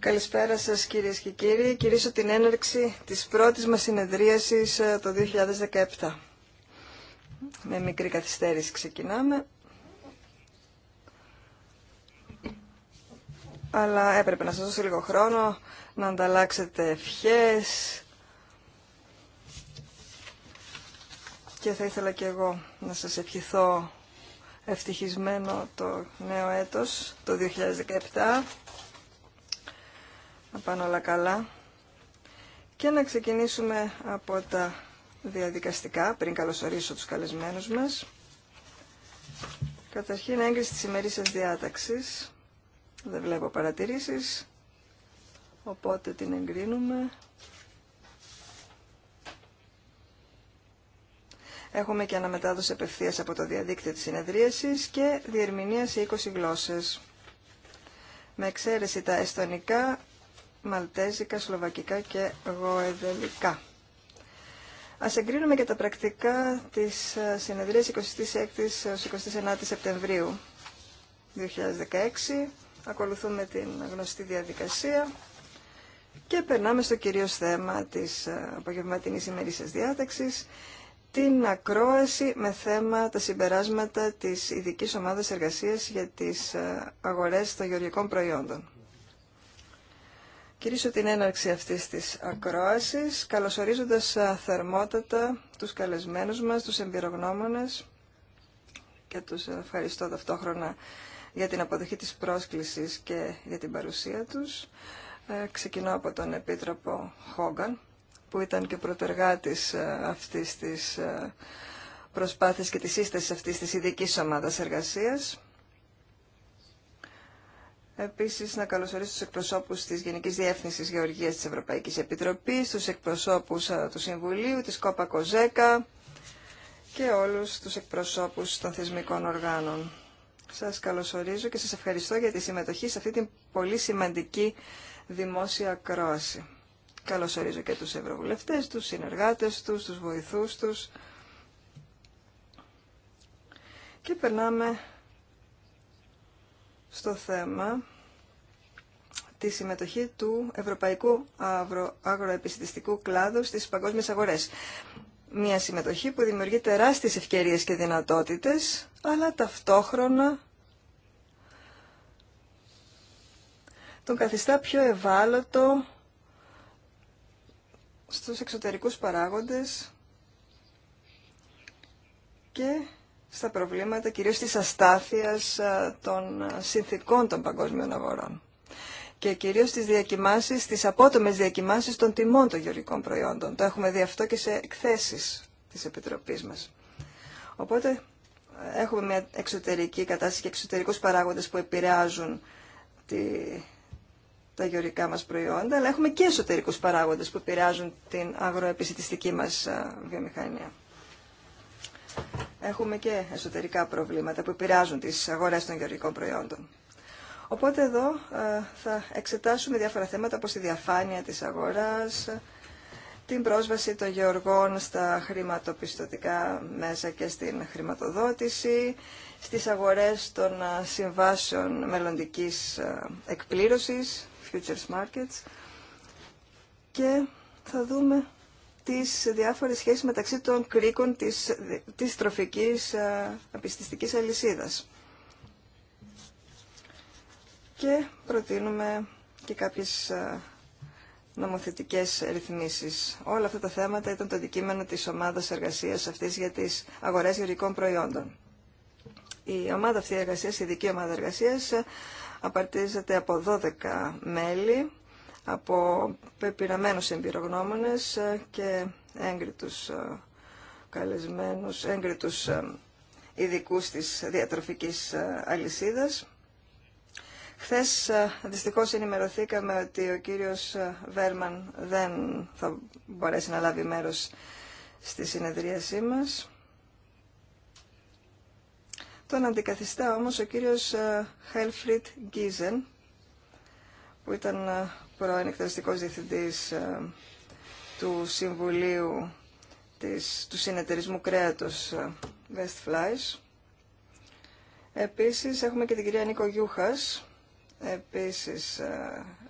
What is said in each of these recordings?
Καλησπέρα σας κυρίες και κύριοι. Κυρίσω την έναρξη της πρώτης μας συνεδρίασης ε, το 2017. Με μικρή καθυστέρηση ξεκινάμε. Αλλά έπρεπε να σας δώσω λίγο χρόνο να ανταλλάξετε ευχές. Και θα ήθελα και εγώ να σας ευχηθώ ευτυχισμένο το νέο έτος, το 2017. Να πάνε όλα καλά. Και να ξεκινήσουμε από τα διαδικαστικά, πριν καλωσορίσω τους καλεσμένους μας. Καταρχήν έγκριση της ημερήσιας διάταξης. Δεν βλέπω παρατηρήσεις, οπότε την εγκρίνουμε. Έχουμε και αναμετάδοση απευθεία από το διαδίκτυο τη συνεδρίασης και διερμηνία σε 20 γλώσσε. Με εξαίρεση τα εσθονικά, μαλτέζικα, σλοβακικά και γοεδελικά. Α εγκρίνουμε και τα πρακτικά της συνεδρια 26 26-29 Σεπτεμβρίου 2016. Ακολουθούμε την γνωστή διαδικασία και περνάμε στο κυρίως θέμα της ε, απογευματινής ημερήσιας διάταξης την ακρόαση με θέμα τα συμπεράσματα της ειδικής ομάδας εργασίας για τις ε, αγορές των γεωργικών προϊόντων. Κυρίσω την έναρξη αυτής της ακρόασης, καλωσορίζοντας ε, θερμότατα τους καλεσμένους μας, τους εμπειρογνώμονες και τους ευχαριστώ ταυτόχρονα για την αποδοχή της πρόσκλησης και για την παρουσία τους. Ε, ξεκινώ από τον Επίτροπο Χόγκαν που ήταν και πρωτεργάτης ε, αυτής της ε, προσπάθειας και της σύστασης αυτής της ειδικής ομάδας εργασίας. Επίσης, να καλωσορίσω τους εκπροσώπους της Γενικής Διεύθυνσης Γεωργίας της Ευρωπαϊκής Επιτροπής, τους εκπροσώπους ε, του Συμβουλίου, της ΚΟΠΑ ΚΟΖΕΚΑ και όλους τους εκπροσώπους των θεσμικών οργάνων. Σας καλωσορίζω και σας ευχαριστώ για τη συμμετοχή σε αυτή την πολύ σημαντική δημόσια ακρόαση. Καλωσορίζω και τους ευρωβουλευτές, τους συνεργάτες τους, τους βοηθούς τους. Και περνάμε στο θέμα τη συμμετοχή του Ευρωπαϊκού Αγροεπιστηστικού Κλάδου στις παγκόσμιες αγορές. Μια συμμετοχή που δημιουργεί τεράστιες ευκαιρίες και δυνατότητες, αλλά ταυτόχρονα τον καθιστά πιο ευάλωτο στους εξωτερικούς παράγοντες και στα προβλήματα κυρίως της αστάθειας ε, των ε, συνθήκων των παγκόσμιων αγορών και κυρίως τις διακοιμάσεις, τις απότομες διακοιμάσεις των τιμών των γεωργικών προϊόντων. Το έχουμε δει αυτό και σε εκθέσεις της Επιτροπής μας. Οπότε ε, έχουμε μια εξωτερική κατάσταση και εξωτερικούς παράγοντες που επηρεάζουν τη, τα γεωρικά μας προϊόντα, αλλά έχουμε και εσωτερικούς παράγοντες που επηρεάζουν την αγροεπιστηστική μας ε, βιομηχανία. Έχουμε και εσωτερικά προβλήματα που επηρεάζουν τις αγορές των γεωρικών προϊόντων. Οπότε εδώ ε, θα εξετάσουμε διάφορα θέματα όπως τη διαφάνεια της αγοράς, την πρόσβαση των γεωργών στα χρηματοπιστωτικά μέσα και στην χρηματοδότηση, στις αγορές των ε, συμβάσεων μελλοντικής εκπλήρωσης, Futures Markets και θα δούμε τις διάφορες σχέσεις μεταξύ των κρίκων της, της τροφικής ε, απιστιστικής αλυσίδας. Και προτείνουμε και κάποιες ε, νομοθετικές ρυθμίσεις. Όλα αυτά τα θέματα ήταν το αντικείμενο της ομάδας εργασίας αυτής για τις αγορές γεωργικών προϊόντων. Η ομάδα αυτή εργασίας, η ειδική ομάδα εργασίας, απαρτίζεται από 12 μέλη, από πεπειραμένους εμπειρογνώμονες ε, και έγκριτους ε, καλεσμένους, έγκριτους ε, ειδικού της διατροφικής αλυσίδας. Χθες δυστυχώς ενημερωθήκαμε ότι ο κύριος Βέρμαν δεν θα μπορέσει να λάβει μέρος στη συνεδρίασή μας. Τον αντικαθιστά όμως ο κύριος ε, Χέλφριτ Γκίζεν, που ήταν ε, πρώην εκτελεστικός διευθυντής ε, του Συμβουλίου της, του Συνεταιρισμού Κρέατος Westflies. Επίσης έχουμε και την κυρία Νίκο Γιούχας, επίσης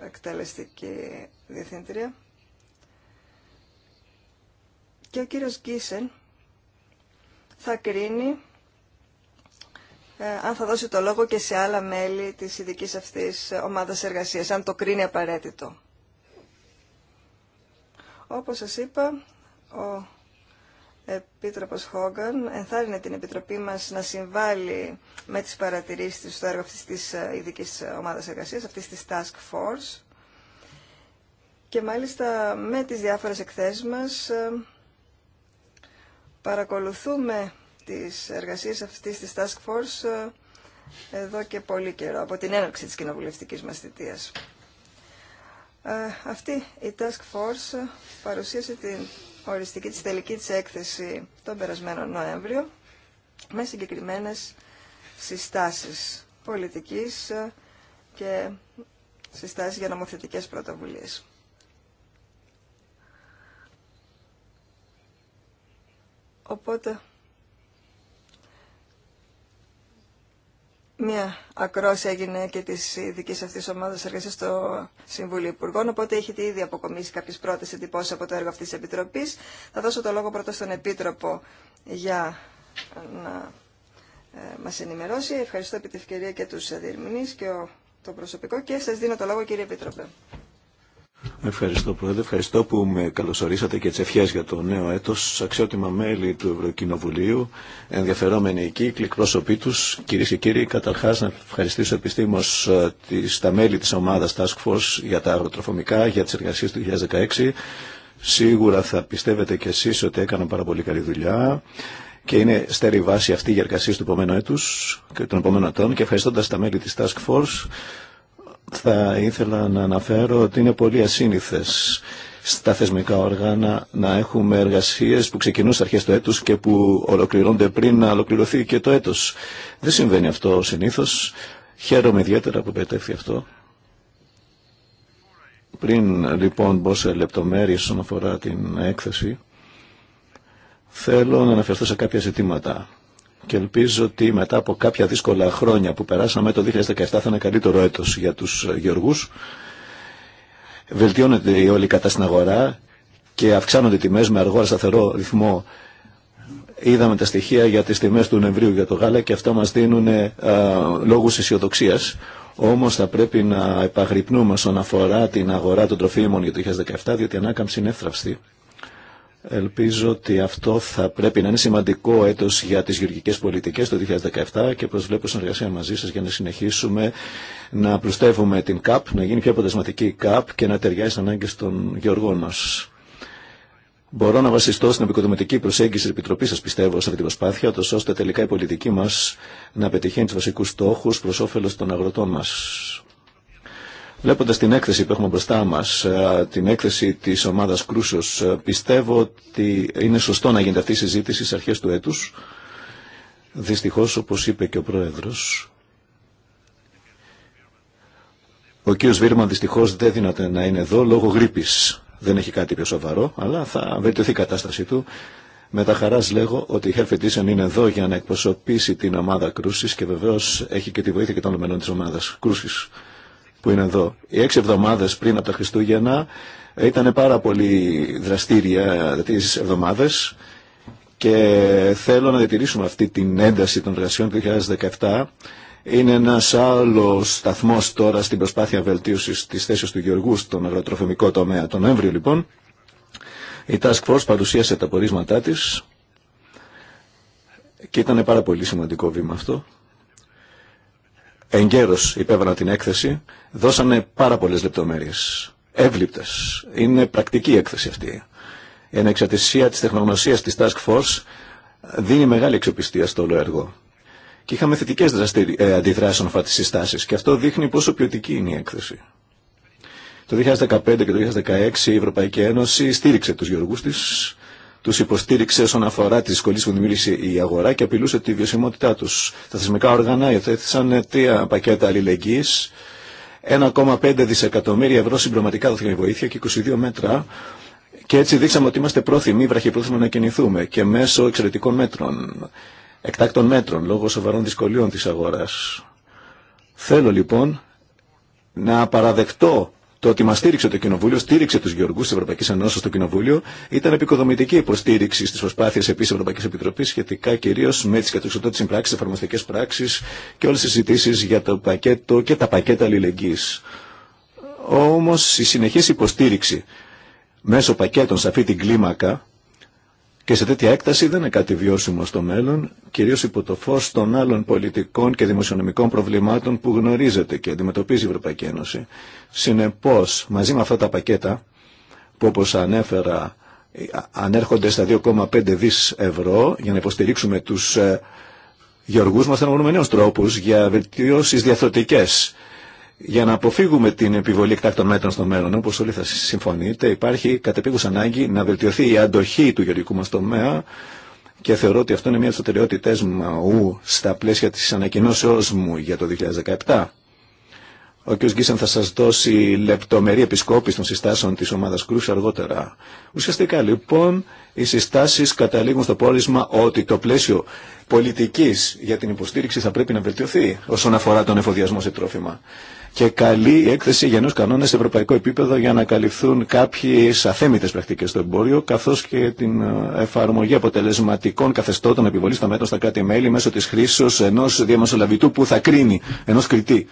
εκτελεστική διευθύντρια. Και ο κύριος Γκίσεν θα κρίνει ε, αν θα δώσει το λόγο και σε άλλα μέλη της ειδικής αυτής ομάδας εργασίας, αν το κρίνει απαραίτητο. Όπως σας είπα, ο Επίτροπος Χόγκαν ενθάρρυνε την Επιτροπή μας να συμβάλλει με τις παρατηρήσεις της στο έργο αυτής της ε, ειδικής ομάδας εργασίας, αυτής της Task Force και μάλιστα με τις διάφορες εκθέσεις μας ε, παρακολουθούμε τις εργασίες αυτής της Task Force ε, εδώ και πολύ καιρό, από την έναρξη της κοινοβουλευτικής μας θητείας. Ε, αυτή η Task Force ε, παρουσίασε την οριστική της τελική της έκθεση τον περασμένο Νοέμβριο με συγκεκριμένες συστάσεις πολιτικής και συστάσεις για νομοθετικές πρωτοβουλίες. Οπότε Μία ακρόση έγινε και τη ειδική αυτή ομάδα εργασία στο Συμβούλιο Υπουργών, οπότε έχετε ήδη αποκομίσει κάποιε πρώτε εντυπώσει από το έργο αυτή τη Επιτροπή. Θα δώσω το λόγο πρώτα στον Επίτροπο για να ε, μα ενημερώσει. Ευχαριστώ επί τη ευκαιρία και του διερμηνεί και το προσωπικό και σα δίνω το λόγο, κύριε Επίτροπε. Ευχαριστώ Πρόεδρε, ευχαριστώ που με καλωσορίσατε και τις ευχές για το νέο έτος, αξιότιμα μέλη του Ευρωκοινοβουλίου, ενδιαφερόμενοι εκεί, εκπρόσωποι τους, κύριε και κύριοι, καταρχάς να ευχαριστήσω επιστήμως ε, τα μέλη της ομάδας Task Force για τα αγροτροφομικά, για τις εργασίες του 2016. Σίγουρα θα πιστεύετε κι εσείς ότι έκαναν πάρα πολύ καλή δουλειά και είναι στέρη βάση αυτή για εργασία του επόμενου έτους και των επόμενων ετών και ευχαριστώντα τα μέλη της Task Force θα ήθελα να αναφέρω ότι είναι πολύ ασύνηθες στα θεσμικά όργανα να έχουμε εργασίες που ξεκινούν στις αρχές του έτους και που ολοκληρώνται πριν να ολοκληρωθεί και το έτος. Δεν συμβαίνει αυτό συνήθως. Χαίρομαι ιδιαίτερα που πετέυθεί αυτό. Πριν λοιπόν μπω σε λεπτομέρειες όσον αφορά την έκθεση, θέλω να αναφερθώ σε κάποια ζητήματα και ελπίζω ότι μετά από κάποια δύσκολα χρόνια που περάσαμε το 2017 θα είναι καλύτερο έτος για τους γεωργούς. Βελτιώνεται η όλη κατάσταση στην αγορά και αυξάνονται οι τιμές με αργό σταθερό ρυθμό. Είδαμε τα στοιχεία για τις τιμές του νευρίου για το γάλα και αυτά μας δίνουν λόγους αισιοδοξία. Όμως θα πρέπει να επαγρυπνούμε όσον αφορά την αγορά των τροφίμων για το 2017 διότι η ανάκαμψη είναι εύθραυστη Ελπίζω ότι αυτό θα πρέπει να είναι σημαντικό έτος για τις γεωργικές πολιτικές το 2017 και προσβλέπω συνεργασία μαζί σας για να συνεχίσουμε να πλουστεύουμε την ΚΑΠ, να γίνει πιο αποτελεσματική η ΚΑΠ και να ταιριάζει στις ανάγκες των γεωργών μας. Μπορώ να βασιστώ στην επικοδομητική προσέγγιση τη Επιτροπή σα, πιστεύω, σε αυτή την προσπάθεια, ώστε τελικά η πολιτική μα να πετυχαίνει του βασικού στόχου προ όφελο των αγροτών μα. Βλέποντα την έκθεση που έχουμε μπροστά μα, ε, την έκθεση τη ομάδα Κρούσο, ε, πιστεύω ότι είναι σωστό να γίνεται αυτή η συζήτηση στι αρχέ του έτου. Δυστυχώ, όπω είπε και ο Πρόεδρο, ο κ. Βίρμαν δυστυχώ δεν δύναται να είναι εδώ λόγω γρήπη. Δεν έχει κάτι πιο σοβαρό, αλλά θα βελτιωθεί η κατάστασή του. Με τα χαρά λέγω ότι η Health Edition είναι εδώ για να εκπροσωπήσει την ομάδα κρούση και βεβαίω έχει και τη βοήθεια και των μελών τη ομάδα κρούση που είναι εδώ. Οι έξι εβδομάδες πριν από τα Χριστούγεννα ήταν πάρα πολύ δραστήρια τις εβδομάδες και θέλω να διατηρήσουμε αυτή την ένταση των εργασιών του 2017. Είναι ένας άλλος σταθμός τώρα στην προσπάθεια βελτίωσης της θέσης του Γεωργού στον αγροτροφημικό τομέα. Τον Νοέμβριο λοιπόν η Task Force παρουσίασε τα πορίσματά της και ήταν πάρα πολύ σημαντικό βήμα αυτό εγκαίρως υπέβαλα την έκθεση, δώσανε πάρα πολλές λεπτομέρειες, εύληπτες. Είναι πρακτική η έκθεση αυτή. Η ανεξαρτησία της τεχνογνωσίας της Task Force δίνει μεγάλη εξοπιστία στο όλο έργο. Και είχαμε θετικές δραστηρι... ε, αντιδράσεις τις και αυτό δείχνει πόσο ποιοτική είναι η έκθεση. Το 2015 και το 2016 η Ευρωπαϊκή Ένωση στήριξε τους γεωργούς της του υποστήριξε όσον αφορά τι δυσκολίε που δημιούργησε η αγορά και απειλούσε τη βιωσιμότητά του. Τα θεσμικά όργανα υιοθέτησαν τρία πακέτα αλληλεγγύη, 1,5 δισεκατομμύρια ευρώ συμπληρωματικά η βοήθεια και 22 μέτρα. Και έτσι δείξαμε ότι είμαστε πρόθυμοι, βραχυπρόθυμοι να κινηθούμε και μέσω εξαιρετικών μέτρων, εκτάκτων μέτρων, λόγω σοβαρών δυσκολιών τη αγορά. Θέλω λοιπόν να παραδεχτώ το ότι μα στήριξε το Κοινοβούλιο, στήριξε του γεωργού τη Ευρωπαϊκή Ενώσεω στο Κοινοβούλιο, ήταν επικοδομητική υποστήριξη στι προσπάθειε επίση Ευρωπαϊκή Επιτροπή σχετικά κυρίω με τι κατεξοδότητε συμπράξει, εφαρμοστικέ πράξει και όλε τι συζητήσει για το πακέτο και τα πακέτα αλληλεγγύη. Όμω η συνεχή υποστήριξη μέσω πακέτων σε αυτή την κλίμακα και σε τέτοια έκταση δεν είναι κάτι βιώσιμο στο μέλλον, κυρίως υπό το φως των άλλων πολιτικών και δημοσιονομικών προβλημάτων που γνωρίζεται και αντιμετωπίζει η Ευρωπαϊκή Ένωση. Συνεπώς, μαζί με αυτά τα πακέτα, που όπως ανέφερα ανέρχονται στα 2,5 δις ευρώ για να υποστηρίξουμε τους ε, γεωργούς μας, θα βρούμε νέους τρόπους για βελτιώσεις διαθροτικές για να αποφύγουμε την επιβολή εκτάκτων μέτρων στο μέλλον, όπω όλοι θα συμφωνείτε, υπάρχει κατ' ανάγκη να βελτιωθεί η αντοχή του γεωργικού μα τομέα και θεωρώ ότι αυτό είναι μια από τι μου στα πλαίσια τη ανακοινώσεώ μου για το 2017. Ο κ. Γκίσεν θα σα δώσει λεπτομερή επισκόπηση των συστάσεων τη ομάδα Κρούς αργότερα. Ουσιαστικά λοιπόν οι συστάσει καταλήγουν στο πόρισμα ότι το πλαίσιο πολιτική για την υποστήριξη θα πρέπει να βελτιωθεί όσον αφορά τον εφοδιασμό σε τρόφιμα και καλή έκθεση για νέου κανόνε σε ευρωπαϊκό επίπεδο για να καλυφθούν κάποιε αθέμητε πρακτικέ στο εμπόριο, καθώ και την ε, εφαρμογή αποτελεσματικών καθεστώτων επιβολή των μέτρων στα κράτη-μέλη μέσω τη χρήση ενό διαμεσολαβητού που θα κρίνει, ενό κριτή.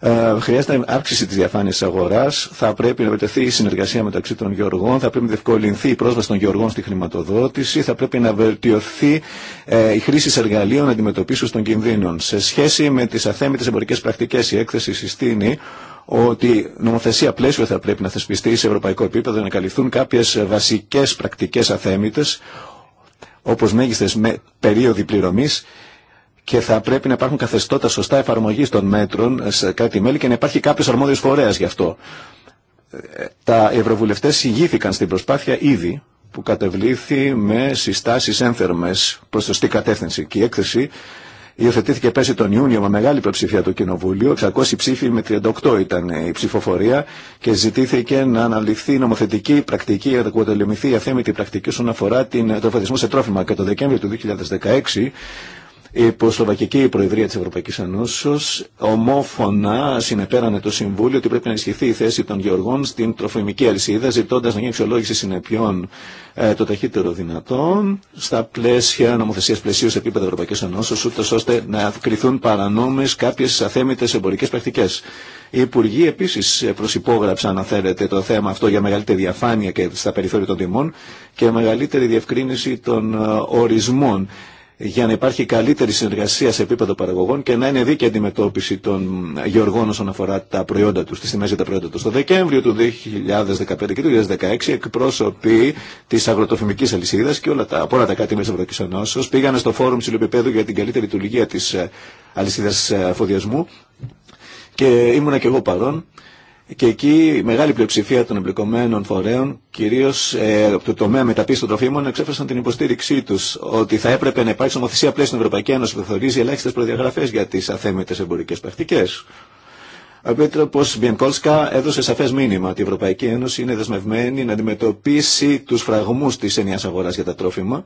Ε, χρειάζεται αύξηση τη διαφάνεια αγορά. Θα πρέπει να βελτιωθεί η συνεργασία μεταξύ των γεωργών. Θα πρέπει να διευκολυνθεί η πρόσβαση των γεωργών στη χρηματοδότηση. Θα πρέπει να βελτιωθεί ε, η χρήση εργαλείων αντιμετωπίσεω των κινδύνων. Σε σχέση με τι αθέμητε εμπορικέ πρακτικέ, η έκθεση συστήνει ότι νομοθεσία πλαίσιο θα πρέπει να θεσπιστεί σε ευρωπαϊκό επίπεδο να καλυφθούν κάποιε βασικέ πρακτικέ αθέμητε, όπω μέγιστε με περίοδοι πληρωμή και θα πρέπει να υπάρχουν καθεστώτα σωστά εφαρμογή των μέτρων σε κάτι μέλη και να υπάρχει κάποιο αρμόδιο φορέα γι' αυτό. Τα ευρωβουλευτέ ηγήθηκαν στην προσπάθεια ήδη που κατεβλήθη με συστάσει ένθερμε προ σωστή κατεύθυνση. Και η έκθεση υιοθετήθηκε πέρσι τον Ιούνιο με μεγάλη πλειοψηφία του Κοινοβούλιο... 600 ψήφοι με 38 ήταν η ψηφοφορία και ζητήθηκε να αναλυθεί η νομοθετική πρακτική, να αποτελεμηθεί η αθέμητη πρακτική όσον αφορά την σε τρόφιμα. Και το Δεκέμβριο του 2016 η Ποσλοβακική Προεδρία της Ευρωπαϊκής Ενώσεως ομόφωνα συνεπέρανε το Συμβούλιο ότι πρέπει να ισχυθεί η θέση των γεωργών στην τροφιμική αλυσίδα ζητώντας να γίνει αξιολόγηση συνεπιών ε, το ταχύτερο δυνατόν στα πλαίσια νομοθεσίας πλαισίου σε επίπεδο Ευρωπαϊκής Ενώσεως ούτως ώστε να κρυθούν παρανόμες κάποιες αθέμητες εμπορικές πρακτικές. Οι υπουργοί επίση προσυπόγραψαν, αν θέλετε, το θέμα αυτό για μεγαλύτερη διαφάνεια και στα περιθώρια των τιμών και μεγαλύτερη διευκρίνηση των ε, ορισμών για να υπάρχει καλύτερη συνεργασία σε επίπεδο παραγωγών και να είναι δίκαιη αντιμετώπιση των γεωργών όσον αφορά τα προϊόντα του, τι τιμέ για τα προϊόντα του. Το Δεκέμβριο του 2015 και του 2016, εκπρόσωποι τη αγροτοφημική αλυσίδα και όλα τα, από όλα τα κάτι μέσα Ευρωπαϊκή Ενώσεω πήγαν στο φόρουμ ψηλοπιπέδου για την καλύτερη λειτουργία τη ε, αλυσίδα ε, αφοδιασμού και ήμουνα και εγώ παρόν και εκεί η μεγάλη πλειοψηφία των εμπλεκομένων φορέων, κυρίω ε, το τομέα μεταπίση των τροφίμων, εξέφρασαν την υποστήριξή του ότι θα έπρεπε να υπάρξει νομοθεσία πλαίσια στην Ευρωπαϊκή Ένωση που θεωρίζει ελάχιστε προδιαγραφέ για τι αθέμητε εμπορικέ πρακτικέ. Ο Επίτροπο Μπιενκόλσκα έδωσε σαφέ μήνυμα ότι η Ευρωπαϊκή Ένωση είναι δεσμευμένη να αντιμετωπίσει του φραγμού τη ενιαία αγορά για τα τρόφιμα.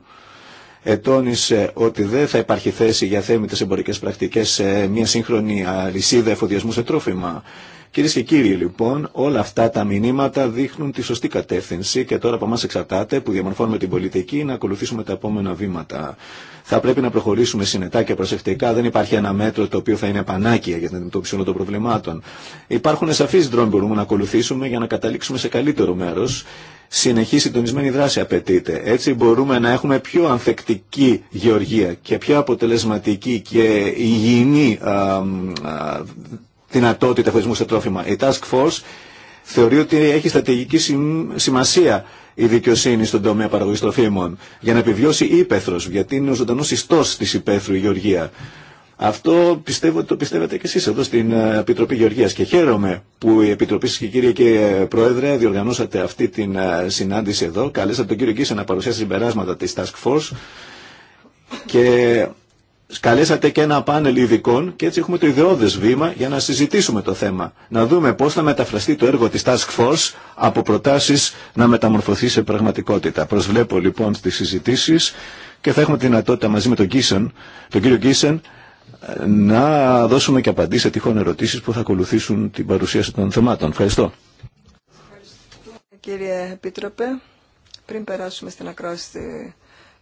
Ετώνησε ότι δεν θα υπάρχει θέση για θέμητε εμπορικέ πρακτικέ σε μια σύγχρονη αλυσίδα εφοδιασμού σε τρόφιμα. Κυρίε και κύριοι, λοιπόν, όλα αυτά τα μηνύματα δείχνουν τη σωστή κατεύθυνση και τώρα από εμά εξαρτάται που διαμορφώνουμε την πολιτική να ακολουθήσουμε τα επόμενα βήματα. Θα πρέπει να προχωρήσουμε συνετά και προσεκτικά. Δεν υπάρχει ένα μέτρο το οποίο θα είναι πανάκια για την αντιμετώπιση όλων των προβλημάτων. Υπάρχουν σαφεί δρόμοι που μπορούμε να ακολουθήσουμε για να καταλήξουμε σε καλύτερο μέρο. Συνεχή συντονισμένη δράση απαιτείται. Έτσι μπορούμε να έχουμε πιο ανθεκτική γεωργία και πιο αποτελεσματική και υγιεινή δυνατότητα χωρισμού σε τρόφιμα. Η Task Force θεωρεί ότι έχει στρατηγική σημασία η δικαιοσύνη στον τομέα παραγωγή τροφίμων για να επιβιώσει η ύπεθρο, γιατί είναι ο ζωντανό ιστό τη υπαίθρου η Γεωργία. Αυτό πιστεύω ότι το πιστεύετε και εσεί εδώ στην ε, Επιτροπή Γεωργία και χαίρομαι που η Επιτροπή σα και κύριε και ε, Πρόεδρε διοργανώσατε αυτή την ε, συνάντηση εδώ. Καλέσατε τον κύριο Κίσα να παρουσιάσει συμπεράσματα τη Task Force και Καλέσατε και ένα πάνελ ειδικών και έτσι έχουμε το ιδεώδες βήμα για να συζητήσουμε το θέμα. Να δούμε πώς θα μεταφραστεί το έργο της Task Force από προτάσεις να μεταμορφωθεί σε πραγματικότητα. Προσβλέπω λοιπόν στις συζητήσεις και θα έχουμε τη δυνατότητα μαζί με τον, Κίσεν, τον κύριο Γκίσεν να δώσουμε και απαντήσεις σε τυχόν ερωτήσεις που θα ακολουθήσουν την παρουσίαση των θεμάτων. Ευχαριστώ. Κύριε Επίτροπε, πριν περάσουμε στην ακρόαση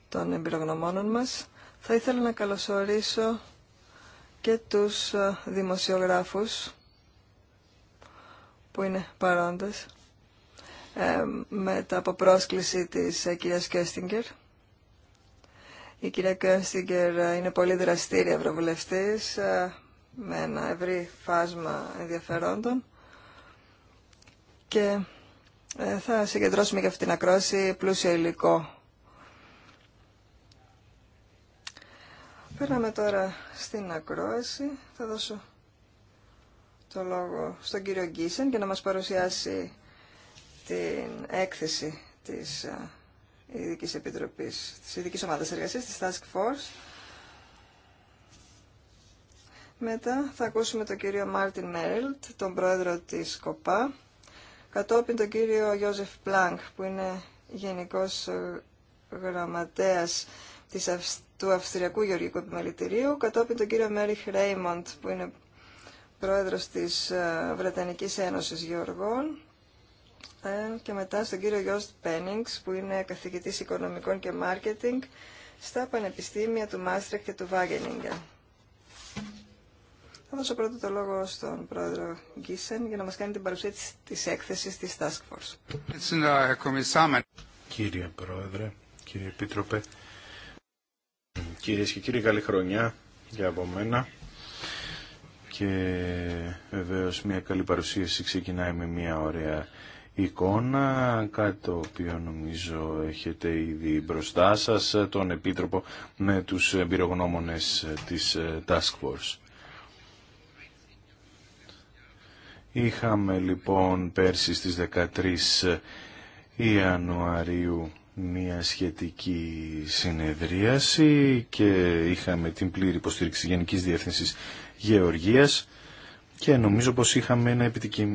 των εμπειρογνωμόνων μας, θα ήθελα να καλωσορίσω και τους ε, δημοσιογράφους που είναι παρόντες ε, μετά από πρόσκληση της ε, κυρίας Κέστιγκερ. Η κυρία Κέστιγκερ είναι πολύ δραστήρια ευρωβουλευτής με ένα ευρύ φάσμα ενδιαφερόντων και θα συγκεντρώσουμε για αυτήν την ακρόση πλούσιο υλικό Περνάμε τώρα στην ακρόαση. Θα δώσω το λόγο στον κύριο Γκίσεν για να μας παρουσιάσει την έκθεση της ε, Ειδικής Επιτροπής, της Ειδικής Ομάδας Εργασίας, της Task Force. Μετά θα ακούσουμε τον κύριο Μάρτιν Μέριλτ, τον πρόεδρο της ΚΟΠΑ, κατόπιν τον κύριο Γιώζεφ Πλάνκ, που είναι γενικός ε, γραμματέας της, του Αυστριακού Γεωργικού Επιμελητηρίου, κατόπιν τον κύριο Μέριχ Ρέιμοντ, που είναι πρόεδρος της ε, Βρετανικής Ένωσης Γεωργών, ε, και μετά στον κύριο Γιώστ Πένιγκς, που είναι καθηγητής οικονομικών και μάρκετινγκ στα πανεπιστήμια του Μάστρεκ και του Βάγενιγκεν. Θα δώσω πρώτο το λόγο στον πρόεδρο Γκίσεν για να μας κάνει την παρουσία της, της έκθεσης της Task Force. Κύριε Πρόεδρε, κύριε Επίτροπε, Κυρίε και κύριοι, καλή χρονιά για από μένα. Και βεβαίω μια καλή παρουσίαση ξεκινάει με μια ωραία εικόνα, κάτι το οποίο νομίζω έχετε ήδη μπροστά σας, τον Επίτροπο με τους εμπειρογνώμονες της ε, Task Force. Είχαμε λοιπόν πέρσι στις 13 Ιανουαρίου μια σχετική συνεδρίαση και είχαμε την πλήρη υποστήριξη Γενικής Διεύθυνσης Γεωργίας και νομίζω πως είχαμε ένα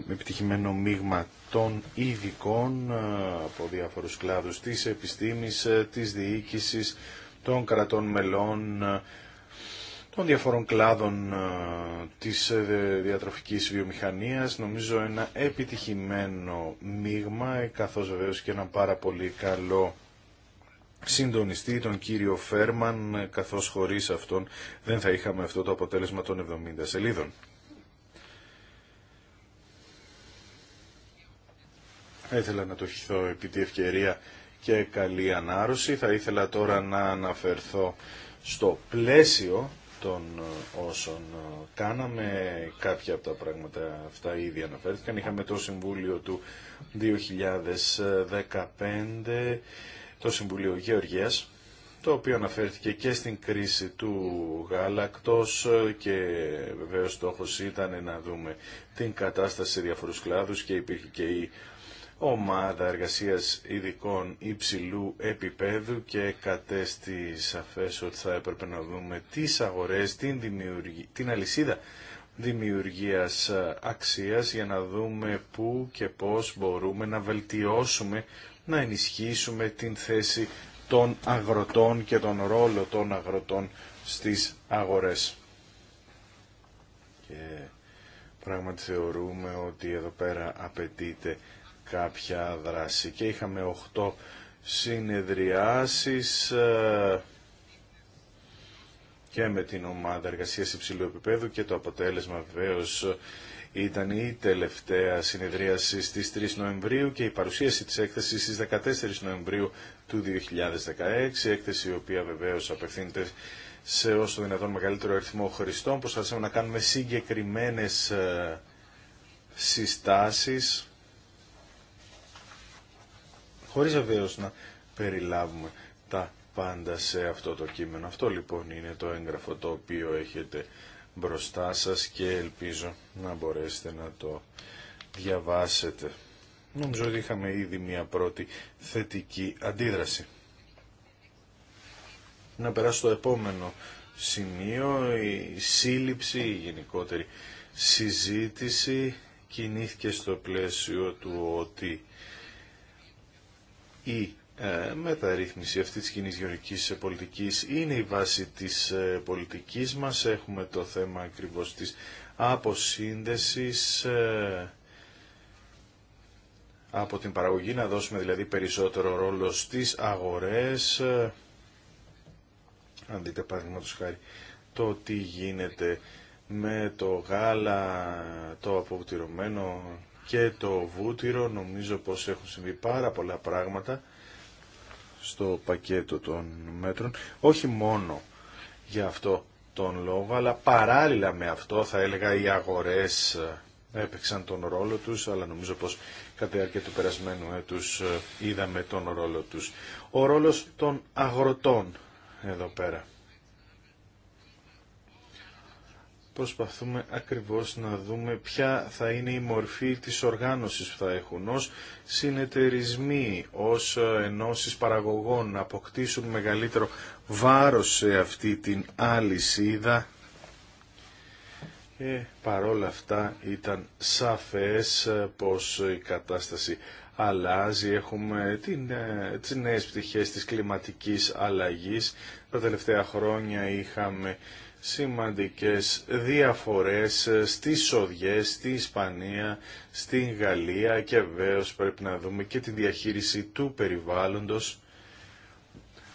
επιτυχημένο μείγμα των ειδικών ε, από διάφορους κλάδους της επιστήμης, ε, της διοίκησης, των κρατών μελών, ε, των διαφορών κλάδων ε, της ε, διατροφικής βιομηχανίας. Νομίζω ένα επιτυχημένο μείγμα, ε, καθώς βεβαίως και ένα πάρα πολύ καλό συντονιστή, τον κύριο Φέρμαν, καθώς χωρίς αυτόν δεν θα είχαμε αυτό το αποτέλεσμα των 70 σελίδων. Θα ήθελα να το χειθώ επί τη ευκαιρία και καλή ανάρρωση. Θα ήθελα τώρα να αναφερθώ στο πλαίσιο των ε, όσων ε, κάναμε. Κάποια από τα πράγματα αυτά ήδη αναφέρθηκαν. Είχαμε το Συμβούλιο του 2015, το Συμβουλίο Γεωργίας, το οποίο αναφέρθηκε και στην κρίση του γάλακτος ε, και βεβαίως στόχος ήταν να δούμε την κατάσταση σε διαφορούς κλάδους και υπήρχε και η ομάδα εργασίας ειδικών υψηλού επίπεδου και κατέστη σαφές ότι θα έπρεπε να δούμε τις αγορές, την, την αλυσίδα δημιουργίας ε, αξίας για να δούμε πού και πώς μπορούμε να βελτιώσουμε, να ενισχύσουμε την θέση των αγροτών και τον ρόλο των αγροτών στις αγορές. Και πράγματι θεωρούμε ότι εδώ πέρα απαιτείται κάποια δράση και είχαμε 8 συνεδριάσεις ε, και με την ομάδα εργασίας υψηλού επίπεδου και το αποτέλεσμα βεβαίω ήταν η τελευταία συνεδρίαση στις 3 Νοεμβρίου και η παρουσίαση της έκθεσης στις 14 Νοεμβρίου του 2016, έκθεση η οποία βεβαίως απευθύνεται σε όσο δυνατόν μεγαλύτερο αριθμό χρηστών. Προσπαθήσαμε να κάνουμε συγκεκριμένες ε, συστάσεις χωρίς βεβαίως να περιλάβουμε τα πάντα σε αυτό το κείμενο. Αυτό λοιπόν είναι το έγγραφο το οποίο έχετε μπροστά σας και ελπίζω να μπορέσετε να το διαβάσετε. Νομίζω ότι είχαμε ήδη μια πρώτη θετική αντίδραση. Να περάσω στο επόμενο σημείο, η σύλληψη, η γενικότερη συζήτηση κινήθηκε στο πλαίσιο του ότι η ε, μεταρρύθμιση αυτής της κοινή γεωργικής πολιτικής είναι η βάση της ε, πολιτικής μας. Έχουμε το θέμα ακριβώς της αποσύνδεσης ε, από την παραγωγή, να δώσουμε δηλαδή περισσότερο ρόλο στις αγορές. Αν δείτε παραδείγματος χάρη το τι γίνεται με το γάλα, το αποκτηρωμένο και το βούτυρο. Νομίζω πως έχουν συμβεί πάρα πολλά πράγματα στο πακέτο των μέτρων. Όχι μόνο για αυτό τον λόγο, αλλά παράλληλα με αυτό θα έλεγα οι αγορές έπαιξαν τον ρόλο τους, αλλά νομίζω πως κατά τη του περασμένου έτους ε, είδαμε τον ρόλο τους. Ο ρόλος των αγροτών εδώ πέρα. προσπαθούμε ακριβώς να δούμε ποια θα είναι η μορφή της οργάνωσης που θα έχουν ως συνεταιρισμοί, ως ε, ενώσεις παραγωγών να αποκτήσουν μεγαλύτερο βάρος σε αυτή την αλυσίδα και ε, παρόλα αυτά ήταν σαφές ε, πως η κατάσταση αλλάζει, έχουμε την, τις νέες πτυχές της κλιματικής αλλαγής. Τα τελευταία χρόνια είχαμε σημαντικές διαφορές ε, στις σοδιές στη Ισπανία, στη Γαλλία και βεβαίω πρέπει να δούμε και τη διαχείριση του περιβάλλοντος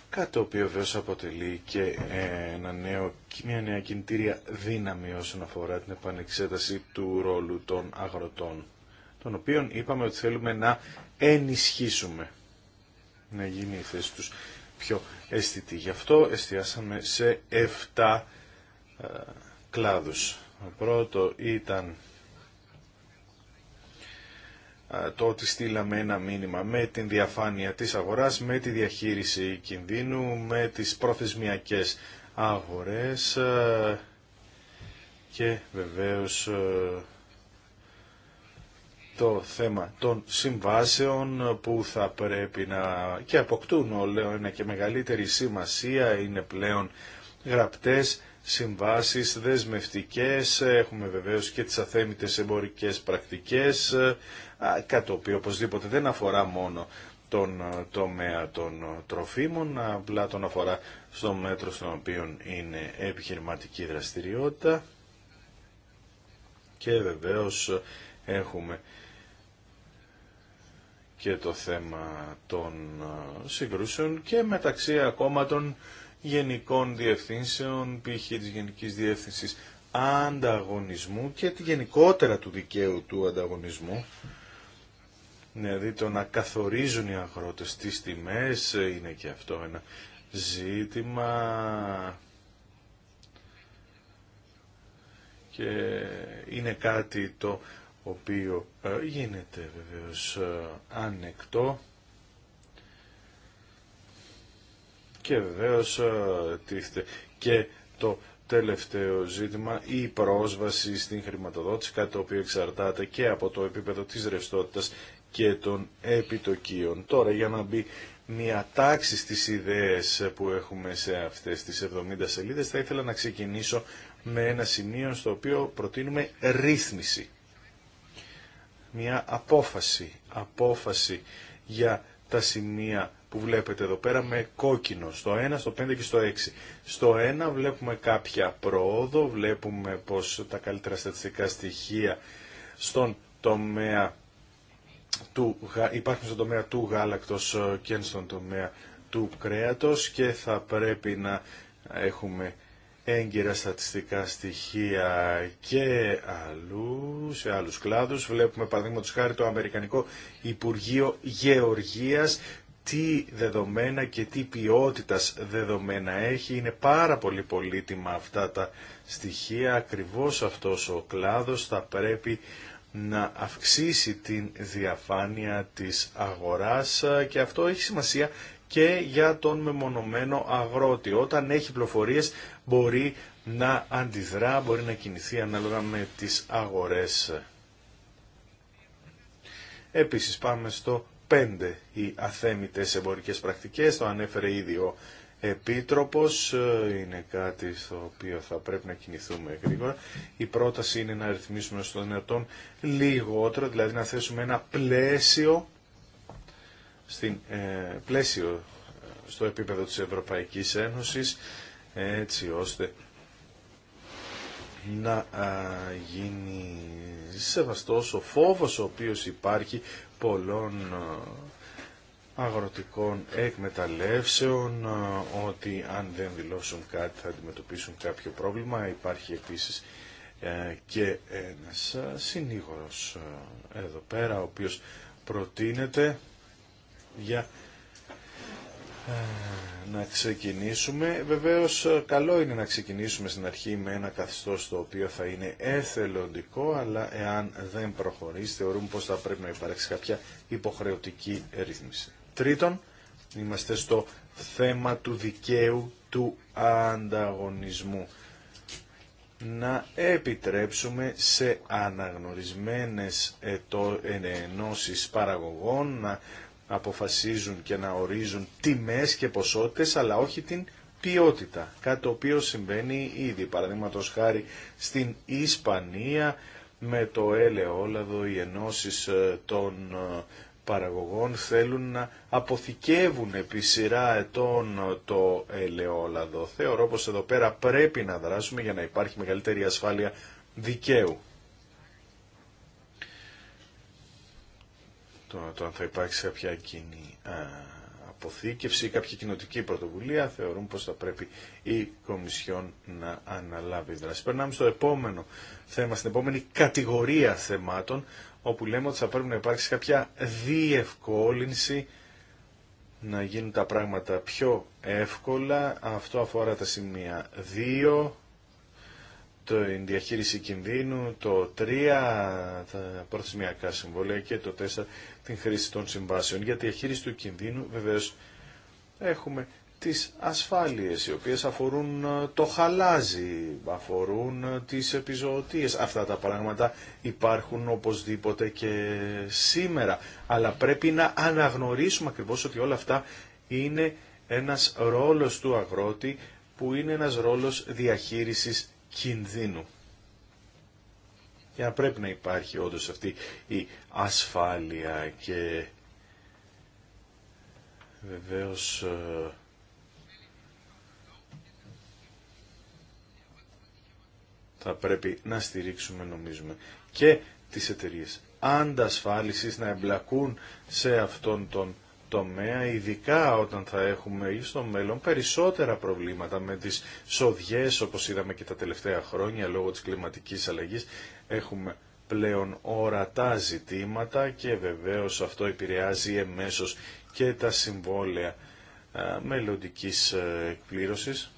κάτι το οποίο βεβαίω αποτελεί και ένα νέο, μια νέα κινητήρια δύναμη όσον αφορά την επανεξέταση του ρόλου των αγροτών των οποίων είπαμε ότι θέλουμε να ενισχύσουμε να γίνει η θέση τους πιο αισθητή. Γι' αυτό εστιάσαμε σε 7 ε, κλάδους. Ο πρώτο ήταν ε, το ότι στείλαμε ένα μήνυμα με την διαφάνεια της αγοράς, με τη διαχείριση κινδύνου, με τις προθεσμιακές αγορές ε, και βεβαίως το θέμα των συμβάσεων που θα πρέπει να και αποκτούν όλο ένα και μεγαλύτερη σημασία είναι πλέον γραπτές συμβάσεις δεσμευτικές, έχουμε βεβαίως και τις αθέμητες εμπορικές πρακτικές, ε, κάτι το οποίο οπωσδήποτε δεν αφορά μόνο τον ε, τομέα των ε, τροφίμων, απλά τον αφορά στο μέτρο στον οποίο είναι επιχειρηματική δραστηριότητα και βεβαίως έχουμε και το θέμα των συγκρούσεων και μεταξύ ακόμα των γενικών διευθύνσεων, π.χ. της Γενικής Διεύθυνσης Ανταγωνισμού και τη γενικότερα του δικαίου του ανταγωνισμού. Ναι, δηλαδή το να καθορίζουν οι αγρότες τις τιμές ε, είναι και αυτό ένα ζήτημα και είναι κάτι το οποίο ε, γίνεται βεβαίως ε, ανεκτό Και βεβαίω ε, τίθεται και το τελευταίο ζήτημα, η πρόσβαση στην χρηματοδότηση, κάτι το οποίο εξαρτάται και από το επίπεδο της ρευστότητας και των επιτοκίων. Τώρα για να μπει μια τάξη στις ιδέες που έχουμε σε αυτές τις 70 σελίδες θα ήθελα να ξεκινήσω με ένα σημείο στο οποίο προτείνουμε ρύθμιση. Μια απόφαση, απόφαση για τα σημεία που βλέπετε εδώ πέρα με κόκκινο στο 1, στο 5 και στο 6. Στο 1 βλέπουμε κάποια πρόοδο, βλέπουμε πως τα καλύτερα στατιστικά στοιχεία στον τομέα του, υπάρχουν στον τομέα του γάλακτος ε, και στον τομέα του κρέατος και θα πρέπει να έχουμε έγκυρα στατιστικά στοιχεία και αλλού, σε άλλους κλάδους. Βλέπουμε παραδείγματο χάρη το Αμερικανικό Υπουργείο Γεωργίας τι δεδομένα και τι ποιότητας δεδομένα έχει. Είναι πάρα πολύ πολύτιμα αυτά τα στοιχεία. Ακριβώς αυτός ο κλάδος θα πρέπει να αυξήσει την διαφάνεια της αγοράς και αυτό έχει σημασία και για τον μεμονωμένο αγρότη. Όταν έχει πληροφορίες μπορεί να αντιδρά, μπορεί να κινηθεί ανάλογα με τις αγορές. Επίσης πάμε στο 5 οι αθέμητες εμπορικές πρακτικές, το ανέφερε ήδη ο Επίτροπος, είναι κάτι στο οποίο θα πρέπει να κινηθούμε γρήγορα. Η πρόταση είναι να ρυθμίσουμε στο δυνατόν λιγότερο, δηλαδή να θέσουμε ένα πλαίσιο, στην, ε, πλαίσιο ε, στο επίπεδο της Ευρωπαϊκής Ένωσης έτσι ώστε να γίνει σεβαστός ο φόβος ο οποίος υπάρχει πολλών αγροτικών εκμεταλλεύσεων ότι αν δεν δηλώσουν κάτι θα αντιμετωπίσουν κάποιο πρόβλημα. Υπάρχει επίσης ε, και ένας συνήγορος εδώ πέρα ο οποίος προτείνεται για ε, να ξεκινήσουμε. Βεβαίως ε, καλό είναι να ξεκινήσουμε στην αρχή με ένα καθεστώς το οποίο θα είναι εθελοντικό, αλλά εάν δεν προχωρήσει θεωρούμε πως θα πρέπει να υπάρξει κάποια υποχρεωτική ρύθμιση. Τρίτον, είμαστε στο θέμα του δικαίου του ανταγωνισμού. Να επιτρέψουμε σε αναγνωρισμένες ενώσεις παραγωγών να αποφασίζουν και να ορίζουν τιμές και ποσότητες, αλλά όχι την ποιότητα. Κάτι το οποίο συμβαίνει ήδη, παραδείγματο χάρη στην Ισπανία με το ελαιόλαδο, οι ενώσεις ε, των ε, παραγωγών θέλουν να αποθηκεύουν επί σειρά ετών ε, το ελαιόλαδο. Θεωρώ πως εδώ πέρα πρέπει να δράσουμε για να υπάρχει μεγαλύτερη ασφάλεια δικαίου. το, το αν θα υπάρξει κάποια κοινή αποθήκευση ή κάποια κοινοτική πρωτοβουλία θεωρούν πως θα πρέπει η Κομισιόν να αναλάβει δράση. Περνάμε στο επόμενο θέμα, στην επόμενη κατηγορία θεμάτων όπου λέμε ότι θα πρέπει να υπάρξει κάποια διευκόλυνση να γίνουν τα πράγματα πιο εύκολα. Αυτό αφορά τα σημεία 2, το διαχείριση κινδύνου, το 3, τα προθεσμιακά συμβολία και το 4, την χρήση των συμβάσεων. Για τη διαχείριση του κινδύνου βεβαίως έχουμε τις ασφάλειες οι οποίες αφορούν ε, το χαλάζι, αφορούν ε, τις επιζωοτίες. Αυτά τα πράγματα υπάρχουν οπωσδήποτε και σήμερα. Αλλά πρέπει να αναγνωρίσουμε ακριβώς ότι όλα αυτά είναι ένας ρόλος του αγρότη που είναι ένας ρόλος διαχείρισης κινδύνου. Για να πρέπει να υπάρχει όντω αυτή η ασφάλεια και βεβαίως ε, θα πρέπει να στηρίξουμε νομίζουμε και τις εταιρείες αντασφάλισης να εμπλακούν σε αυτόν τον τομέα, ειδικά όταν θα έχουμε ή στο μέλλον περισσότερα προβλήματα με τις σοδιές, όπως είδαμε και τα τελευταία χρόνια λόγω της κλιματικής αλλαγής, έχουμε πλέον ορατά ζητήματα και βεβαίως αυτό επηρεάζει εμέσως και τα συμβόλαια μελλοντική ε, εκπλήρωσης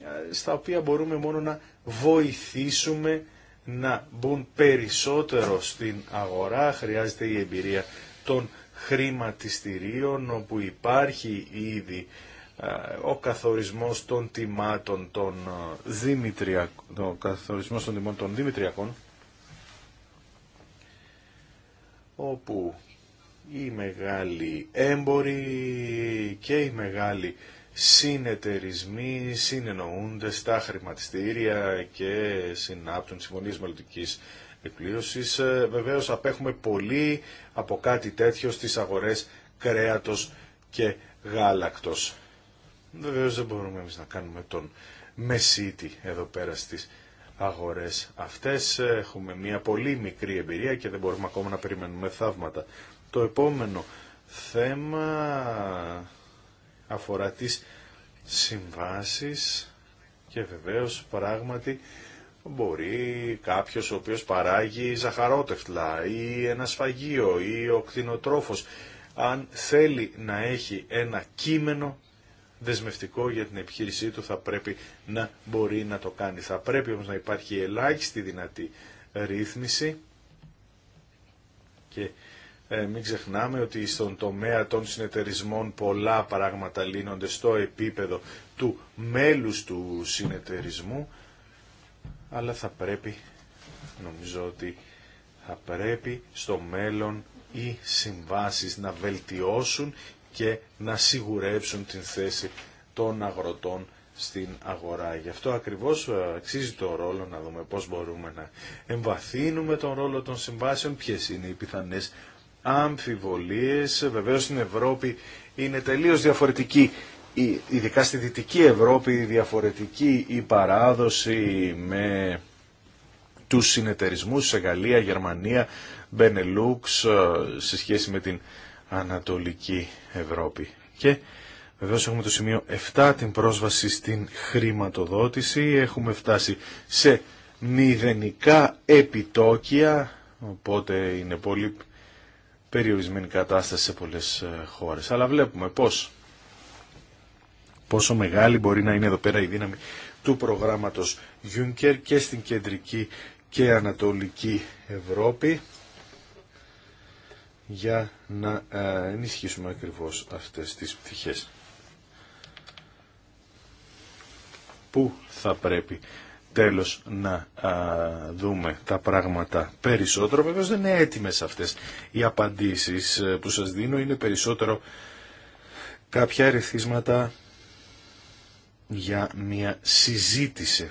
ε, στα οποία μπορούμε μόνο να βοηθήσουμε να μπουν περισσότερο στην αγορά. Χρειάζεται η εμπειρία των χρηματιστηρίων όπου υπάρχει ήδη ο καθορισμός των τιμάτων των δημητριακών, καθορισμός των τιμών των δημητριακών όπου οι μεγάλοι έμποροι και οι μεγάλοι συνεταιρισμοί συνεννοούνται στα χρηματιστήρια και συνάπτουν συμφωνίες μελλοντικής εκπλήρωσης. Ε, βεβαίως απέχουμε πολύ από κάτι τέτοιο στις αγορές κρέατος και γάλακτος. Βεβαίως δεν μπορούμε εμείς να κάνουμε τον μεσίτη εδώ πέρα στις αγορές αυτές. Έχουμε μια πολύ μικρή εμπειρία και δεν μπορούμε ακόμα να περιμένουμε θαύματα. Το επόμενο θέμα αφορά τις συμβάσεις και βεβαίως πράγματι μπορεί κάποιος ο οποίος παράγει ζαχαρότευτλα ή ένα σφαγείο ή ο κτηνοτρόφος αν θέλει να έχει ένα κείμενο δεσμευτικό για την επιχείρησή του θα πρέπει να μπορεί να το κάνει. Θα πρέπει όμως να υπάρχει ελάχιστη δυνατή ρύθμιση και ε, μην ξεχνάμε ότι στον τομέα των συνεταιρισμών πολλά πράγματα λύνονται στο επίπεδο του μέλους του συνεταιρισμού, αλλά θα πρέπει, νομίζω ότι θα πρέπει στο μέλλον οι συμβάσεις να βελτιώσουν και να σιγουρέψουν την θέση των αγροτών στην αγορά. Γι' αυτό ακριβώς ε, αξίζει το ρόλο να δούμε πώς μπορούμε να εμβαθύνουμε τον ρόλο των συμβάσεων, ποιες είναι οι πιθανές αμφιβολίες. Βεβαίως στην Ευρώπη είναι τελείως διαφορετική, ειδικά στη Δυτική Ευρώπη, διαφορετική η παράδοση με τους συνεταιρισμούς σε Γαλλία, Γερμανία, Μπενελούξ ε, σε σχέση με την Ανατολική Ευρώπη. Και βεβαίως έχουμε το σημείο 7, την πρόσβαση στην χρηματοδότηση. Έχουμε φτάσει σε μηδενικά επιτόκια, οπότε είναι πολύ περιορισμένη κατάσταση σε πολλές ε, χώρες. Αλλά βλέπουμε πώς, πόσο μεγάλη μπορεί να είναι εδώ πέρα η δύναμη του προγράμματος Juncker και στην κεντρική και ανατολική Ευρώπη για να ε, ενισχύσουμε ακριβώς αυτές τις πτυχές που θα πρέπει τέλος να δούμε τα πράγματα περισσότερο. Βεβαίως δεν είναι έτοιμες αυτές οι απαντήσεις ε, που σας δίνω. Είναι περισσότερο κάποια ερεθίσματα για μια συζήτηση.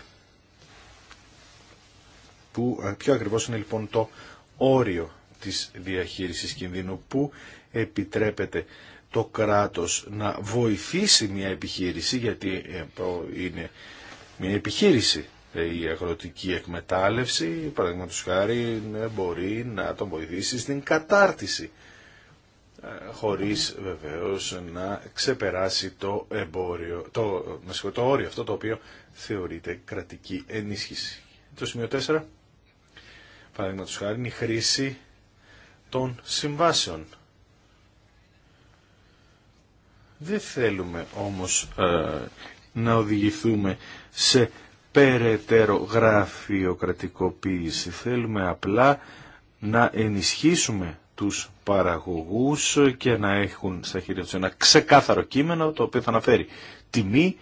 Που, ε, ποιο ακριβώς είναι λοιπόν το όριο της διαχείρισης κινδύνου που επιτρέπεται το κράτος να βοηθήσει μια επιχείρηση γιατί ε, είναι μια επιχείρηση ε, η αγροτική εκμετάλλευση, παραδείγματο χάρη, ναι, μπορεί να τον βοηθήσει στην κατάρτιση ε, χωρίς βεβαίως να ξεπεράσει το εμπόριο, το, το όριο αυτό το οποίο θεωρείται κρατική ενίσχυση. Το σημείο 4, Παραδείγματο χάρη, είναι η χρήση των συμβάσεων. Δεν θέλουμε όμως ε, να οδηγηθούμε σε περαιτέρω γραφειοκρατικοποίηση. Θέλουμε απλά να ενισχύσουμε τους παραγωγούς και να έχουν στα χέρια τους ένα ξεκάθαρο κείμενο το οποίο θα αναφέρει τιμή,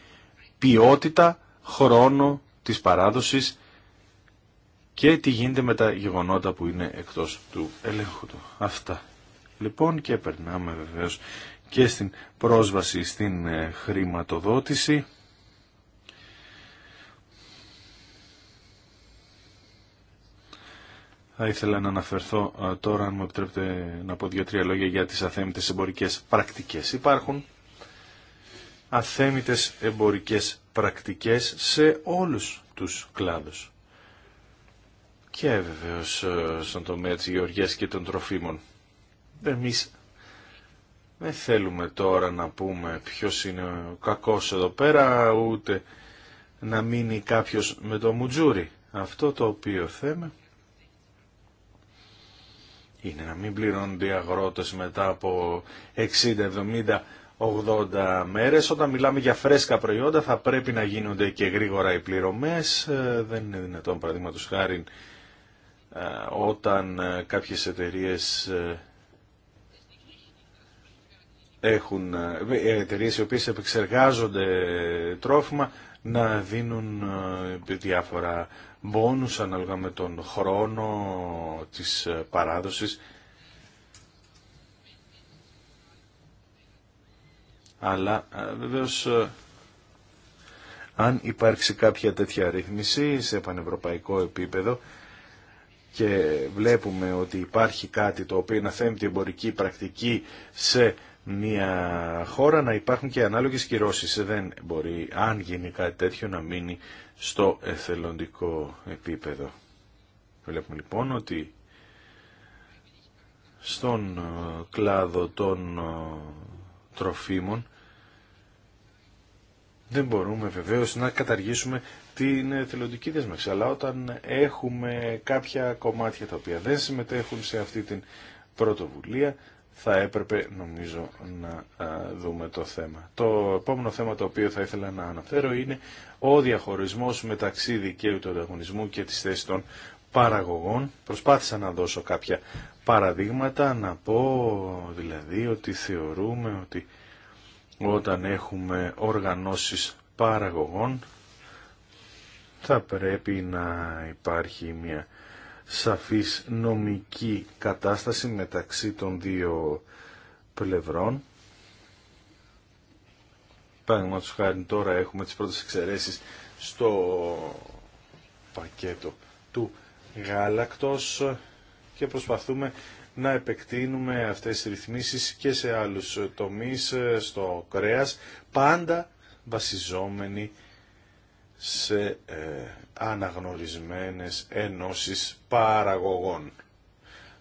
ποιότητα, χρόνο της παράδοσης και τι γίνεται με τα γεγονότα που είναι εκτός του ελέγχου του. Αυτά. Λοιπόν και περνάμε βεβαίως και στην πρόσβαση στην ε, χρηματοδότηση. Θα ήθελα να αναφερθώ τώρα, αν μου επιτρέπετε να πω δύο-τρία λόγια για τις αθέμητες εμπορικές πρακτικές. Υπάρχουν αθέμητες εμπορικές πρακτικές σε όλους τους κλάδους. Και βεβαίω στον τομέα της γεωργίας και των τροφίμων. Εμεί δεν θέλουμε τώρα να πούμε ποιος είναι ο κακός εδώ πέρα, ούτε να μείνει κάποιος με το μουτζούρι. Αυτό το οποίο θέμε είναι να μην πληρώνονται οι αγρότες μετά από 60, 70, 80 μέρες. Όταν μιλάμε για φρέσκα προϊόντα θα πρέπει να γίνονται και γρήγορα οι πληρωμές. Ε, δεν είναι δυνατόν παραδείγματος χάρη ε, όταν ε, κάποιες εταιρείες έχουν εταιρείε οι οποίες επεξεργάζονται τρόφιμα να δίνουν διάφορα μπόνους ανάλογα με τον χρόνο της ε, παράδοσης. Αλλά ε, βεβαίως ε, αν υπάρξει κάποια τέτοια ρύθμιση σε πανευρωπαϊκό επίπεδο και βλέπουμε ότι υπάρχει κάτι το οποίο να θέμει την εμπορική πρακτική σε μια χώρα να υπάρχουν και ανάλογες κυρώσεις. Δεν μπορεί, αν γίνει κάτι τέτοιο, να μείνει στο εθελοντικό επίπεδο. Βλέπουμε λοιπόν ότι στον ε, κλάδο των ε, τροφίμων δεν μπορούμε βεβαίως να καταργήσουμε την εθελοντική δέσμευση, αλλά όταν έχουμε κάποια κομμάτια τα οποία δεν συμμετέχουν σε αυτή την πρωτοβουλία θα έπρεπε νομίζω να δούμε το θέμα. Το επόμενο θέμα το οποίο θα ήθελα να αναφέρω είναι ο διαχωρισμός μεταξύ δικαίου του ανταγωνισμού και της θέσης των παραγωγών. Προσπάθησα να δώσω κάποια παραδείγματα, να πω δηλαδή ότι θεωρούμε ότι όταν έχουμε οργανώσεις παραγωγών θα πρέπει να υπάρχει μια σαφής νομική κατάσταση μεταξύ των δύο πλευρών. Παραδείγματος χάρη τώρα έχουμε τις πρώτες εξαιρέσεις στο πακέτο του γάλακτος και προσπαθούμε να επεκτείνουμε αυτές τις ρυθμίσεις και σε άλλους τομείς, στο κρέας, πάντα βασιζόμενοι σε ε, αναγνωρισμένες ενώσεις παραγωγών.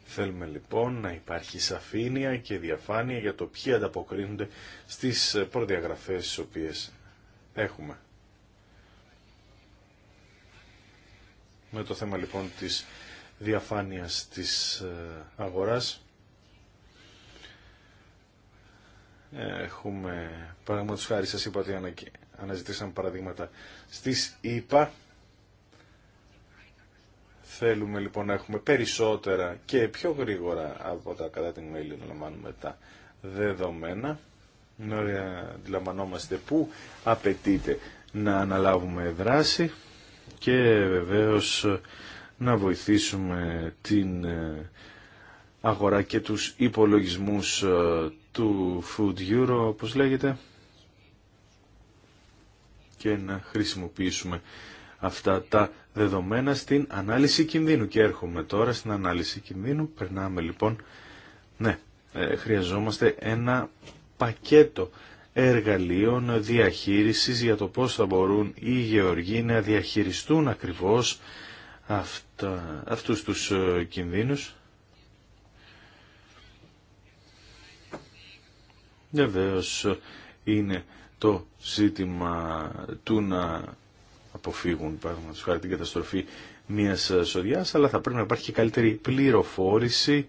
Θέλουμε λοιπόν να υπάρχει σαφήνεια και διαφάνεια για το ποιοι ανταποκρίνονται στις προδιαγραφές τις οποίες έχουμε. Με το θέμα λοιπόν της διαφάνειας της ε, αγοράς ε, έχουμε τους χάρη σας είπα ότι αναζητήσαμε παραδείγματα στις ίπα Θέλουμε λοιπόν να έχουμε περισσότερα και πιο γρήγορα από τα κατά την μέλη να λαμβάνουμε τα δεδομένα. Να αντιλαμβανόμαστε πού απαιτείται να αναλάβουμε δράση και βεβαίως να βοηθήσουμε την ε, αγορά και τους υπολογισμούς ε, του Food Euro, όπως λέγεται, και να χρησιμοποιήσουμε αυτά τα δεδομένα στην ανάλυση κινδύνου. Και έρχομαι τώρα στην ανάλυση κινδύνου. Περνάμε λοιπόν, ναι, ε, χρειαζόμαστε ένα πακέτο εργαλείων διαχείρισης για το πώς θα μπορούν οι γεωργοί να διαχειριστούν ακριβώς αυτά, αυτούς τους ε, κινδύνους. Βεβαίω ε, είναι το ζήτημα του να αποφύγουν παραδείγματος χάρη την καταστροφή μιας σοδιάς, αλλά θα πρέπει να υπάρχει και καλύτερη πληροφόρηση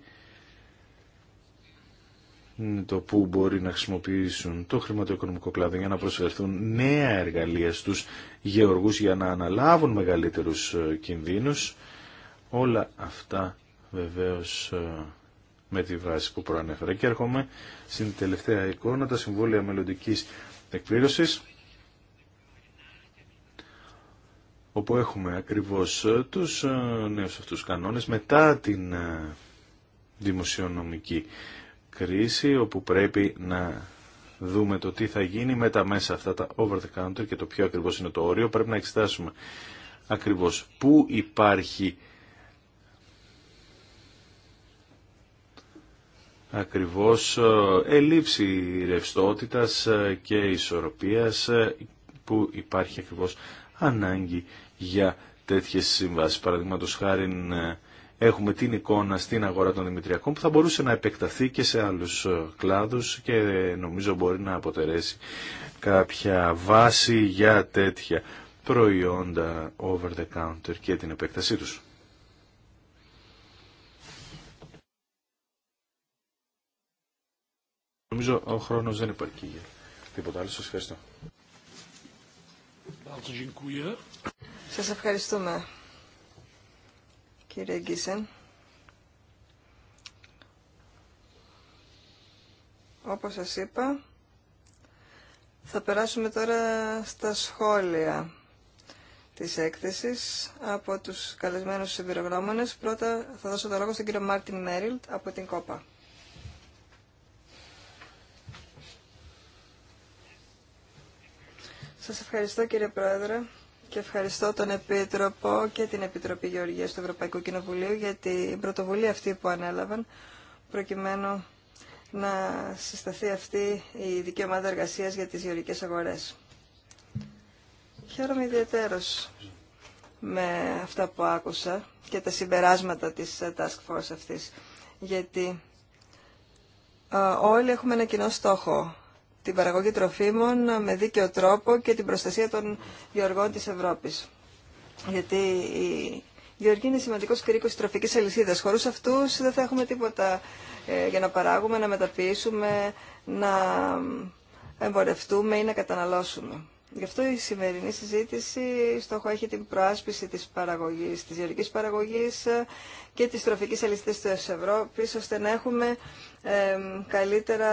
το που μπορεί να χρησιμοποιήσουν το χρηματοοικονομικό κλάδο για να προσφερθούν νέα εργαλεία στους γεωργούς για να αναλάβουν μεγαλύτερους ε, κινδύνους. Όλα αυτά βεβαίως ε, με τη βάση που προανέφερα. Και έρχομαι στην τελευταία εικόνα, τα συμβόλαια μελλοντική Εκπλήρωση. όπου έχουμε ακριβώς τους ε, νέους αυτούς κανόνες μετά την ε, δημοσιονομική κρίση όπου πρέπει να δούμε το τι θα γίνει με τα μέσα αυτά τα over the counter και το πιο ακριβώς είναι το όριο πρέπει να εξετάσουμε ακριβώς πού υπάρχει ακριβώς ε, ελλείψη ρευστότητας ε, και ισορροπίας ε, που υπάρχει ακριβώς ανάγκη για τέτοιες συμβάσεις. Παραδείγματος χάρη έχουμε την εικόνα στην αγορά των Δημητριακών που θα μπορούσε να επεκταθεί και σε άλλους κλάδους και νομίζω μπορεί να αποτελέσει κάποια βάση για τέτοια προϊόντα over the counter και την επέκτασή τους. Νομίζω ο χρόνο δεν υπάρχει για τίποτα άλλο. Σα ευχαριστώ. Σας ευχαριστούμε κύριε Γκίσεν. Όπως σας είπα, θα περάσουμε τώρα στα σχόλια της έκθεσης από τους καλεσμένους συμπειρογνώμονες. Πρώτα θα δώσω το λόγο στον κύριο Μάρτιν Μέριλτ από την ΚΟΠΑ. Σας ευχαριστώ κύριε Πρόεδρε και ευχαριστώ τον Επίτροπο και την Επιτροπή Γεωργίας του Ευρωπαϊκού Κοινοβουλίου για την πρωτοβουλία αυτή που ανέλαβαν προκειμένου να συσταθεί αυτή η δικαιωμάδα εργασία εργασίας για τις γεωργικές αγορές. Χαίρομαι ιδιαίτερος με αυτά που άκουσα και τα συμπεράσματα της Task Force αυτής, γιατί όλοι έχουμε ένα κοινό στόχο την παραγωγή τροφίμων με δίκαιο τρόπο και την προστασία των γεωργών της Ευρώπης. Γιατί η γεωργία είναι σημαντικός κρίκος της τροφικής αλυσίδας. Χωρίς αυτούς δεν θα έχουμε τίποτα ε, για να παράγουμε, να μεταποιήσουμε, να εμπορευτούμε ή να καταναλώσουμε. Γι' αυτό η σημερινή συζήτηση στόχο έχει την προάσπιση της παραγωγής, της γεωργικής παραγωγής και της τροφικής αλυσίδας της Ευρώπης, ώστε να έχουμε ε, καλύτερα,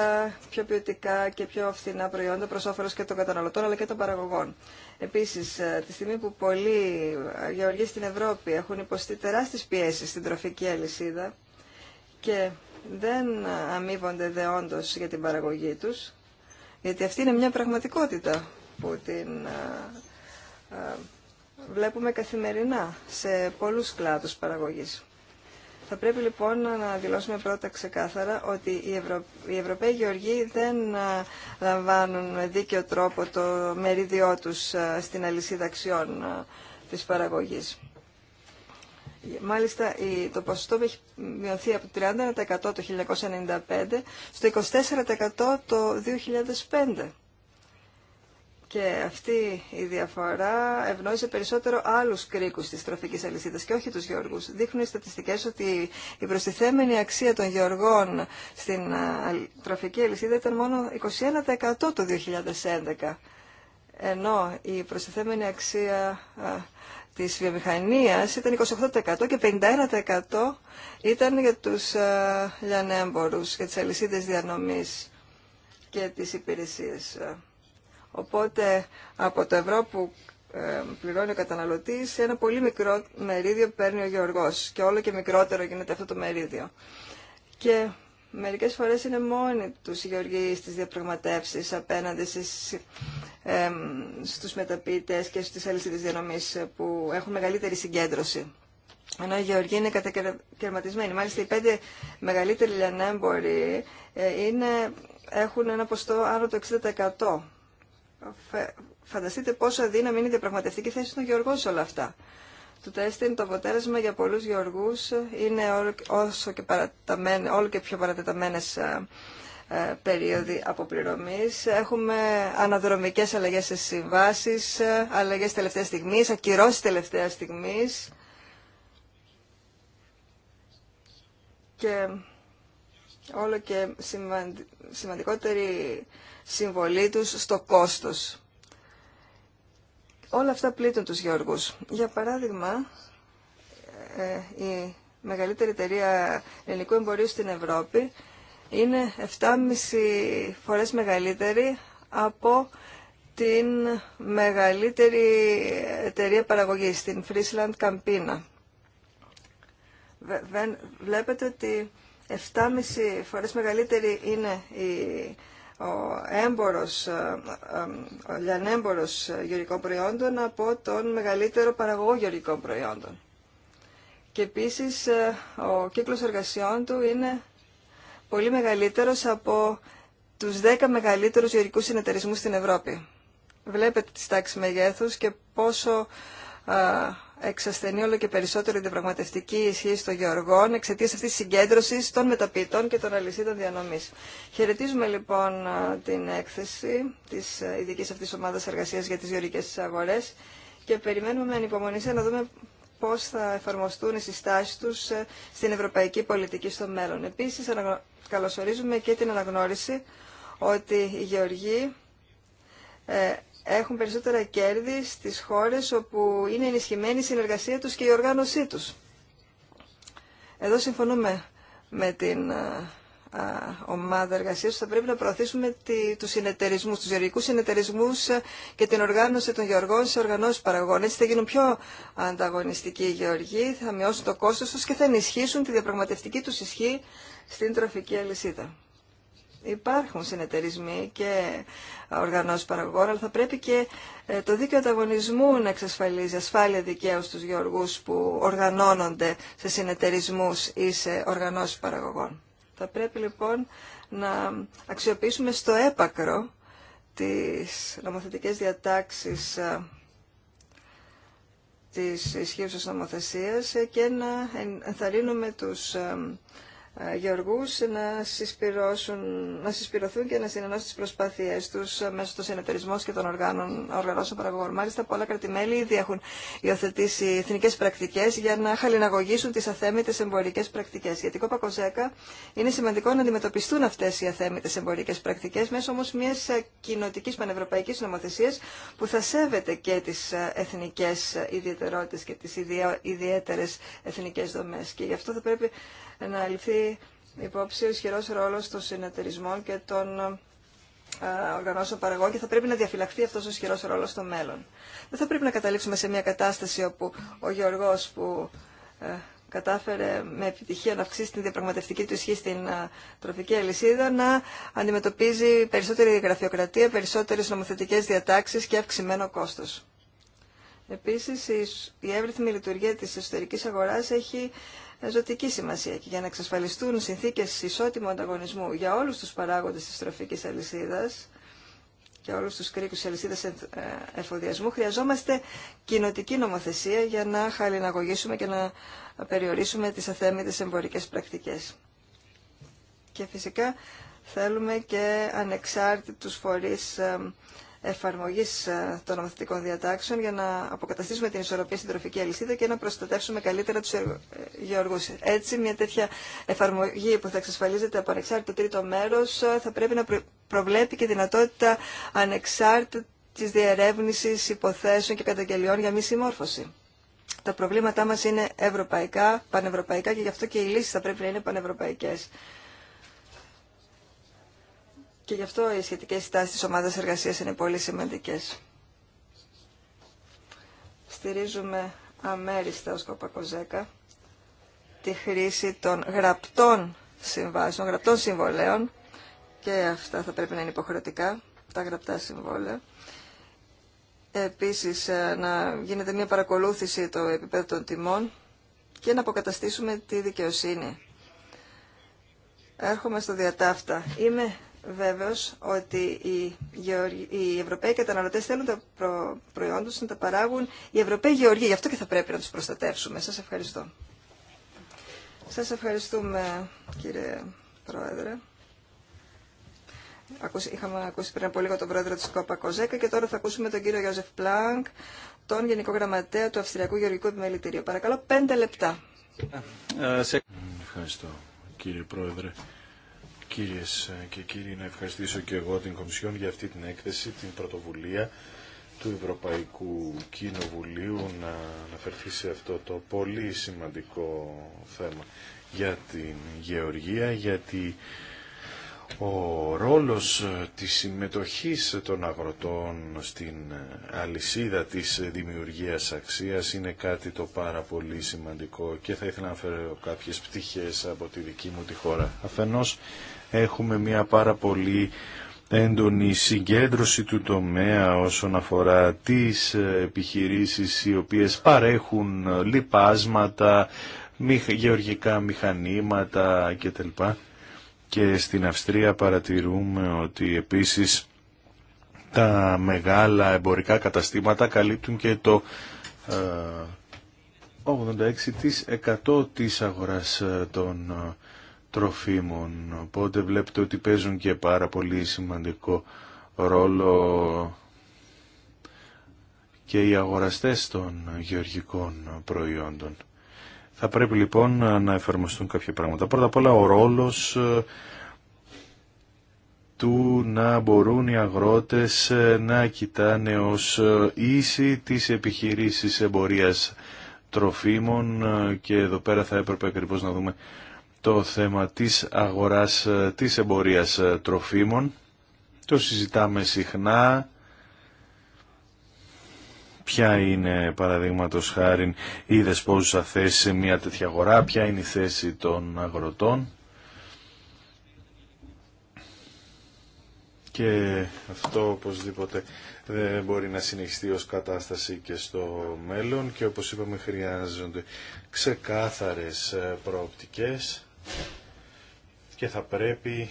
πιο ποιοτικά και πιο φθηνά προϊόντα προς όφελος και των καταναλωτών αλλά και των παραγωγών. Επίσης, ε, τη στιγμή που πολλοί γεωργοί στην Ευρώπη έχουν υποστεί τεράστιες πιέσεις στην τροφική αλυσίδα και δεν αμείβονται δεόντως για την παραγωγή τους, γιατί αυτή είναι μια πραγματικότητα που την βλέπουμε καθημερινά σε πολλούς κλάδους παραγωγής. Θα πρέπει λοιπόν να δηλώσουμε πρώτα ξεκάθαρα ότι οι, Ευρω... Ευρωπαίοι Γεωργοί δεν λαμβάνουν με δίκαιο τρόπο το μερίδιό τους στην αλυσίδα αξιών της παραγωγής. Μάλιστα το ποσοστό έχει μειωθεί από 30% το 1995 στο 24% το 2005. Και αυτή η διαφορά ευνόησε περισσότερο άλλους κρίκους της τροφικής αλυσίδας και όχι τους γεωργούς. Δείχνουν οι στατιστικές ότι η προστιθέμενη αξία των γεωργών στην τροφική αλυσίδα ήταν μόνο 21% το 2011. Ενώ η προστιθέμενη αξία της βιομηχανίας ήταν 28% και 51% ήταν για τους λιανέμπορους, για τις αλυσίδες διανομής και τις υπηρεσίες Οπότε από το ευρώ που ε, πληρώνει ο καταναλωτής, ένα πολύ μικρό μερίδιο παίρνει ο γεωργό και όλο και μικρότερο γίνεται αυτό το μερίδιο. Και μερικέ φορέ είναι μόνοι του οι γεωργοί στις διαπραγματεύσει απέναντι στις, ε, στους μεταποιητές και στις αλυσίδες διανομής που έχουν μεγαλύτερη συγκέντρωση. Ενώ οι γεωργοί είναι κατακαιρματισμένοι. Μάλιστα οι πέντε μεγαλύτεροι λιανέμποροι ε, είναι, έχουν ένα ποστό άνω το 60% φανταστείτε πόσο αδύναμη είναι η διαπραγματευτική θέση των γεωργών σε όλα αυτά. Του είναι το αποτέλεσμα για πολλούς γεωργούς είναι όλο, όσο και όλο και πιο παρατεταμένε ε, ε, περίοδοι αποπληρωμής. Έχουμε αναδρομικές αλλαγές σε συμβάσει, ε, αλλαγές τελευταία στιγμής, ακυρώσει τελευταία στιγμής. Και όλο και σημαντικότερη συμβολή τους στο κόστος. Όλα αυτά πλήττουν τους Γιώργους. Για παράδειγμα, ε, η μεγαλύτερη εταιρεία ελληνικού εμπορίου στην Ευρώπη είναι 7,5 φορές μεγαλύτερη από την μεγαλύτερη εταιρεία παραγωγής, την Friesland Campina. Βλέπετε ότι 7,5 φορές μεγαλύτερη είναι η ο έμπορος, ε, ε, ο λιανέμπορος γεωργικών προϊόντων από τον μεγαλύτερο παραγωγό γεωργικών προϊόντων. Και επίσης ε, ο κύκλος εργασιών του είναι πολύ μεγαλύτερος από τους 10 μεγαλύτερους γεωργικούς συνεταιρισμούς στην Ευρώπη. Βλέπετε τις τάξεις μεγέθους και πόσο εξασθενεί όλο και περισσότερο η διαπραγματευτική ισχύ των γεωργών εξαιτία αυτή τη συγκέντρωση των μεταποιητών και των αλυσίδων διανομή. Χαιρετίζουμε λοιπόν την έκθεση τη ειδική αυτή ομάδα εργασία για τι γεωργικέ αγορέ και περιμένουμε με ανυπομονησία να δούμε πώ θα εφαρμοστούν οι συστάσει του στην ευρωπαϊκή πολιτική στο μέλλον. Επίση, καλωσορίζουμε και την αναγνώριση ότι οι γεωργοί ε, έχουν περισσότερα κέρδη στις χώρες όπου είναι ενισχυμένη η συνεργασία τους και η οργάνωσή τους. Εδώ συμφωνούμε με την ε, ε, ομάδα εργασία θα πρέπει να προωθήσουμε τη, τους συνεταιρισμούς, τους γεωργικούς συνεταιρισμούς ε, και την οργάνωση των γεωργών σε οργανώσεις παραγωγών. Έτσι θα γίνουν πιο ανταγωνιστικοί οι γεωργοί, θα μειώσουν το κόστος τους και θα ενισχύσουν τη διαπραγματευτική τους ισχύ στην τροφική αλυσίδα υπάρχουν συνεταιρισμοί και οργανώσεις παραγωγών, αλλά θα πρέπει και ε, το δίκαιο ανταγωνισμού να εξασφαλίζει ασφάλεια δικαίου στους γεωργούς που οργανώνονται σε συνεταιρισμούς ή σε οργανώσεις παραγωγών. Θα πρέπει λοιπόν να αξιοποιήσουμε στο έπακρο τις νομοθετικές διατάξεις ε, της ισχύουσας νομοθεσίας και να ενθαρρύνουμε τους ε, ε, γεωργούς να, να συσπηρωθούν και να συνενώσουν τις προσπάθειές τους ε, μέσω των συνεταιρισμών και των οργάνων, οργανώσεων παραγωγών. Μάλιστα, πολλά κρατημέλη ήδη έχουν υιοθετήσει εθνικές πρακτικές για να χαλιναγωγήσουν τις αθέμητες εμπορικές πρακτικές. Γιατί κόπα κοζέκα είναι σημαντικό να αντιμετωπιστούν αυτές οι αθέμητες εμπορικές πρακτικές μέσω όμως μιας ε, κοινοτικής πανευρωπαϊκής νομοθεσίας που θα σέβεται και τις εθνικές ιδιαιτερότητες και τις ιδιαίτερες εθνικές δομές. Και γι' αυτό θα πρέπει να ληφθεί υπόψη ο ισχυρό ρόλο των συνεταιρισμών και των ε, οργανώσεων παραγωγών και θα πρέπει να διαφυλαχθεί αυτό ο ισχυρό ρόλο στο μέλλον. Δεν θα πρέπει να καταλήξουμε σε μια κατάσταση όπου ο Γεωργό που ε, κατάφερε με επιτυχία να αυξήσει την διαπραγματευτική του ισχύ στην ε, τροφική αλυσίδα να αντιμετωπίζει περισσότερη γραφειοκρατία, περισσότερε νομοθετικέ διατάξει και αυξημένο κόστο. Επίση, η εύρυθμη λειτουργία τη εσωτερική αγορά έχει ζωτική σημασία και για να εξασφαλιστούν συνθήκες ισότιμου ανταγωνισμού για όλους τους παράγοντες της τροφικής αλυσίδας και όλους τους κρίκους της αλυσίδας ε, εφοδιασμού, χρειαζόμαστε κοινοτική νομοθεσία για να χαλιναγωγήσουμε και να περιορίσουμε τις αθέμητες εμπορικές πρακτικές. Και φυσικά θέλουμε και ανεξάρτητους φορείς ε, Εφαρμογή ε, των νομοθετικών διατάξεων για να αποκαταστήσουμε την ισορροπία στην τροφική αλυσίδα και να προστατεύσουμε καλύτερα του γεωργού. Έτσι, μια τέτοια εφαρμογή που θα εξασφαλίζεται από ανεξάρτητο τρίτο μέρο, ε, θα πρέπει να προβλέπει και δυνατότητα ανεξάρτητης διερεύνησης υποθέσεων και καταγγελιών για μη συμμόρφωση. Τα προβλήματά μας είναι ευρωπαϊκά, πανευρωπαϊκά και γι' αυτό και οι λύσεις θα πρέπει να είναι πανευρωπαϊκές. Και γι' αυτό οι σχετικές στάσεις της ομάδας εργασίας είναι πολύ σημαντικές. Στηρίζουμε αμέριστα ως Κοπακοζέκα τη χρήση των γραπτών συμβάσεων, γραπτών συμβολέων και αυτά θα πρέπει να είναι υποχρεωτικά, τα γραπτά συμβόλαια. Επίσης ε, να γίνεται μια παρακολούθηση το επίπεδο των τιμών και να αποκαταστήσουμε τη δικαιοσύνη. Έρχομαι στο διατάφτα. Είμαι βέβαιος ότι οι, Ευρωπαίοι καταναλωτές θέλουν τα προ... προϊόντα τους να τα παράγουν οι Ευρωπαίοι γεωργοί. Γι' αυτό και θα πρέπει να τους προστατεύσουμε. Σας ευχαριστώ. Σας ευχαριστούμε κύριε Πρόεδρε. Είχαμε ακούσει πριν από λίγο τον πρόεδρο της ΚΟΠΑ Κοζέκα και τώρα θα ακούσουμε τον κύριο Γιώζεφ Πλάνκ, τον Γενικό Γραμματέα του Αυστριακού Γεωργικού Επιμελητηρίου. Παρακαλώ, πέντε λεπτά. Ε, ε, ευχαριστώ κύριε Πρόεδρε. Κυρίες και κύριοι, να ευχαριστήσω και εγώ την Κομισιόν για αυτή την έκθεση, την πρωτοβουλία του Ευρωπαϊκού Κοινοβουλίου να αναφερθεί σε αυτό το πολύ σημαντικό θέμα για την γεωργία, γιατί ο ρόλος της συμμετοχής των αγροτών στην αλυσίδα της δημιουργίας αξίας είναι κάτι το πάρα πολύ σημαντικό και θα ήθελα να φέρω κάποιες πτυχές από τη δική μου τη χώρα. Αφενός έχουμε μια πάρα πολύ έντονη συγκέντρωση του τομέα όσον αφορά τις ε, επιχειρήσεις οι οποίες παρέχουν ε, λιπάσματα, γεωργικά μηχανήματα κτλ. Και στην Αυστρία παρατηρούμε ότι επίσης τα μεγάλα εμπορικά καταστήματα καλύπτουν και το 86% ε, της αγοράς των τροφίμων. Οπότε βλέπετε ότι παίζουν και πάρα πολύ σημαντικό ρόλο και οι αγοραστές των γεωργικών προϊόντων. Θα πρέπει λοιπόν να εφαρμοστούν κάποια πράγματα. Πρώτα απ' όλα ο ρόλος ε, του να μπορούν οι αγρότες ε, να κοιτάνε ως ε, ίση τις επιχειρήσεις εμπορίας τροφίμων και εδώ πέρα θα έπρεπε ακριβώς να δούμε το θέμα της αγοράς, ε, της εμπορίας ε, τροφίμων. Το συζητάμε συχνά. Ποια είναι, παραδείγματο χάρη, η δεσπόζουσα θέση σε μια τέτοια αγορά, ποια είναι η θέση των αγροτών. Και αυτό οπωσδήποτε δεν μπορεί να συνεχιστεί ως κατάσταση και στο μέλλον και όπως είπαμε χρειάζονται ξεκάθαρες ε, προοπτικές και θα πρέπει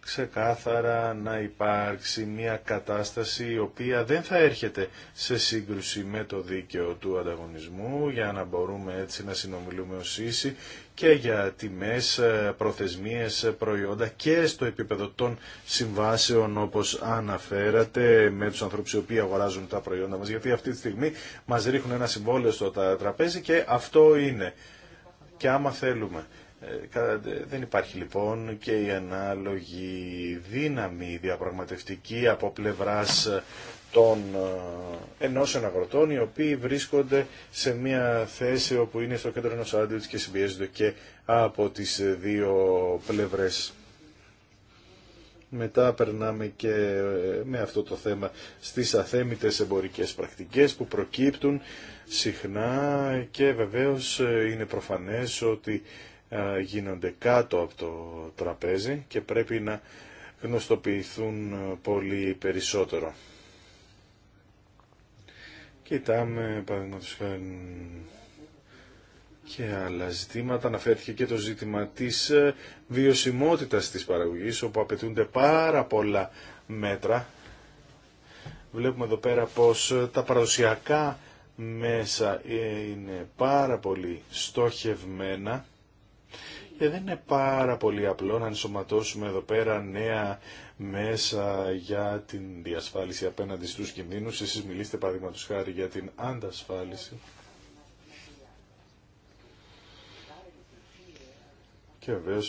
ξεκάθαρα να υπάρξει μια κατάσταση η οποία δεν θα έρχεται σε σύγκρουση με το δίκαιο του ανταγωνισμού για να μπορούμε έτσι να συνομιλούμε ως ίση και για τιμές, προθεσμίες, προϊόντα και στο επίπεδο των συμβάσεων όπως αναφέρατε με τους ανθρώπους οι οποίοι αγοράζουν τα προϊόντα μας γιατί αυτή τη στιγμή μας ρίχνουν ένα συμβόλαιο στο τραπέζι και αυτό είναι και άμα θέλουμε. Ε, δεν υπάρχει λοιπόν και η ανάλογη δύναμη διαπραγματευτική από πλευράς ε, των ε, ενώσεων αγροτών οι οποίοι βρίσκονται σε μια θέση όπου είναι στο κέντρο ενός και συμπιέζονται και από τις δύο πλευρές. Μετά περνάμε και με αυτό το θέμα στις αθέμητες εμπορικές πρακτικές που προκύπτουν συχνά και βεβαίως ε, είναι προφανές ότι ε, γίνονται κάτω από το τραπέζι και πρέπει να γνωστοποιηθούν ε, πολύ περισσότερο. Κοιτάμε, παραδείγματος και άλλα ζητήματα. Αναφέρθηκε και το ζήτημα της βιωσιμότητας της παραγωγής, όπου απαιτούνται πάρα πολλά μέτρα. Βλέπουμε εδώ πέρα πως τα παραδοσιακά μέσα ε, είναι πάρα πολύ στοχευμένα και δεν είναι πάρα πολύ απλό να ενσωματώσουμε εδώ πέρα νέα μέσα για την διασφάλιση απέναντι στους κινδύνους. Εσείς μιλήστε παραδείγματο χάρη για την αντασφάλιση. Και βεβαίω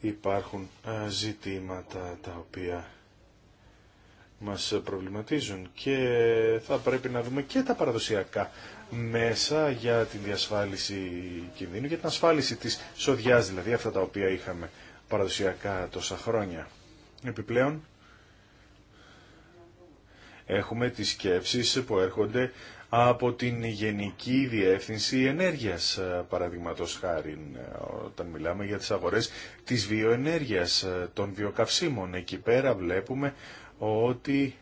υπάρχουν ε, ζητήματα τα οποία μας προβληματίζουν και θα πρέπει να δούμε και τα παραδοσιακά μέσα για την διασφάλιση κινδύνου για την ασφάλιση της σοδιάς, δηλαδή αυτά τα οποία είχαμε παραδοσιακά τόσα χρόνια. Επιπλέον, έχουμε τις σκέψεις που έρχονται από την Γενική Διεύθυνση Ενέργειας, παραδείγματος χάρη, όταν μιλάμε για τις αγορές της βιοενέργειας, των βιοκαυσίμων. Εκεί πέρα βλέπουμε ότι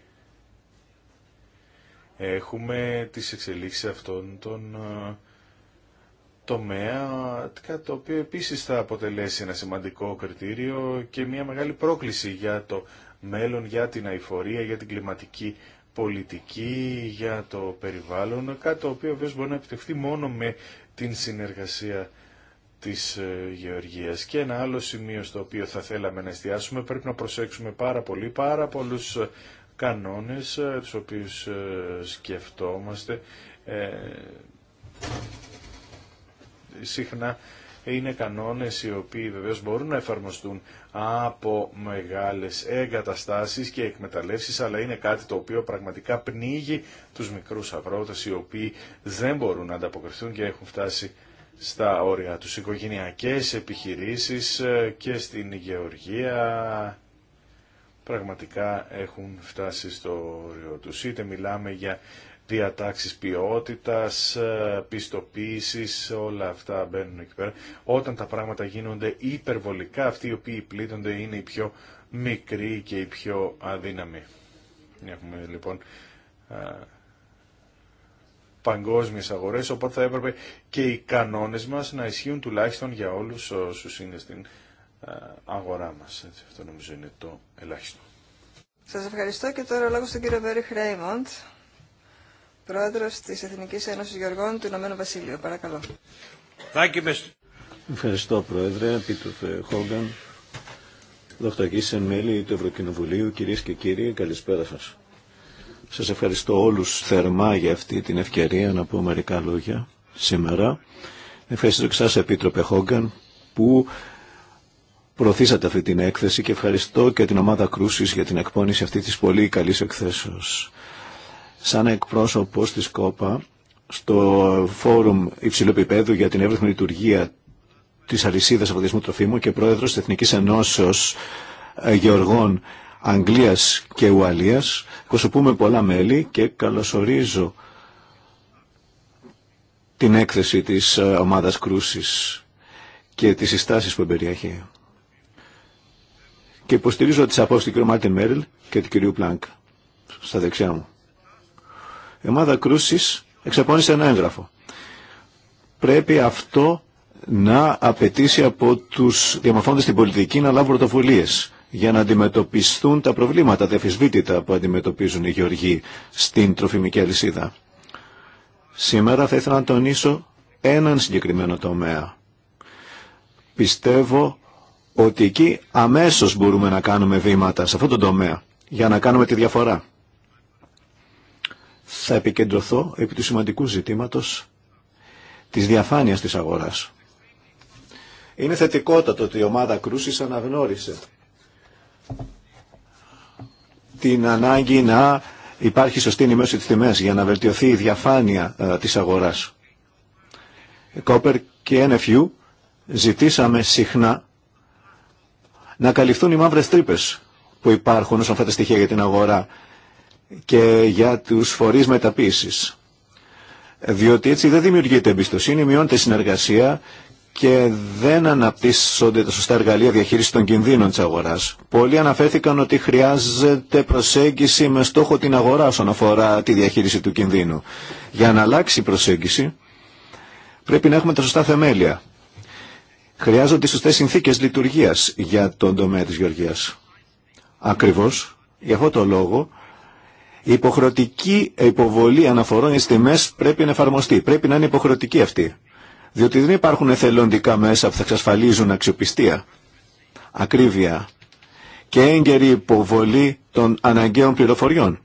έχουμε τις εξελίξεις αυτών των ε, τομέα, κάτι το οποίο επίσης θα αποτελέσει ένα σημαντικό κριτήριο και μια μεγάλη πρόκληση για το μέλλον, για την αηφορία, για την κλιματική πολιτική, για το περιβάλλον, κάτι το οποίο βέβαια μπορεί να επιτευχθεί μόνο με την συνεργασία της ε, Γεωργίας. Και ένα άλλο σημείο στο οποίο θα θέλαμε να εστιάσουμε, πρέπει να προσέξουμε πάρα πολύ, πάρα πολλούς ε, κανόνες, ε, τους οποίους σκεφτόμαστε. Συχνά είναι κανόνες οι οποίοι βεβαίως μπορούν να εφαρμοστούν από μεγάλες εγκαταστάσεις και εκμεταλλεύσεις, αλλά είναι κάτι το οποίο πραγματικά πνίγει τους μικρούς αγρότες οι οποίοι δεν μπορούν να ανταποκριθούν και έχουν φτάσει στα όρια τους, οικογενειακές επιχειρήσεις ε, και στην γεωργία πραγματικά έχουν φτάσει στο όριο τους. Είτε μιλάμε για διατάξεις ποιότητας, ε, πιστοποίησης, όλα αυτά μπαίνουν εκεί πέρα. Όταν τα πράγματα γίνονται υπερβολικά, αυτοί οι οποίοι πλήττονται είναι οι πιο μικροί και οι πιο αδύναμοι. Έχουμε λοιπόν παγκόσμιες αγορές, οπότε θα έπρεπε και οι κανόνες μας να ισχύουν τουλάχιστον για όλους όσους είναι στην ε, αγορά μας. Έτσι, αυτό νομίζω είναι το ελάχιστο. Σας ευχαριστώ και τώρα λόγω στον κύριο Μπέρι Χρέιμοντ, πρόεδρος της Εθνικής Ένωσης Γεωργών του Ηνωμένου Βασίλειου. Παρακαλώ. Ευχαριστώ Πρόεδρε, Πίτροφε Χόγκαν, Δόκτωρ Κίσεν, μέλη του Ευρωκοινοβουλίου, κυρίες και κύριοι, καλησπέρα σας. Σας ευχαριστώ όλους θερμά για αυτή την ευκαιρία να πω μερικά λόγια σήμερα. Ευχαριστώ και σας Επίτροπε Χόγκαν που προωθήσατε αυτή την έκθεση και ευχαριστώ και την ομάδα Κρούσης για την εκπόνηση αυτή της πολύ καλής εκθέσεως. Σαν εκπρόσωπος της ΚΟΠΑ στο Φόρουμ Υψηλού Επιπέδου για την Εύρεθμη Λειτουργία της Αρισίδας αποδεισμού τροφίμου και πρόεδρος της Εθνικής Ενώσεως ε, Γεωργών Αγγλίας και Ουαλίας. Εκπροσωπούμε πολλά μέλη και καλωσορίζω την έκθεση της ε, ομάδας κρούσης και τις συστάσεις που περιέχει. Και υποστηρίζω τις απόψεις του κ. Μάρτιν και του κ. Πλάνκ στα δεξιά μου. Η ομάδα κρούσης εξαπώνησε ένα έγγραφο. Πρέπει αυτό να απαιτήσει από τους διαμορφώντες την πολιτική να λάβουν πρωτοβουλίε για να αντιμετωπιστούν τα προβλήματα, τα αφισβήτητα που αντιμετωπίζουν οι γεωργοί στην τροφιμική αλυσίδα. Σήμερα θα ήθελα να τονίσω έναν συγκεκριμένο τομέα. Πιστεύω ότι εκεί αμέσως μπορούμε να κάνουμε βήματα σε αυτόν τον τομέα για να κάνουμε τη διαφορά. Θα επικεντρωθώ επί του σημαντικού ζητήματος της διαφάνειας της αγοράς. Είναι θετικότατο ότι η ομάδα κρούσης αναγνώρισε την ανάγκη να υπάρχει σωστή ενημέρωση της τιμές για να βελτιωθεί η διαφάνεια ε, της αγοράς. Κόπερ και NFU ζητήσαμε συχνά να καλυφθούν οι μαύρες τρύπες που υπάρχουν όσον αυτά τα στοιχεία για την αγορά και για τους φορείς μεταποίησης. Διότι έτσι δεν δημιουργείται εμπιστοσύνη, μειώνεται συνεργασία και δεν αναπτύσσονται τα σωστά εργαλεία διαχείριση των κινδύνων της αγοράς. Πολλοί αναφέρθηκαν ότι χρειάζεται προσέγγιση με στόχο την αγορά όσον αφορά τη διαχείριση του κινδύνου. Για να αλλάξει η προσέγγιση πρέπει να έχουμε τα σωστά θεμέλια. Χρειάζονται σωστές συνθήκες λειτουργίας για τον τομέα της γεωργίας. Ακριβώς, για αυτό το λόγο, η υποχρεωτική υποβολή αναφορών στις τιμές πρέπει να εφαρμοστεί. Πρέπει να είναι υποχρεωτική αυτή διότι δεν υπάρχουν εθελοντικά μέσα που θα εξασφαλίζουν αξιοπιστία, ακρίβεια και έγκαιρη υποβολή των αναγκαίων πληροφοριών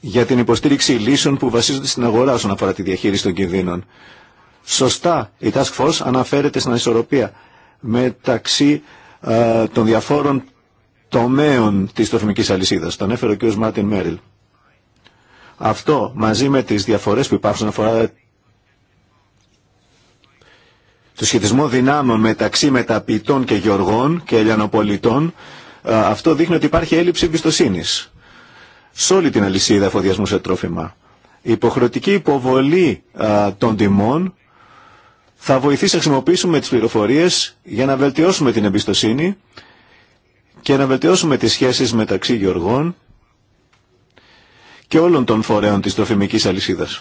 για την υποστήριξη λύσεων που βασίζονται στην αγορά όσον αφορά τη διαχείριση των κινδύνων. Σωστά, η Task Force αναφέρεται στην ανισορροπία μεταξύ ε, των διαφόρων τομέων της τροφιμικής αλυσίδας. Τον έφερε ο κ. Μάρτιν Μέριλ. Αυτό μαζί με τις διαφορές που υπάρχουν αφορά το σχετισμό δυνάμων μεταξύ μεταποιητών και γεωργών και ελιανοπολιτών, αυτό δείχνει ότι υπάρχει έλλειψη εμπιστοσύνη σε όλη την αλυσίδα εφοδιασμού σε τρόφιμα. Η υποχρεωτική υποβολή των τιμών θα βοηθήσει να χρησιμοποιήσουμε τις πληροφορίες για να βελτιώσουμε την εμπιστοσύνη και να βελτιώσουμε τις σχέσεις μεταξύ γεωργών και όλων των φορέων της τροφιμικής αλυσίδας.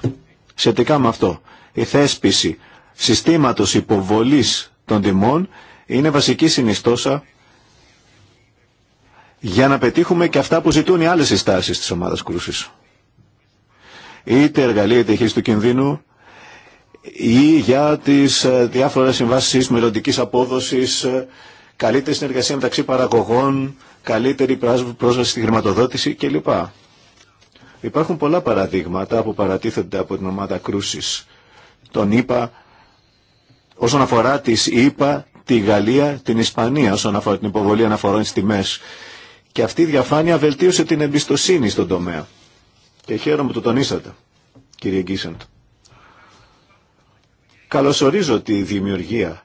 Σχετικά με αυτό, η θέσπιση συστήματος υποβολής των τιμών είναι βασική συνιστόσα για να πετύχουμε και αυτά που ζητούν οι άλλες συστάσεις της ομάδας κρούσης. Είτε εργαλεία διαχείρισης του κινδύνου ή για τις ε, διάφορες συμβάσεις μελλοντικής απόδοσης, ε, καλύτερη συνεργασία μεταξύ παραγωγών, καλύτερη πρόσβαση στη χρηματοδότηση κλπ. Υπάρχουν πολλά παραδείγματα που παρατίθενται από την ομάδα κρούσης. Τον είπα όσον αφορά τις ΗΠΑ, τη Γαλλία, την Ισπανία, όσον αφορά την υποβολή αναφορών στις τιμές. Και αυτή η διαφάνεια βελτίωσε την εμπιστοσύνη στον τομέα. Και χαίρομαι που το τονίσατε, κύριε Γκίσεντ. Καλωσορίζω τη δημιουργία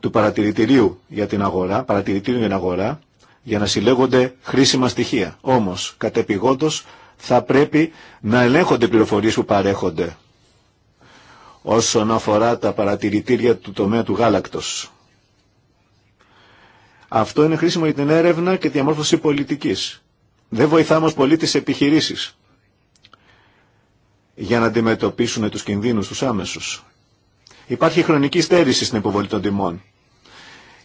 του παρατηρητηρίου για την αγορά, παρατηρητήριου για την αγορά, για να συλλέγονται χρήσιμα στοιχεία. Όμως, κατεπηγόντως, θα πρέπει να ελέγχονται οι πληροφορίες που παρέχονται όσον αφορά τα παρατηρητήρια του τομέα του γάλακτος. Αυτό είναι χρήσιμο για την έρευνα και τη διαμόρφωση πολιτικής. Δεν βοηθά όμως πολύ τις επιχειρήσεις για να αντιμετωπίσουν τους κινδύνους τους άμεσους. Υπάρχει χρονική στέρηση στην υποβολή των τιμών.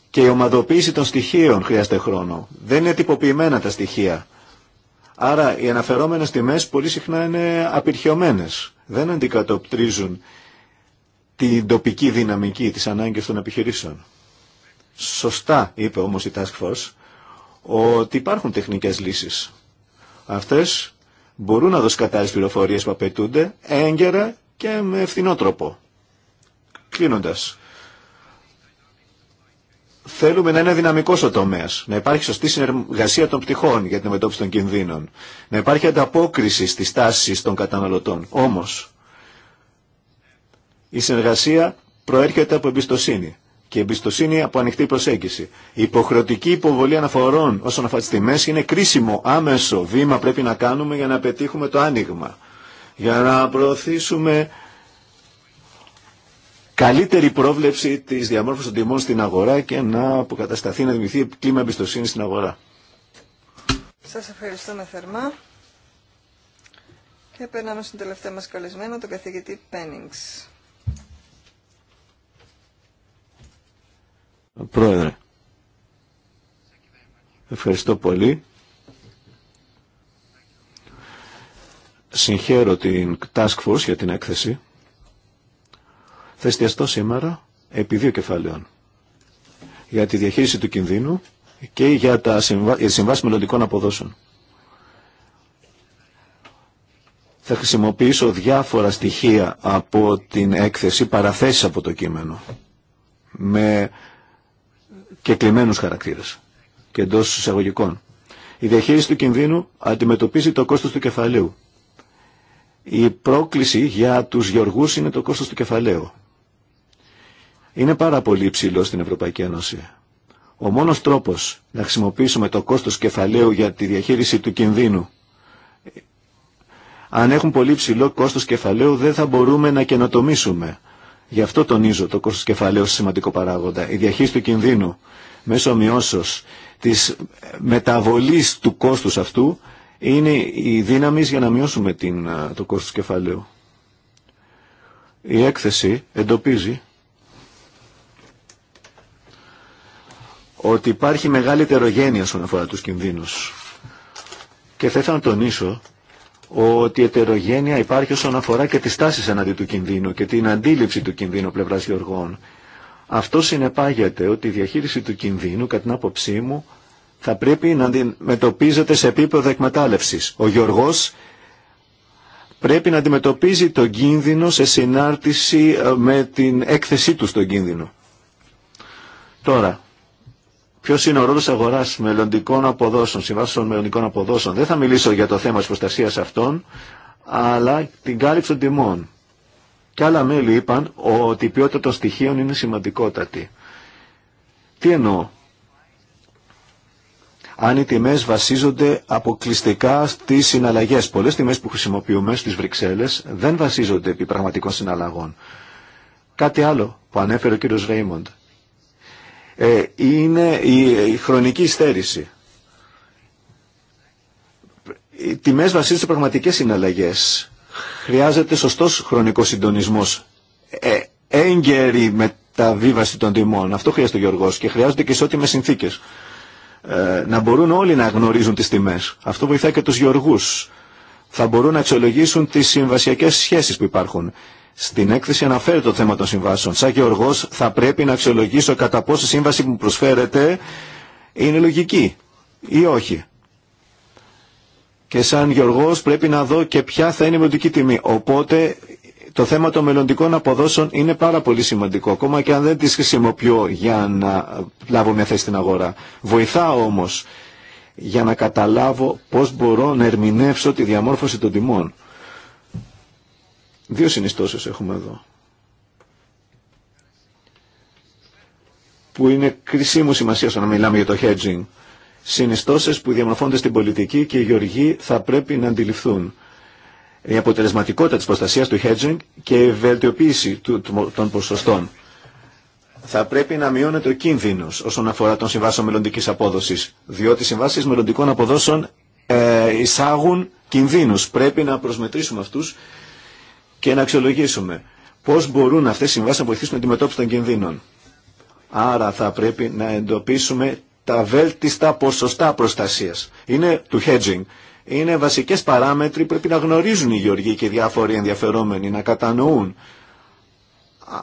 Και η ομαδοποίηση των στοιχείων χρειάζεται χρόνο. Δεν είναι τυποποιημένα τα στοιχεία. Άρα οι αναφερόμενες τιμές πολύ συχνά είναι απειρχιωμένες. Δεν αντικατοπτρίζουν την τοπική δυναμική, της ανάγκης των επιχειρήσεων. Σωστά είπε όμως η Task Force ότι υπάρχουν τεχνικές λύσεις. Αυτές μπορούν να δώσουν κατάλληλες πληροφορίες που απαιτούνται έγκαιρα και με ευθυνό τρόπο. Κλείνοντας, θέλουμε να είναι δυναμικό ο τομέα. Να υπάρχει σωστή συνεργασία των πτυχών για την μετώπιση των κινδύνων. Να υπάρχει ανταπόκριση στις τάσεις των καταναλωτών. Όμως, η συνεργασία προέρχεται από εμπιστοσύνη και εμπιστοσύνη από ανοιχτή προσέγγιση. Η υποχρεωτική υποβολή αναφορών όσον αφορά τι τιμέ είναι κρίσιμο άμεσο βήμα πρέπει να κάνουμε για να πετύχουμε το άνοιγμα. Για να προωθήσουμε καλύτερη πρόβλεψη τη διαμόρφωση των τιμών στην αγορά και να αποκατασταθεί, να δημιουργηθεί κλίμα εμπιστοσύνη στην αγορά. Σα ευχαριστούμε θερμά. Και περνάμε στον τελευταίο μα καλεσμένο, τον καθηγητή Πένιγκ. Πρόεδρε. Ευχαριστώ πολύ. Συγχαίρω την Task Force για την έκθεση. Θα εστιαστώ σήμερα επί δύο κεφαλαίων. Για τη διαχείριση του κινδύνου και για τα συμβα... συμβάσεις μελλοντικών αποδόσεων. Θα χρησιμοποιήσω διάφορα στοιχεία από την έκθεση, παραθέσεις από το κείμενο, με και κλειμένους χαρακτήρες και εντό εισαγωγικών. Η διαχείριση του κινδύνου αντιμετωπίζει το κόστος του κεφαλαίου. Η πρόκληση για τους γεωργούς είναι το κόστος του κεφαλαίου. Είναι πάρα πολύ υψηλό στην Ευρωπαϊκή Ένωση. Ο μόνος τρόπος να χρησιμοποιήσουμε το κόστος κεφαλαίου για τη διαχείριση του κινδύνου αν έχουν πολύ ψηλό κόστος κεφαλαίου δεν θα μπορούμε να καινοτομήσουμε. Γι' αυτό τονίζω το κόστος κεφαλαίου σημαντικό παράγοντα. Η διαχείριση του κινδύνου μέσω μειώσεως της μεταβολής του κόστους αυτού είναι η δύναμη για να μειώσουμε την, το κόστος κεφαλαίου. Η έκθεση εντοπίζει ότι υπάρχει μεγάλη τερογένεια στον αφορά τους κινδύνους. Και θα ήθελα να τονίσω ότι η ετερογένεια υπάρχει όσον αφορά και τις τάσεις εναντί του κινδύνου και την αντίληψη του κινδύνου πλευράς γεωργών. Αυτό συνεπάγεται ότι η διαχείριση του κινδύνου, κατά την άποψή μου, θα πρέπει να αντιμετωπίζεται σε επίπεδο εκμετάλλευσης. Ο γεωργός πρέπει να αντιμετωπίζει τον κίνδυνο σε συνάρτηση ε, με την έκθεσή του στον κίνδυνο. Τώρα, Ποιο είναι ο ρόλο αγορά μελλοντικών αποδόσεων, συμβάσεων μελλοντικών αποδόσεων. Δεν θα μιλήσω για το θέμα τη προστασία αυτών, αλλά την κάλυψη των τιμών. Και άλλα μέλη είπαν ότι η ποιότητα των στοιχείων είναι σημαντικότατη. Τι εννοώ. Αν οι τιμέ βασίζονται αποκλειστικά στι συναλλαγέ. Πολλέ τιμέ που χρησιμοποιούμε στι Βρυξέλλε δεν βασίζονται επί πραγματικών συναλλαγών. Κάτι άλλο που ανέφερε ο κ. Ρέιμοντ ε, είναι η χρονική στέρηση. Οι τιμές βασίζονται σε πραγματικές συναλλαγές. Χρειάζεται σωστός χρονικός συντονισμός. Ε, έγκαιρη μεταβίβαση των τιμών. Αυτό χρειάζεται ο Γιώργος και χρειάζονται και ισότιμες συνθήκες. Ε, να μπορούν όλοι να γνωρίζουν τις τιμές. Αυτό βοηθάει και τους Γιωργούς. Θα μπορούν να αξιολογήσουν τις συμβασιακές σχέσεις που υπάρχουν. Στην έκθεση αναφέρεται το θέμα των συμβάσεων. Σαν γεωργό θα πρέπει να αξιολογήσω κατά πόσο η σύμβαση που μου προσφέρεται είναι λογική ή όχι. Και σαν γεωργό πρέπει να δω και ποια θα είναι η μελλοντική τιμή. Οπότε το θέμα των μελλοντικών αποδόσεων είναι πάρα πολύ σημαντικό. Ακόμα και αν δεν τις χρησιμοποιώ για να λάβω μια θέση στην αγορά. Βοηθάω όμως για να καταλάβω πώς μπορώ να ερμηνεύσω τη διαμόρφωση των τιμών. Δύο συνιστώσεις έχουμε εδώ. Που είναι κρισίμου σημασία όταν μιλάμε για το hedging. Συνιστώσεις που διαμορφώνται στην πολιτική και οι γεωργοί θα πρέπει να αντιληφθούν. Η αποτελεσματικότητα της προστασίας του hedging και η βελτιοποίηση των ποσοστών. Θα πρέπει να μειώνεται ο κίνδυνος όσον αφορά των συμβάσεων μελλοντικής απόδοσης, διότι οι συμβάσεις μελλοντικών αποδόσεων ε, εισάγουν κινδύνους. Πρέπει να προσμετρήσουμε αυτούς και να αξιολογήσουμε πώς μπορούν αυτές οι συμβάσεις να βοηθήσουν την αντιμετώπιση των κινδύνων. Άρα θα πρέπει να εντοπίσουμε τα βέλτιστα ποσοστά προστασίας. Είναι του hedging. Είναι βασικές παράμετροι που πρέπει να γνωρίζουν οι γεωργοί και οι διάφοροι ενδιαφερόμενοι, να κατανοούν.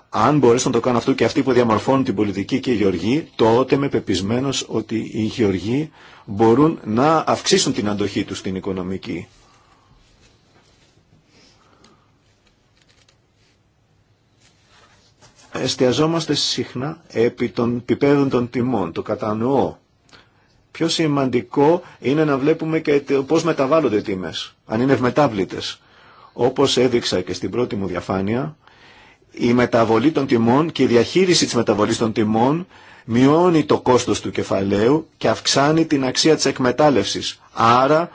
Αν μπορέσουν να το κάνουν αυτό και αυτοί που διαμορφώνουν την πολιτική και οι γεωργοί, τότε είμαι πεπισμένος ότι οι γεωργοί μπορούν να αυξήσουν την αντοχή τους στην οικονομική εστιαζόμαστε συχνά επί των επιπέδων των τιμών, το κατανοώ. Πιο σημαντικό είναι να βλέπουμε και πώς μεταβάλλονται οι τιμές, αν είναι ευμετάβλητες. Όπως έδειξα και στην πρώτη μου διαφάνεια, η μεταβολή των τιμών και η διαχείριση της μεταβολής των τιμών μειώνει το κόστος του κεφαλαίου και αυξάνει την αξία της εκμετάλλευσης. Άρα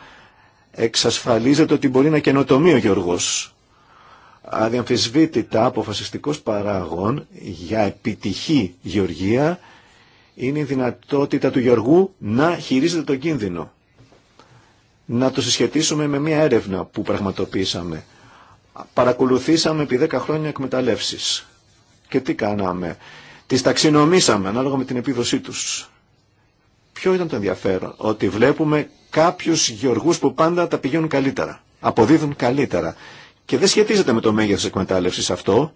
εξασφαλίζεται ότι μπορεί να καινοτομεί ο Γιώργος αδιαμφισβήτητα αποφασιστικός παράγων για επιτυχή γεωργία είναι η δυνατότητα του γεωργού να χειρίζεται το κίνδυνο. Να το συσχετίσουμε με μια έρευνα που πραγματοποίησαμε. Παρακολουθήσαμε επί 10 χρόνια εκμεταλλεύσεις. Και τι κάναμε. Τις ταξινομήσαμε ανάλογα με την επίδοσή τους. Ποιο ήταν το ενδιαφέρον. Ότι βλέπουμε κάποιους γεωργούς που πάντα τα πηγαίνουν καλύτερα. Αποδίδουν καλύτερα και δεν σχετίζεται με το μέγεθος εκμετάλλευσης αυτό,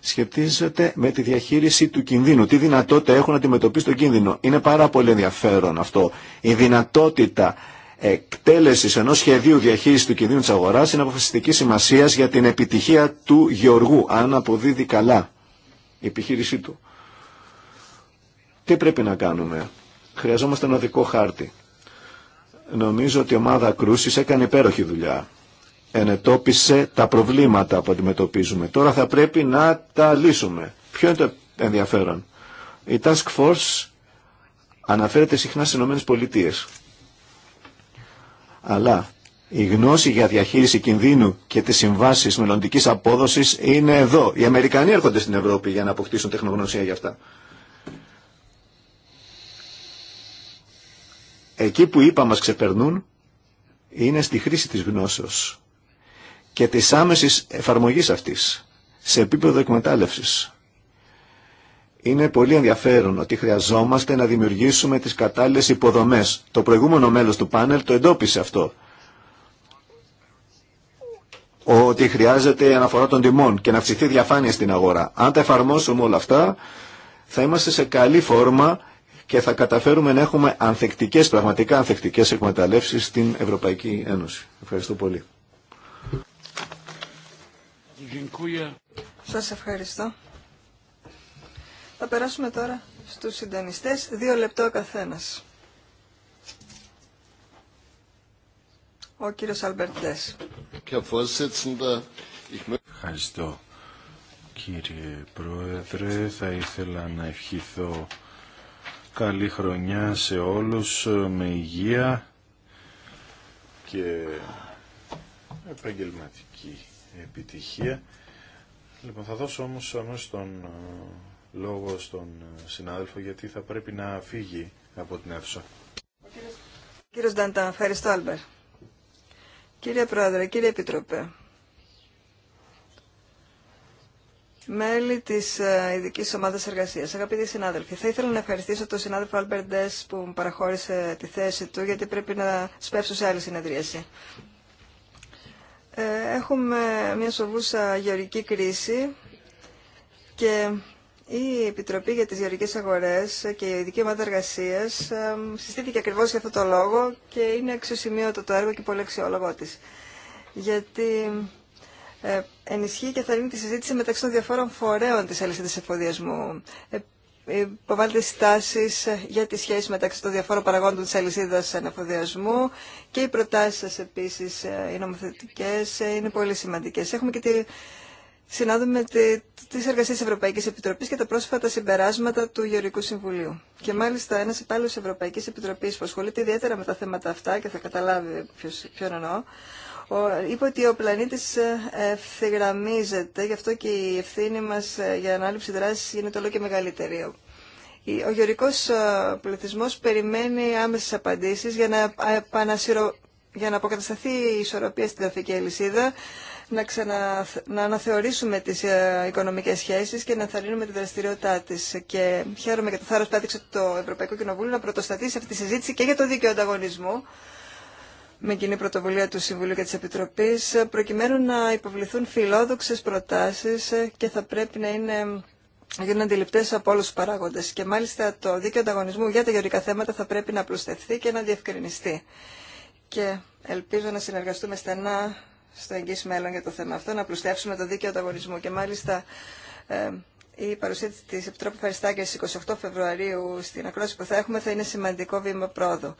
σχετίζεται με τη διαχείριση του κινδύνου. Τι δυνατότητα έχουν να αντιμετωπίσουν τον κίνδυνο. Είναι πάρα πολύ ενδιαφέρον αυτό. Η δυνατότητα εκτέλεσης ενός σχεδίου διαχείρισης του κινδύνου της αγοράς είναι αποφασιστική σημασία για την επιτυχία του γεωργού, αν αποδίδει καλά η επιχείρησή του. Τι πρέπει να κάνουμε. Χρειαζόμαστε ένα δικό χάρτη. Νομίζω ότι η ομάδα Κρούσης έκανε υπέροχη δουλειά ενετόπισε τα προβλήματα που αντιμετωπίζουμε. Τώρα θα πρέπει να τα λύσουμε. Ποιο είναι το ενδιαφέρον. Η Task Force αναφέρεται συχνά στις Ηνωμένες Πολιτείες. Αλλά η γνώση για διαχείριση κινδύνου και τις συμβάσεις μελλοντικής απόδοσης είναι εδώ. Οι Αμερικανοί έρχονται στην Ευρώπη για να αποκτήσουν τεχνογνωσία για αυτά. Εκεί που είπα μας ξεπερνούν είναι στη χρήση της γνώσεως και της άμεσης εφαρμογής αυτής σε επίπεδο εκμετάλλευσης. Είναι πολύ ενδιαφέρον ότι χρειαζόμαστε να δημιουργήσουμε τις κατάλληλες υποδομές. Το προηγούμενο μέλος του πάνελ το εντόπισε αυτό. Ότι χρειάζεται αναφορά των τιμών και να αυξηθεί διαφάνεια στην αγορά. Αν τα εφαρμόσουμε όλα αυτά, θα είμαστε σε καλή φόρμα και θα καταφέρουμε να έχουμε ανθεκτικές, πραγματικά ανθεκτικές εκμεταλλεύσεις στην Ευρωπαϊκή Ένωση. Ευχαριστώ πολύ. Σας ευχαριστώ. Θα περάσουμε τώρα στους συντονιστέ. Δύο λεπτό ο καθένας. Ο κύριος Αλμπερτές. Ευχαριστώ κύριε Πρόεδρε. Θα ήθελα να ευχηθώ καλή χρονιά σε όλους με υγεία και επαγγελματική επιτυχία. Λοιπόν, θα δώσω όμως αμέσως τον ε, λόγο στον ε, συνάδελφο γιατί θα πρέπει να φύγει από την αίθουσα. Κύριος Νταντά, ευχαριστώ Άλμπερ. Κύριε Πρόεδρε, κύριε Επιτροπέ, μέλη της ε, ειδική Ομάδας Εργασίας, αγαπητοί συνάδελφοι, θα ήθελα να ευχαριστήσω τον συνάδελφο Άλμπερ Ντες που μου παραχώρησε τη θέση του γιατί πρέπει να σπεύσω σε άλλη συνεδρίαση. Ε, έχουμε μια σοβούσα γεωρική κρίση και η Επιτροπή για τις Γεωργικές Αγορές και η Ειδική Ομάδα Εργασίας ε, συστήθηκε ακριβώς για αυτό το λόγο και είναι αξιοσημείωτο το έργο και πολύ αξιόλογό της. Γιατί ε, ενισχύει και θα τη συζήτηση μεταξύ των διαφόρων φορέων της αλυσίδας εφοδιασμού υποβάλλεται στάσεις για τη σχέση μεταξύ των διαφόρων παραγόντων τη αλυσίδα αναφοδιασμού και οι προτάσεις σα επίσης, οι ε, νομοθετικέ, ε, είναι πολύ σημαντικέ. Έχουμε και τη συνάδουμε τη, τις εργασίες της Ευρωπαϊκής Επιτροπής και τα πρόσφατα συμπεράσματα του Γεωργικού Συμβουλίου. Και μάλιστα ένας υπάλληλο Ευρωπαϊκή Επιτροπή που ασχολείται ιδιαίτερα με τα θέματα αυτά και θα καταλάβει ποιον εννοώ, είπε ότι ο πλανήτης ε, ευθυγραμμίζεται, γι' αυτό και η ευθύνη μας ε, για ανάληψη δράσης γίνεται όλο και μεγαλύτερη. Ο γεωρικός ε, πληθυσμός περιμένει άμεσες απαντήσεις για να, για να αποκατασταθεί η ισορροπία στην ταφική αλυσίδα, να, ξανα... να αναθεωρήσουμε τις οικονομικές σχέσεις και να θαρρύνουμε τη δραστηριότητά της. Και χαίρομαι για το θάρρος που έδειξε το Ευρωπαϊκό Κοινοβούλιο να πρωτοστατήσει αυτή τη συζήτηση και για το δίκαιο ανταγωνισμό, με κοινή πρωτοβουλία του Συμβουλίου και της Επιτροπής προκειμένου να υποβληθούν φιλόδοξες προτάσεις και θα πρέπει να είναι γίνουν αντιληπτέ από όλου του παράγοντε. Και μάλιστα το δίκαιο ανταγωνισμού για τα γεωργικά θέματα θα πρέπει να απλουστευτεί και να διευκρινιστεί. Και ελπίζω να συνεργαστούμε στενά στο εγγύ μέλλον για το θέμα αυτό, να απλουστεύσουμε το δίκαιο ανταγωνισμού. Και μάλιστα ε, η παρουσία τη Επιτρόπου Φαριστάκη 28 Φεβρουαρίου στην ακρόαση που θα έχουμε θα είναι σημαντικό βήμα πρόοδου.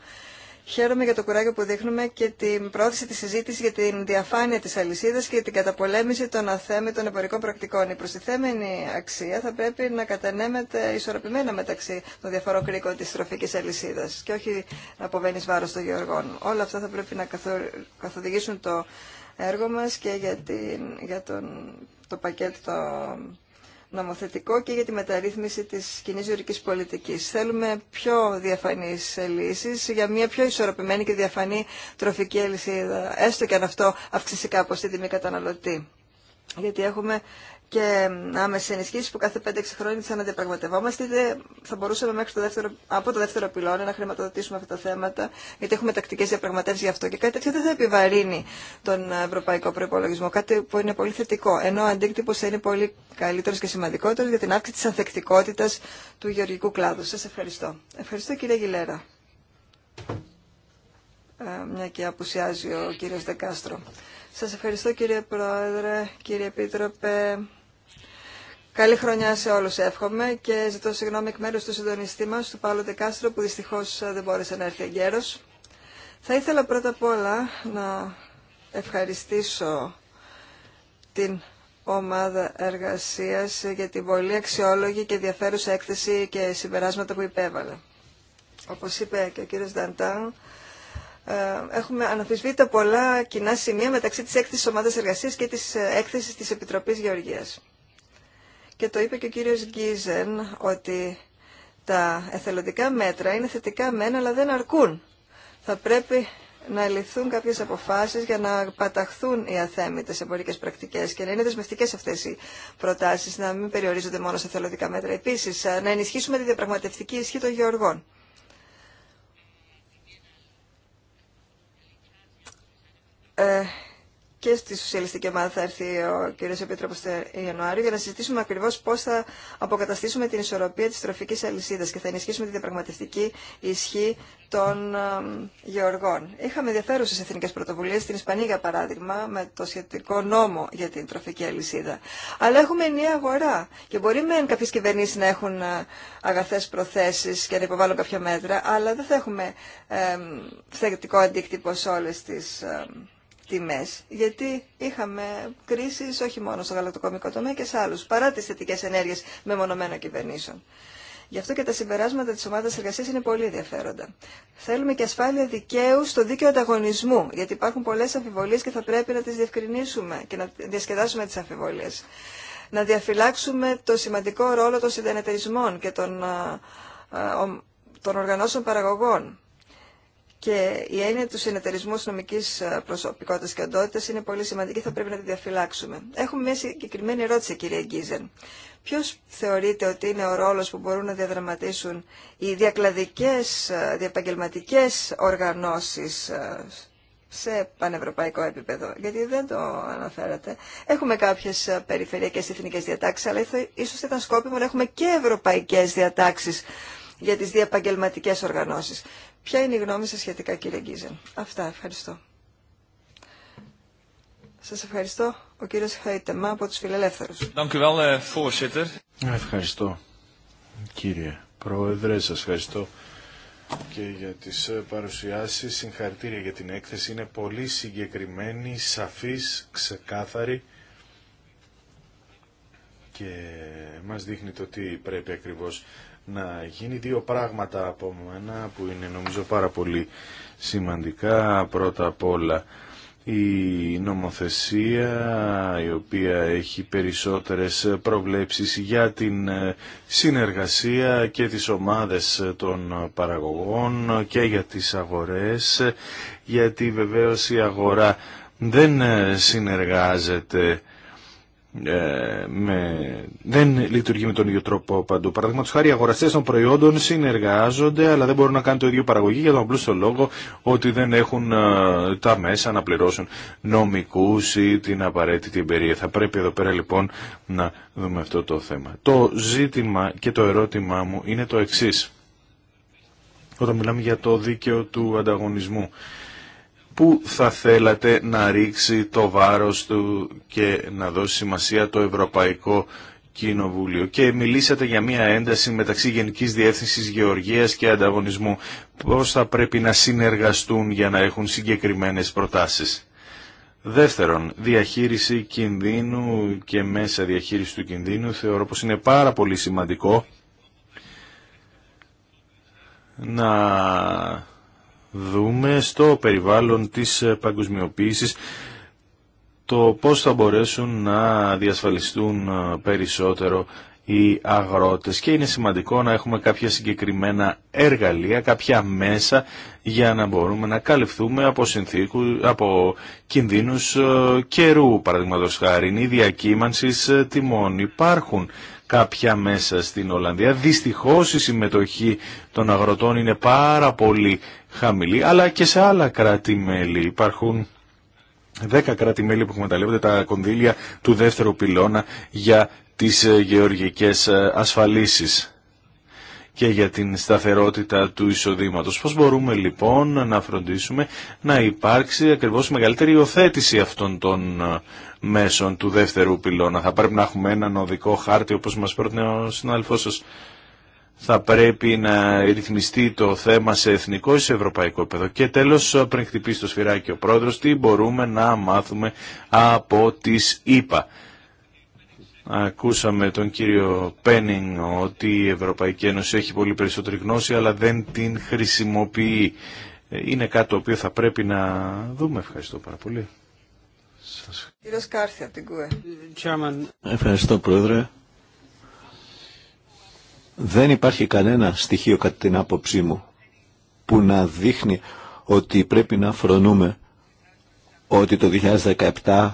Χαίρομαι για το κουράγιο που δείχνουμε και την πρόθεση τη συζήτηση για την διαφάνεια τη αλυσίδα και την καταπολέμηση των αθέμητων εμπορικών πρακτικών. Η προστιθέμενη αξία θα πρέπει να κατανέμεται ισορροπημένα μεταξύ των διαφορών κρίκων τη τροφική αλυσίδα και όχι να αποβαίνει βάρο των γεωργών. Όλα αυτά θα πρέπει να καθοδηγήσουν το έργο μα και για, την, για τον, το πακέτο νομοθετικό και για τη μεταρρύθμιση της κοινή ζωρική πολιτικής. Θέλουμε πιο διαφανείς λύσεις για μια πιο ισορροπημένη και διαφανή τροφική αλυσίδα, έστω και αν αυτό αυξήσει κάπως την τιμή καταναλωτή. Γιατί έχουμε και άμεσε ενισχύσει που κάθε 5-6 χρόνια τι αναδιαπραγματευόμαστε, θα μπορούσαμε μέχρι το δεύτερο, από το δεύτερο πυλώνα να χρηματοδοτήσουμε αυτά τα θέματα, γιατί έχουμε τακτικέ διαπραγματεύσει γι' αυτό. Και κάτι τέτοιο δεν θα επιβαρύνει τον ευρωπαϊκό προπολογισμό. Κάτι που είναι πολύ θετικό. Ενώ ο αντίκτυπο θα είναι πολύ καλύτερο και σημαντικότερο για την αύξηση τη ανθεκτικότητα του γεωργικού κλάδου. Σα ευχαριστώ. Ευχαριστώ κύριε Γιλέρα. Ε, μια και απουσιάζει ο κύριος Δεκάστρο. Σας ευχαριστώ κύριε Πρόεδρε, κύριε Επίτροπε, Καλή χρονιά σε όλους εύχομαι και ζητώ συγγνώμη εκ μέρους του συντονιστή μας, του Παύλου Τεκάστρο, που δυστυχώς ε, δεν μπόρεσε να έρθει εγκαίρος. Θα ήθελα πρώτα απ' όλα να ευχαριστήσω την ομάδα εργασίας για την πολύ αξιόλογη και ενδιαφέρουσα έκθεση και συμπεράσματα που υπέβαλε. Όπως είπε και ο κύριος Νταντάν, ε, έχουμε αναφυσβήτα πολλά κοινά σημεία μεταξύ της έκθεσης ομάδας εργασίας και της ε, έκθεσης της Επιτροπής Γεωργίας και το είπε και ο κύριος Γκίζεν ότι τα εθελοντικά μέτρα είναι θετικά μένα αλλά δεν αρκούν. Θα πρέπει να ληφθούν κάποιες αποφάσεις για να παταχθούν οι αθέμητες εμπορικές πρακτικές και να είναι δεσμευτικές αυτές οι προτάσεις, να μην περιορίζονται μόνο σε εθελοντικά μέτρα. Επίσης, να ενισχύσουμε τη διαπραγματευτική ισχύ των γεωργών. Ε, και στη Σοσιαλιστική Ομάδα θα έρθει ο κ. Επίτροπο του Ιανουάριο, για να συζητήσουμε ακριβώ πώ θα αποκαταστήσουμε την ισορροπία τη τροφική αλυσίδα και θα ενισχύσουμε την διαπραγματευτική ισχύ των γεωργών. Είχαμε ενδιαφέρουσε εθνικέ πρωτοβουλίε στην Ισπανία, για παράδειγμα, με το σχετικό νόμο για την τροφική αλυσίδα. Αλλά έχουμε ενιαία αγορά και μπορεί μεν κάποιε κυβερνήσει να έχουν ε, αγαθέ προθέσει και να υποβάλουν κάποια μέτρα, αλλά δεν θα έχουμε θετικό αντίκτυπο σε όλε τι τιμές. Γιατί είχαμε κρίσεις όχι μόνο στο γαλακτοκομικό τομέα και σε άλλους, παρά τις θετικές ενέργειες μεμονωμένων κυβερνήσεων. Γι' αυτό και τα συμπεράσματα τη ομάδα εργασία είναι πολύ ενδιαφέροντα. Θέλουμε και ασφάλεια δικαίου στο δίκαιο ανταγωνισμού, γιατί υπάρχουν πολλέ αμφιβολίε και θα πρέπει να τι διευκρινίσουμε και να διασκεδάσουμε τι αμφιβολίε. Να διαφυλάξουμε το σημαντικό ρόλο των συντενετερισμών και των, ε, ε, των οργανώσεων παραγωγών. Και η έννοια του συνεταιρισμού νομική ε, προσωπικότητα και οντότητα είναι πολύ σημαντική, και θα πρέπει να τη διαφυλάξουμε. Έχουμε μια συγκεκριμένη ερώτηση, κυρία Γκίζεν. Ποιο θεωρείτε ότι είναι ο ρόλο που μπορούν να διαδραματίσουν οι διακλαδικέ ε, διαπαγγελματικέ οργανώσει ε, σε πανευρωπαϊκό επίπεδο, γιατί δεν το αναφέρατε. Έχουμε κάποιε περιφερειακέ εθνικέ διατάξει, αλλά ίσω ήταν σκόπιμο να έχουμε και ευρωπαϊκέ διατάξει για τι διαπαγγελματικέ οργανώσει. Ποια είναι η γνώμη σας σχετικά κύριε Γκίζεν. Αυτά ευχαριστώ. Σας ευχαριστώ ο κύριος Χαϊτεμά από τους Φιλελεύθερους. Eh, ευχαριστώ κύριε Πρόεδρε, σας ευχαριστώ και για τις ε, παρουσιάσεις. Συγχαρητήρια για την έκθεση. Είναι πολύ συγκεκριμένη, σαφής, ξεκάθαρη και μας δείχνει το τι πρέπει ακριβώς να γίνει δύο πράγματα από μένα που είναι νομίζω πάρα πολύ σημαντικά. Πρώτα απ' όλα η νομοθεσία η οποία έχει περισσότερες προβλέψεις για την ε, συνεργασία και τις ομάδες των παραγωγών και για τις αγορές γιατί βεβαίως η αγορά δεν ε, συνεργάζεται ε, με, δεν λειτουργεί με τον ίδιο τρόπο παντού. Παραδείγματο χάρη, οι αγοραστέ των προϊόντων συνεργάζονται, αλλά δεν μπορούν να κάνουν το ίδιο παραγωγή για τον απλούστο λόγο ότι δεν έχουν ε, τα μέσα να πληρώσουν νομικού ή την απαραίτητη εμπειρία. Θα πρέπει εδώ πέρα λοιπόν να δούμε αυτό το θέμα. Το ζήτημα και το ερώτημά μου είναι το εξή. Όταν μιλάμε για το δίκαιο του ανταγωνισμού. Πού θα θέλατε να ρίξει το βάρος του και να δώσει σημασία το Ευρωπαϊκό Κοινοβούλιο. Και μιλήσατε για μια ένταση μεταξύ Γενικής Διεύθυνσης Γεωργίας και Ανταγωνισμού. Πώς θα πρέπει να συνεργαστούν για να έχουν συγκεκριμένες προτάσεις. Δεύτερον, διαχείριση κινδύνου και μέσα διαχείριση του κινδύνου θεωρώ πως είναι πάρα πολύ σημαντικό να δούμε στο περιβάλλον της ε, παγκοσμιοποίησης το πώς θα μπορέσουν να διασφαλιστούν ε, περισσότερο οι αγρότες και είναι σημαντικό να έχουμε κάποια συγκεκριμένα εργαλεία, κάποια μέσα για να μπορούμε να καλυφθούμε από, συνθήκου, από κινδύνους ε, καιρού, παραδείγματος χάρη, η διακύμανσης τιμών. Υπάρχουν κάποια μέσα στην Ολλανδία. Δυστυχώς η συμμετοχή των αγροτών είναι πάρα πολύ χαμηλή, αλλά και σε άλλα κράτη-μέλη υπάρχουν... Δέκα κράτη-μέλη που εκμεταλλεύονται τα κονδύλια του δεύτερου πυλώνα για τις ε, γεωργικές ε, ασφαλίσεις και για την σταθερότητα του εισοδήματος. Πώς μπορούμε λοιπόν να φροντίσουμε να υπάρξει ακριβώς μεγαλύτερη υιοθέτηση αυτών των ε, μέσων του δεύτερου πυλώνα. Θα πρέπει να έχουμε έναν οδικό χάρτη όπως μας πρότεινε ο συνάδελφός σας. Θα πρέπει να ρυθμιστεί το θέμα σε εθνικό ή σε ευρωπαϊκό επίπεδο. Και τέλος, πριν χτυπήσει το σφυράκι ο πρόεδρος, τι μπορούμε να μάθουμε από τις ΗΠΑ Ακούσαμε τον κύριο Πένινγκ ότι η Ευρωπαϊκή Ένωση έχει πολύ περισσότερη γνώση αλλά δεν την χρησιμοποιεί. Είναι κάτι το οποίο θα πρέπει να δούμε. Ευχαριστώ πάρα πολύ. Ευχαριστώ Πρόεδρε. Δεν υπάρχει κανένα στοιχείο κατά την άποψή μου που να δείχνει ότι πρέπει να φρονούμε ότι το 2017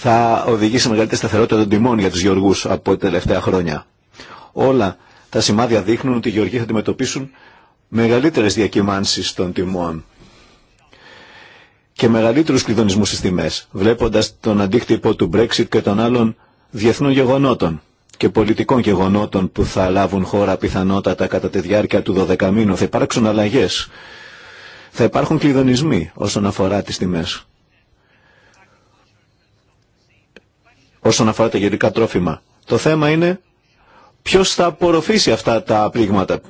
θα οδηγήσει μεγαλύτερη σταθερότητα των τιμών για τους γεωργούς από τα τελευταία χρόνια. Όλα τα σημάδια δείχνουν ότι οι γεωργοί θα αντιμετωπίσουν μεγαλύτερες διακυμάνσεις των τιμών και μεγαλύτερους κλειδονισμούς στις τιμές, βλέποντας τον αντίκτυπο του Brexit και των άλλων διεθνών γεγονότων και πολιτικών γεγονότων που θα λάβουν χώρα πιθανότατα κατά τη διάρκεια του 12 μήνου. Θα υπάρξουν αλλαγές. Θα υπάρχουν κλειδονισμοί όσον αφορά τις τιμές. όσον αφορά τα γεωργικά τρόφιμα. Το θέμα είναι ποιος θα απορροφήσει αυτά τα πλήγματα.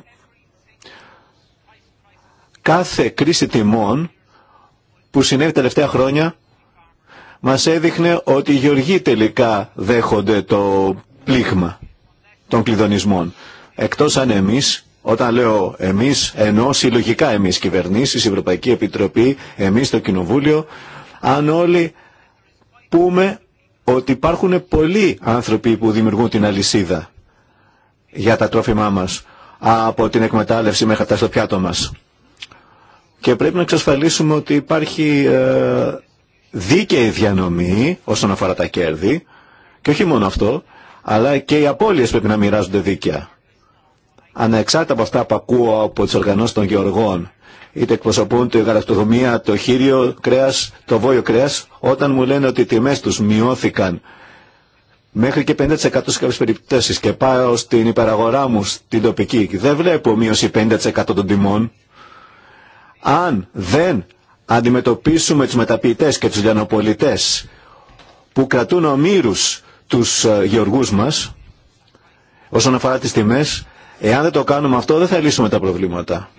Κάθε κρίση τιμών που συνέβη τα τελευταία χρόνια μας έδειχνε ότι οι γεωργοί τελικά δέχονται το πλήγμα των κλειδονισμών. Εκτός αν εμείς, όταν λέω εμείς, ενώ συλλογικά εμείς κυβερνήσεις, η Ευρωπαϊκή Επιτροπή, εμείς το Κοινοβούλιο, αν όλοι πούμε ότι υπάρχουν πολλοί άνθρωποι που δημιουργούν την αλυσίδα για τα τρόφιμά μας από την εκμετάλλευση μέχρι τα στο πιάτο μας. Και πρέπει να εξασφαλίσουμε ότι υπάρχει ε, δίκαιη διανομή όσον αφορά τα κέρδη και όχι μόνο αυτό, αλλά και οι απώλειες πρέπει να μοιράζονται δίκαια. Ανεξάρτητα από αυτά που ακούω από τις οργανώσεις των γεωργών είτε εκπροσωπούν τη γαλακτοδομία, το χείριο κρέας, το βόλιο κρέας, όταν μου λένε ότι οι τιμές τους μειώθηκαν μέχρι και 50% σε κάποιες περιπτώσεις και πάω στην υπεραγορά μου, στην τοπική, δεν βλέπω μείωση 50% των τιμών. Αν δεν αντιμετωπίσουμε τους μεταποιητές και τους λιανοπολιτές που κρατούν ομήρους τους ε, γεωργούς μας όσον αφορά τις τιμές, εάν δεν το κάνουμε αυτό δεν θα λύσουμε τα προβλήματα.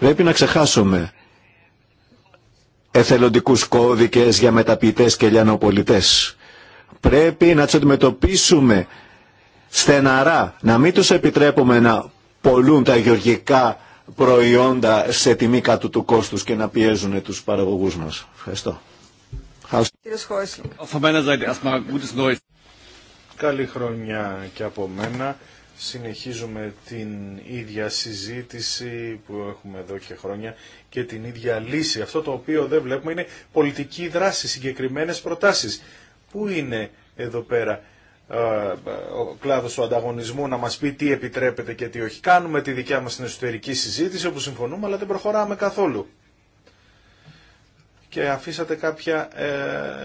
Πρέπει να ξεχάσουμε εθελοντικούς κώδικες για μεταποιητές και λιανοπολιτές. Πρέπει να του αντιμετωπίσουμε στεναρά, να μην τους επιτρέπουμε να πολλούν τα γεωργικά προϊόντα σε τιμή κάτω του κόστους και να πιέζουν τους παραγωγούς μας. Ευχαριστώ. Καλή χρονιά και από μένα συνεχίζουμε την ίδια συζήτηση που έχουμε εδώ και χρόνια και την ίδια λύση. Αυτό το οποίο δεν βλέπουμε είναι πολιτική δράση, συγκεκριμένες προτάσεις. Πού είναι εδώ πέρα ε, ο κλάδος του ανταγωνισμού να μας πει τι επιτρέπεται και τι όχι. Κάνουμε τη δικιά μας την εσωτερική συζήτηση όπου συμφωνούμε αλλά δεν προχωράμε καθόλου και αφήσατε κάποια ε,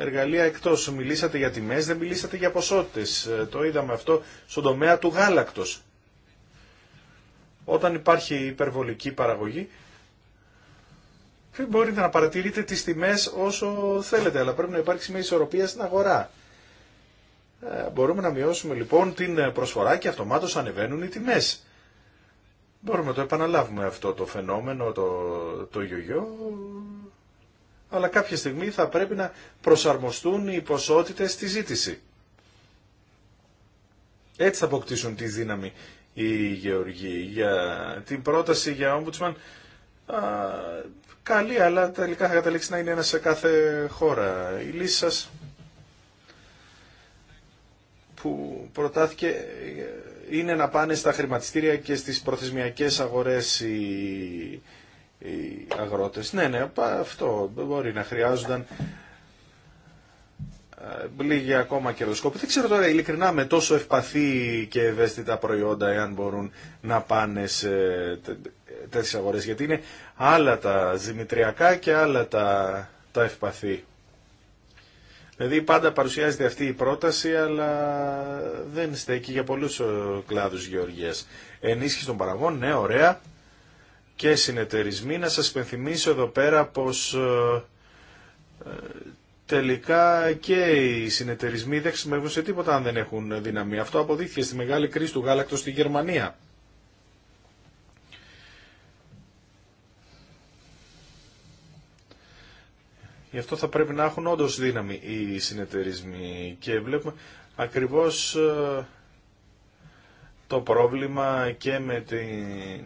εργαλεία εκτός. Μιλήσατε για τιμές, δεν μιλήσατε για ποσότητες. Ε, το είδαμε αυτό στον τομέα του γάλακτος. Όταν υπάρχει υπερβολική παραγωγή, μπορείτε να παρατηρείτε τις τιμές όσο θέλετε, αλλά πρέπει να υπάρξει μια ισορροπία στην αγορά. Ε, μπορούμε να μειώσουμε λοιπόν την προσφορά και αυτομάτως ανεβαίνουν οι τιμές. Μπορούμε να το επαναλάβουμε αυτό το φαινόμενο, το, το γιογιό, αλλά κάποια στιγμή θα πρέπει να προσαρμοστούν οι ποσότητες στη ζήτηση. Έτσι θα αποκτήσουν τη δύναμη οι γεωργοί. Για την πρόταση για όμπουτσμαν. καλή, αλλά τελικά θα καταλήξει να είναι ένα σε κάθε χώρα. Η λύση σας που προτάθηκε είναι να πάνε στα χρηματιστήρια και στις προθεσμιακές αγορές οι οι αγρότες. Ναι, ναι, αυτό μπορεί να χρειάζονταν ε, λίγη ακόμα κερδοσκόπη. Δεν ξέρω τώρα ειλικρινά με τόσο ευπαθή και ευαίσθητα προϊόντα εάν μπορούν να πάνε σε τέτοιες αγορές. Γιατί είναι άλλα τα ζημητριακά και άλλα τα, τα ευπαθή. Δηλαδή πάντα παρουσιάζεται αυτή η πρόταση αλλά δεν στέκει για πολλούς κλάδους γεωργίας. Ενίσχυση των παραγών, ναι ωραία, και συνεταιρισμοί. Να σας πενθυμίσω εδώ πέρα πως ε, ε, τελικά και οι συνεταιρισμοί δεν χρησιμεύουν σε τίποτα αν δεν έχουν δύναμη. Αυτό αποδείχθηκε στη μεγάλη κρίση του γάλακτος στη Γερμανία. Γι' αυτό θα πρέπει να έχουν όντως δύναμη οι συνεταιρισμοί και βλέπουμε ακριβώς ε, το πρόβλημα και με την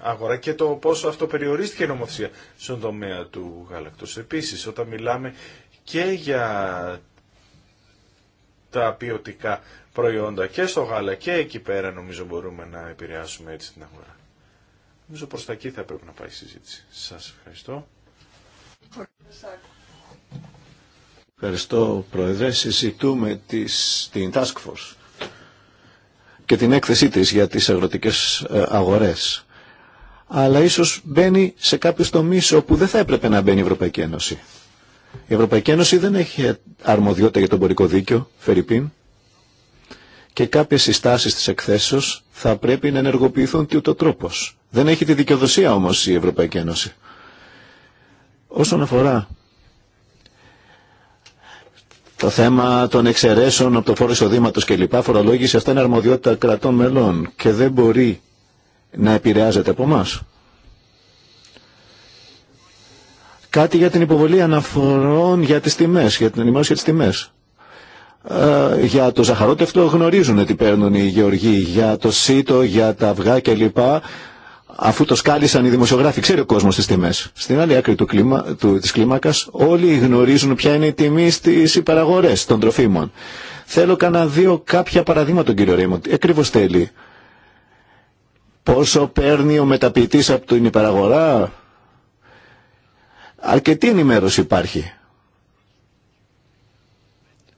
αγορά και το πόσο αυτό περιορίστηκε η νομοθεσία στον τομέα του γάλακτος. Επίσης, όταν μιλάμε και για τα ποιοτικά προϊόντα και στο γάλα και εκεί πέρα νομίζω μπορούμε να επηρεάσουμε έτσι την αγορά. Νομίζω προς τα εκεί θα πρέπει να πάει η συζήτηση. Σας ευχαριστώ. Ευχαριστώ Πρόεδρε. Συζητούμε τις, την Task Force και την έκθεσή της για τις αγροτικές ε, αγορές αλλά ίσως μπαίνει σε κάποιους τομείς όπου δεν θα έπρεπε να μπαίνει η Ευρωπαϊκή Ένωση. Η Ευρωπαϊκή Ένωση δεν έχει αρμοδιότητα για το εμπορικό δίκαιο, Φερρυπίν, και κάποιες συστάσεις της εκθέσεως θα πρέπει να ενεργοποιηθούν τι ούτω τρόπος. Δεν έχει τη δικαιοδοσία όμως η Ευρωπαϊκή Ένωση. Όσον αφορά το θέμα των εξαιρέσεων από το φόρο εισοδήματο κλπ. Φορολόγηση αυτά είναι αρμοδιότητα κρατών μελών και δεν μπορεί να επηρεάζεται από εμά. Κάτι για την υποβολή αναφορών για τις τιμές, για την ενημέρωση για τις τιμές. Ε, για το ζαχαρότευτο γνωρίζουν τι παίρνουν οι γεωργοί, για το σίτο, για τα αυγά κλπ. Αφού το σκάλισαν οι δημοσιογράφοι, ξέρει ο κόσμος τις τιμές. Στην άλλη άκρη του κλίμα, του, της κλίμακας όλοι γνωρίζουν ποια είναι η τιμή στις υπεραγορές των τροφίμων. Θέλω κανένα δύο κάποια παραδείγματα τον κύριο Ρήμοντ. θέλει πόσο παίρνει ο μεταποιητής από την υπεραγορά. Αρκετή ενημέρωση υπάρχει.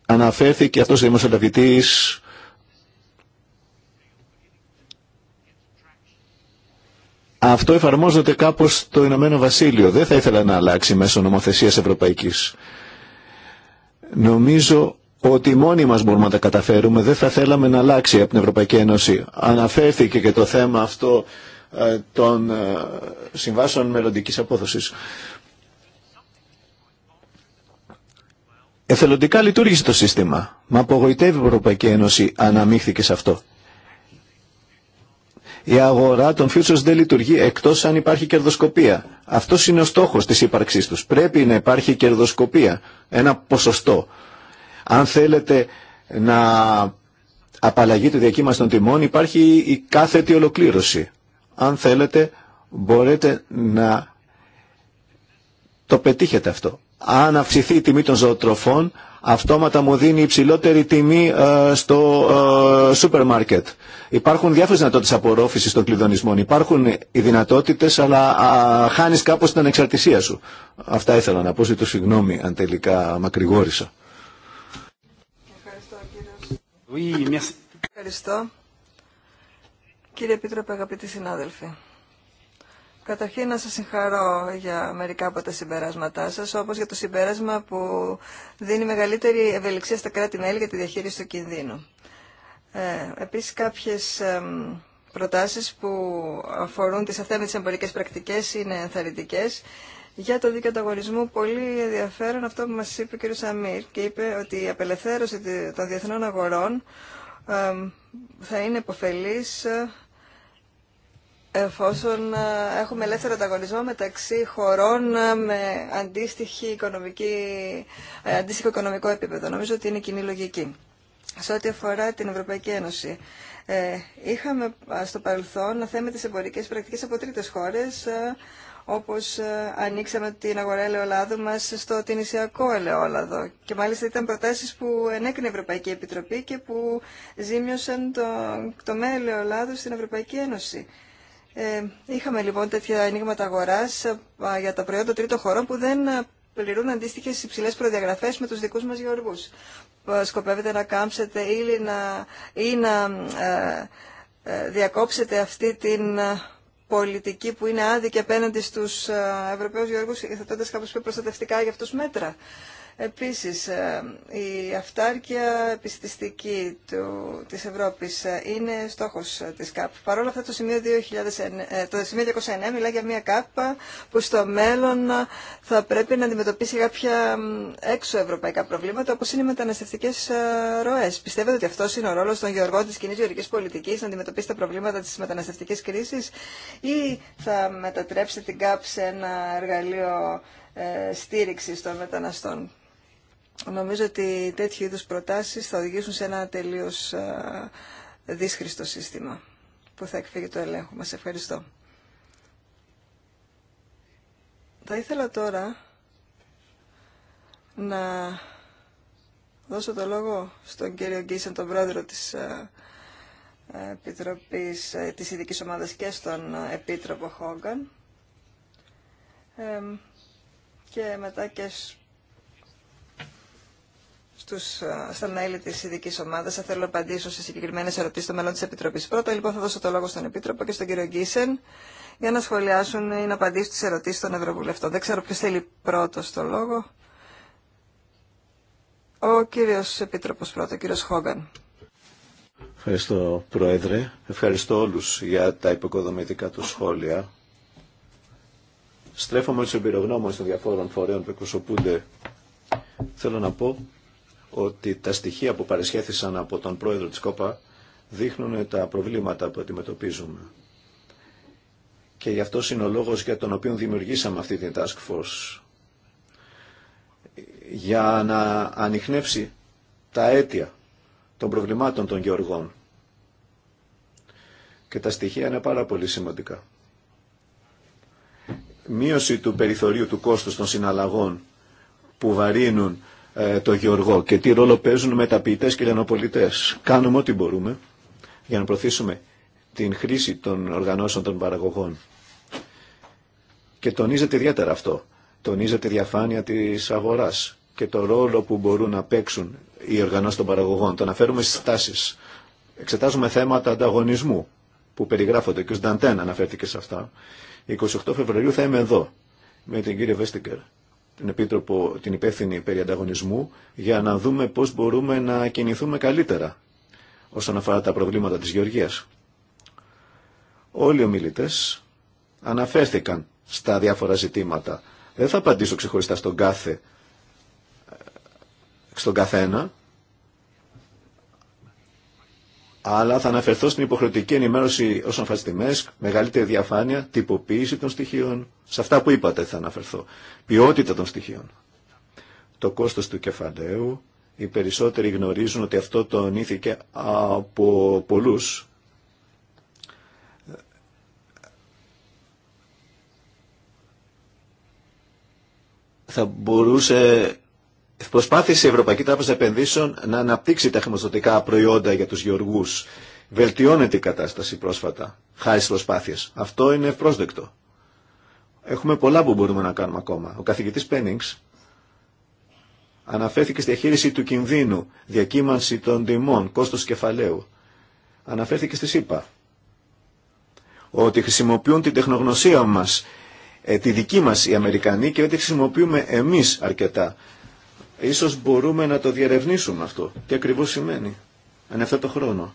Αναφέρθηκε αυτός ο δημοσιογραφητής Αυτό εφαρμόζεται κάπως στο Ηνωμένο Βασίλειο. Δεν θα ήθελα να αλλάξει μέσω νομοθεσίας ευρωπαϊκής. Νομίζω ότι μόνοι μας μπορούμε να τα καταφέρουμε, δεν θα θέλαμε να αλλάξει από την Ευρωπαϊκή Ένωση. Αναφέρθηκε και το θέμα αυτό ε, των ε, συμβάσεων μελλοντική απόδοσης. Εθελοντικά λειτουργήσε το σύστημα. Μα απογοητεύει η Ευρωπαϊκή Ένωση αναμίχθηκε σε αυτό. Η αγορά των futures δεν λειτουργεί εκτός αν υπάρχει κερδοσκοπία. Αυτό είναι ο στόχος της ύπαρξής τους. Πρέπει να υπάρχει κερδοσκοπία, ένα ποσοστό. Αν θέλετε να απαλλαγεί το διακύμαση των τιμών υπάρχει η κάθετη ολοκλήρωση. Αν θέλετε μπορείτε να το πετύχετε αυτό. Αν αυξηθεί η τιμή των ζωοτροφών αυτόματα μου δίνει υψηλότερη τιμή ε, στο ε, σούπερ μάρκετ. Υπάρχουν διάφορες δυνατότητες απορρόφησης των κλειδονισμών. Υπάρχουν οι δυνατότητες αλλά α, χάνεις κάπως την ανεξαρτησία σου. Αυτά ήθελα να πω, ζητώ συγγνώμη αν τελικά μακρηγόρησα. Ευχαριστώ. Κύριε Επίτροπε, αγαπητοί συνάδελφοι. Καταρχήν να σας συγχαρώ για μερικά από τα συμπεράσματά σας, όπως για το συμπέρασμα που δίνει μεγαλύτερη ευελιξία στα κράτη-μέλη για τη διαχείριση του κινδύνου. Ε, επίσης κάποιες προτάσεις που αφορούν τις αυτές εμπορικές πρακτικές είναι ενθαρρυντικές για το δίκαιο ανταγωνισμού πολύ ενδιαφέρον αυτό που μας είπε ο κ. Σαμίρ και είπε ότι η απελευθέρωση των διεθνών αγορών θα είναι υποφελής ε, εφόσον ε, έχουμε ελεύθερο ανταγωνισμό μεταξύ χωρών ε, με αντίστοιχη οικονομική, αντίστοιχο οικονομικό επίπεδο. Νομίζω ότι είναι κοινή λογική. Σε ό,τι αφορά την Ευρωπαϊκή Ένωση, είχαμε στο παρελθόν να θέμε τις εμπορικές πρακτικές από τρίτες χώρες όπως ε, ανοίξαμε την αγορά ελαιολάδου μας στο τινησιακό ελαιόλαδο. Και μάλιστα ήταν προτάσεις που ενέκρινε η Ευρωπαϊκή Επιτροπή και που ζήμιωσαν το, το ελαιολάδου στην Ευρωπαϊκή Ένωση. Ε, είχαμε λοιπόν τέτοια ανοίγματα αγοράς ε, για τα προϊόντα τρίτων χωρών που δεν ε, πληρούν αντίστοιχε υψηλέ προδιαγραφέ με του δικού μα γεωργού. Σκοπεύετε να κάμψετε ή να, ή να διακόψετε αυτή την πολιτική που είναι άδικη απέναντι στους ε, Ευρωπαίους Γεωργούς, υιοθετώντα κάπως πιο προστατευτικά για αυτούς μέτρα. Επίσης, ε, η αυτάρκεια επιστηστική του, της Ευρώπης ε, είναι στόχος ε, της ΚΑΠ. Παρ' όλα αυτά το σημείο, 2009, το σημείο 209 μιλά για μια ΚΑΠ που στο μέλλον θα πρέπει να αντιμετωπίσει κάποια έξω ευρωπαϊκά προβλήματα όπως είναι οι μεταναστευτικές ροές. Πιστεύετε ότι αυτός είναι ο ρόλος των γεωργών της κοινή γεωργικής πολιτικής να αντιμετωπίσει τα προβλήματα της μεταναστευτικής κρίσης ή θα μετατρέψει την ΚΑΠ σε ένα εργαλείο στήριξη των μεταναστών. Νομίζω ότι τέτοιου είδους προτάσεις θα οδηγήσουν σε ένα τελείως δύσχριστο σύστημα που θα εκφύγει το ελέγχο. Μας ευχαριστώ. Θα ήθελα τώρα να δώσω το λόγο στον κύριο Γκίσεν, τον πρόεδρο της Επιτροπής ε, της Ειδικής Ομάδας και στον Επίτροπο Χόγκαν και μετά και στους, στα μέλη τη ειδική ομάδα. Θα θέλω να απαντήσω σε συγκεκριμένε ερωτήσει στο μέλλον τη Επίτροπή Πρώτα λοιπόν θα δώσω το λόγο στον Επίτροπο και στον κύριο Γκίσεν για να σχολιάσουν ή να απαντήσουν τι ερωτήσει των Ευρωβουλευτών. Δεν ξέρω ποιο θέλει πρώτο το λόγο. Ο κύριο Επίτροπο πρώτο, ο κύριος Χόγκαν. Ευχαριστώ Πρόεδρε. Ευχαριστώ όλου για τα υποκοδομητικά του σχόλια. Στρέφομαι στου εμπειρογνώμονε των διαφόρων φορέων που εκπροσωπούνται. Θέλω να πω ότι τα στοιχεία που παρεσχέθησαν από τον πρόεδρο της ΚΟΠΑ δείχνουν τα προβλήματα που αντιμετωπίζουμε. Και γι' αυτό είναι ο λόγος για τον οποίο δημιουργήσαμε αυτή την Task Force. Για να ανοιχνεύσει τα αίτια των προβλημάτων των γεωργών. Και τα στοιχεία είναι πάρα πολύ σημαντικά. Μείωση του περιθωρίου του κόστους των συναλλαγών που βαρύνουν ε, το γεωργό και τι ρόλο παίζουν μεταποιητές και λιανοπολιτές. Κάνουμε ό,τι μπορούμε για να προωθήσουμε την χρήση των οργανώσεων των παραγωγών. Και τονίζεται ιδιαίτερα αυτό. Τονίζεται η διαφάνεια της αγοράς και το ρόλο που μπορούν να παίξουν οι οργανώσεις των παραγωγών. Το αναφέρουμε στις τάσεις. Εξετάζουμε θέματα ανταγωνισμού που περιγράφονται και ο Νταντέν αναφέρθηκε σε αυτά. 28 Φεβρουαρίου θα είμαι εδώ με την κύριε Βέστιγκερ την Επίτροπο, την υπεύθυνη περί ανταγωνισμού, για να δούμε πώς μπορούμε να κινηθούμε καλύτερα όσον αφορά τα προβλήματα της γεωργίας. Όλοι οι ομιλητές αναφέρθηκαν στα διάφορα ζητήματα. Δεν θα απαντήσω ξεχωριστά στον κάθε, στον καθένα, αλλά θα αναφερθώ στην υποχρεωτική ενημέρωση όσον αφορά ΜΕΣΚ, μεγαλύτερη διαφάνεια, τυποποίηση των στοιχείων. Σε αυτά που είπατε θα αναφερθώ. Ποιότητα των στοιχείων. Το κόστος του κεφαλαίου. Οι περισσότεροι γνωρίζουν ότι αυτό τονίθηκε από πολλούς. Θα μπορούσε Προσπάθησε η Ευρωπαϊκή Τράπεζα Επενδύσεων να αναπτύξει τα χρηματοδοτικά προϊόντα για τους γεωργούς. Βελτιώνεται η κατάσταση πρόσφατα, χάρη στις προσπάθειες. Αυτό είναι ευπρόσδεκτο. Έχουμε πολλά που μπορούμε να κάνουμε ακόμα. Ο καθηγητής Πένιγκ αναφέρθηκε στη διαχείριση του κινδύνου, διακύμανση των τιμών, κόστος κεφαλαίου. Αναφέρθηκε στη ΣΥΠΑ ότι χρησιμοποιούν την τεχνογνωσία μας, ε, τη δική μας οι Αμερικανοί και δεν χρησιμοποιούμε εμείς αρκετά. Ίσως μπορούμε να το διερευνήσουμε αυτό. Τι ακριβώς σημαίνει. αν αυτό το χρόνο.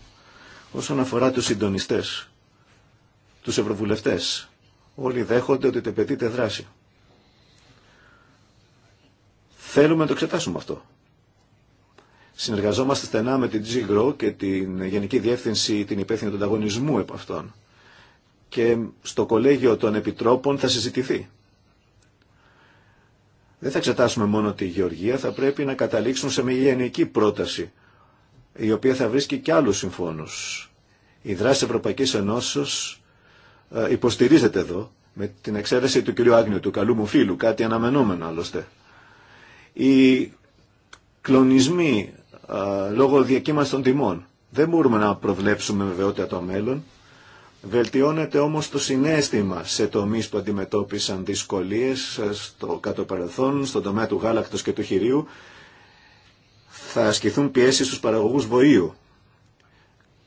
Όσον αφορά τους συντονιστές, τους ευρωβουλευτές, όλοι δέχονται ότι τεπαιτείται δράση. Θέλουμε να το εξετάσουμε αυτό. Συνεργαζόμαστε στενά με την g και την Γενική Διεύθυνση, την υπεύθυνη του ανταγωνισμού επ' αυτών. Και στο κολέγιο των επιτρόπων θα συζητηθεί δεν θα εξετάσουμε μόνο τη γεωργία, θα πρέπει να καταλήξουν σε μια γενική πρόταση, η οποία θα βρίσκει και άλλους συμφώνους. Η δράση Ευρωπαϊκής Ενώσεως ε, υποστηρίζεται εδώ, με την εξαίρεση του κυρίου Άγνιου, του καλού μου φίλου, κάτι αναμενόμενο άλλωστε. Οι κλονισμοί ε, λόγω διακύμανσης των τιμών. Δεν μπορούμε να προβλέψουμε βεβαιότητα το μέλλον. Βελτιώνεται όμως το συνέστημα σε τομείς που αντιμετώπισαν δυσκολίες ε, στο κάτω παρελθόν, στον τομέα του γάλακτος και του χειρίου. Θα ασκηθούν πιέσεις στους παραγωγούς βοήου.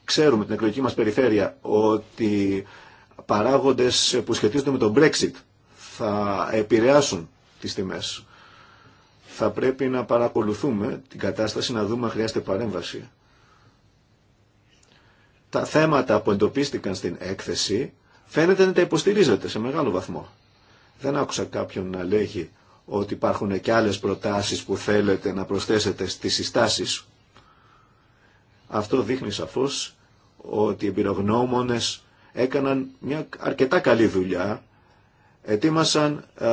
Ξέρουμε την εκλογική μας περιφέρεια ότι παράγοντες που σχετίζονται με τον Brexit θα επηρεάσουν τις τιμές. Θα πρέπει να παρακολουθούμε την κατάσταση, να δούμε αν χρειάζεται παρέμβαση τα θέματα που εντοπίστηκαν στην έκθεση φαίνεται να τα υποστηρίζεται σε μεγάλο βαθμό. Δεν άκουσα κάποιον να λέγει ότι υπάρχουν και άλλες προτάσεις που θέλετε να προσθέσετε στις συστάσεις. Αυτό δείχνει σαφώς ότι οι εμπειρογνώμονες έκαναν μια αρκετά καλή δουλειά, ετοίμασαν ε,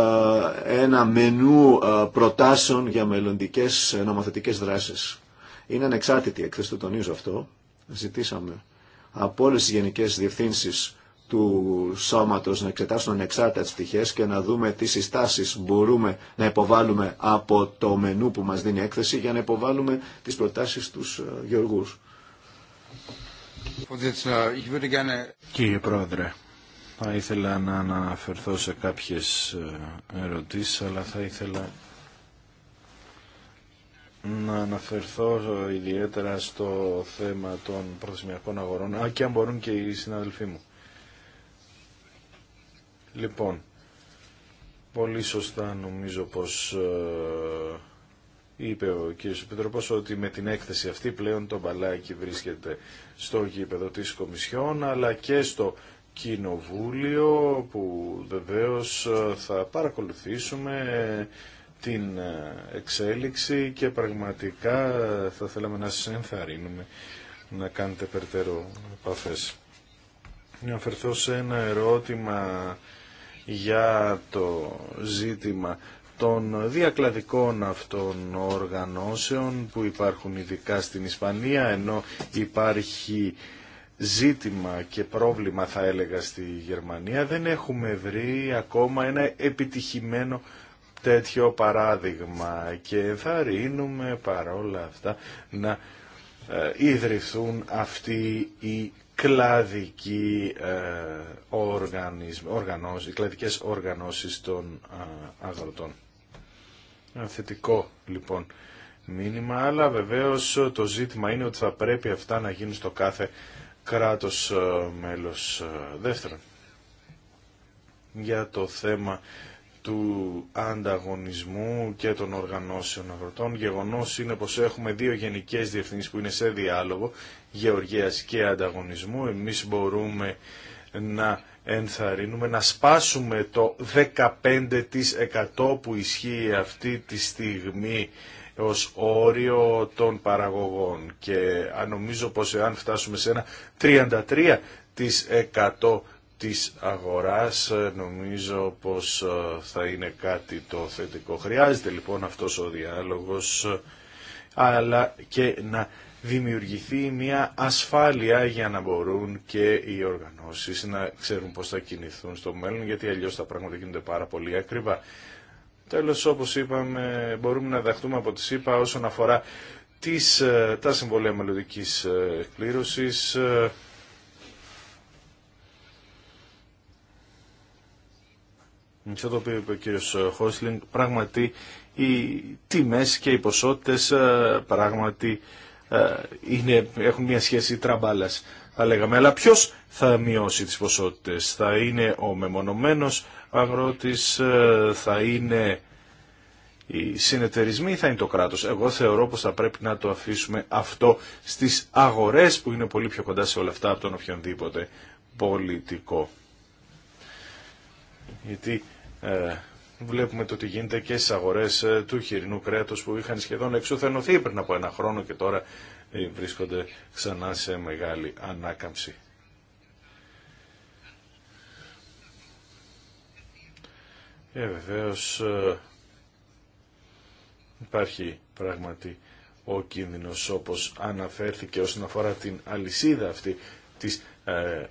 ένα μενού ε, προτάσεων για μελλοντικές ε, νομοθετικές δράσεις. Είναι ανεξάρτητη έκθεση, το τονίζω αυτό. Ζητήσαμε από όλε τι γενικέ διευθύνσει του σώματος να εξετάσουν ανεξάρτητα τι και να δούμε τι συστάσεις μπορούμε να υποβάλουμε από το μενού που μας δίνει η έκθεση για να υποβάλουμε τις προτάσεις τους ε, γεωργού. Κύριε Πρόεδρε, θα ήθελα να αναφερθώ σε κάποιες ε, ερωτήσεις αλλά θα ήθελα να αναφερθώ ιδιαίτερα στο θέμα των προθεσμιακών αγορών, α, και αν μπορούν και οι συναδελφοί μου. Λοιπόν, πολύ σωστά νομίζω πως ε, είπε ο κ. Επιτροπός ότι με την έκθεση αυτή πλέον το μπαλάκι βρίσκεται στο γήπεδο της Κομισιόν αλλά και στο Κοινοβούλιο που βεβαίως ε, θα παρακολουθήσουμε την ε, εξέλιξη και πραγματικά θα θέλαμε να σας ενθαρρύνουμε να κάνετε περτερό επαφές. Να αφαιρθώ σε ένα ερώτημα για το ζήτημα των διακλαδικών αυτών οργανώσεων που υπάρχουν ειδικά στην Ισπανία ενώ υπάρχει ζήτημα και πρόβλημα θα έλεγα στη Γερμανία δεν έχουμε βρει ακόμα ένα επιτυχημένο τέτοιο παράδειγμα και θα ρίνουμε παρόλα αυτά να ε, ιδρυθούν αυτοί οι κλαδικοί ε, οργανώσει οργανώσεις, οι κλαδικές οργανώσεις των ε, αγροτών. Θετικό λοιπόν μήνυμα, αλλά βεβαίως το ζήτημα είναι ότι θα πρέπει αυτά να γίνουν στο κάθε κράτος μέλος δεύτερον. Για το θέμα του ανταγωνισμού και των οργανώσεων αγροτών. Γεγονός είναι πως έχουμε δύο γενικές διευθύνσεις που είναι σε διάλογο γεωργίας και ανταγωνισμού. Εμείς μπορούμε να ενθαρρύνουμε, να σπάσουμε το 15% που ισχύει αυτή τη στιγμή ως όριο των παραγωγών και νομίζω πως εάν φτάσουμε σε ένα 33% της αγοράς ε, νομίζω πως ε, θα είναι κάτι το θετικό. Χρειάζεται λοιπόν αυτός ο διάλογος αλλά και να δημιουργηθεί μια ασφάλεια για να μπορούν και οι οργανώσεις να ξέρουν πώς θα κινηθούν στο μέλλον γιατί αλλιώς τα πράγματα γίνονται πάρα πολύ ακριβά. Τέλος όπως είπαμε μπορούμε να δεχτούμε από τη είπα όσον αφορά τις, ε, τα συμβολία μελλοντική εκπλήρωσης αυτό το οποίο είπε ο κύριος ε, Χόσλινγκ, πράγματι οι τιμές και οι ποσότητες ε, πράγματι ε, είναι, έχουν μια σχέση τραμπάλας θα λέγαμε. Αλλά ποιος θα μειώσει τις ποσότητες, θα είναι ο μεμονωμένος αγρότης, θα είναι οι συνεταιρισμοί, θα είναι το κράτος. Εγώ θεωρώ πως θα πρέπει να το αφήσουμε αυτό στις αγορές που είναι πολύ πιο κοντά σε όλα αυτά από τον οποιονδήποτε πολιτικό γιατί ε, βλέπουμε το τι γίνεται και στις αγορές ε, του χοιρινού κρέατος που είχαν σχεδόν εξουθενωθεί πριν από ένα χρόνο και τώρα ε, βρίσκονται ξανά σε μεγάλη ανάκαμψη. Βεβαίω υπάρχει πράγματι ο κίνδυνος όπως αναφέρθηκε όσον αφορά την αλυσίδα αυτή της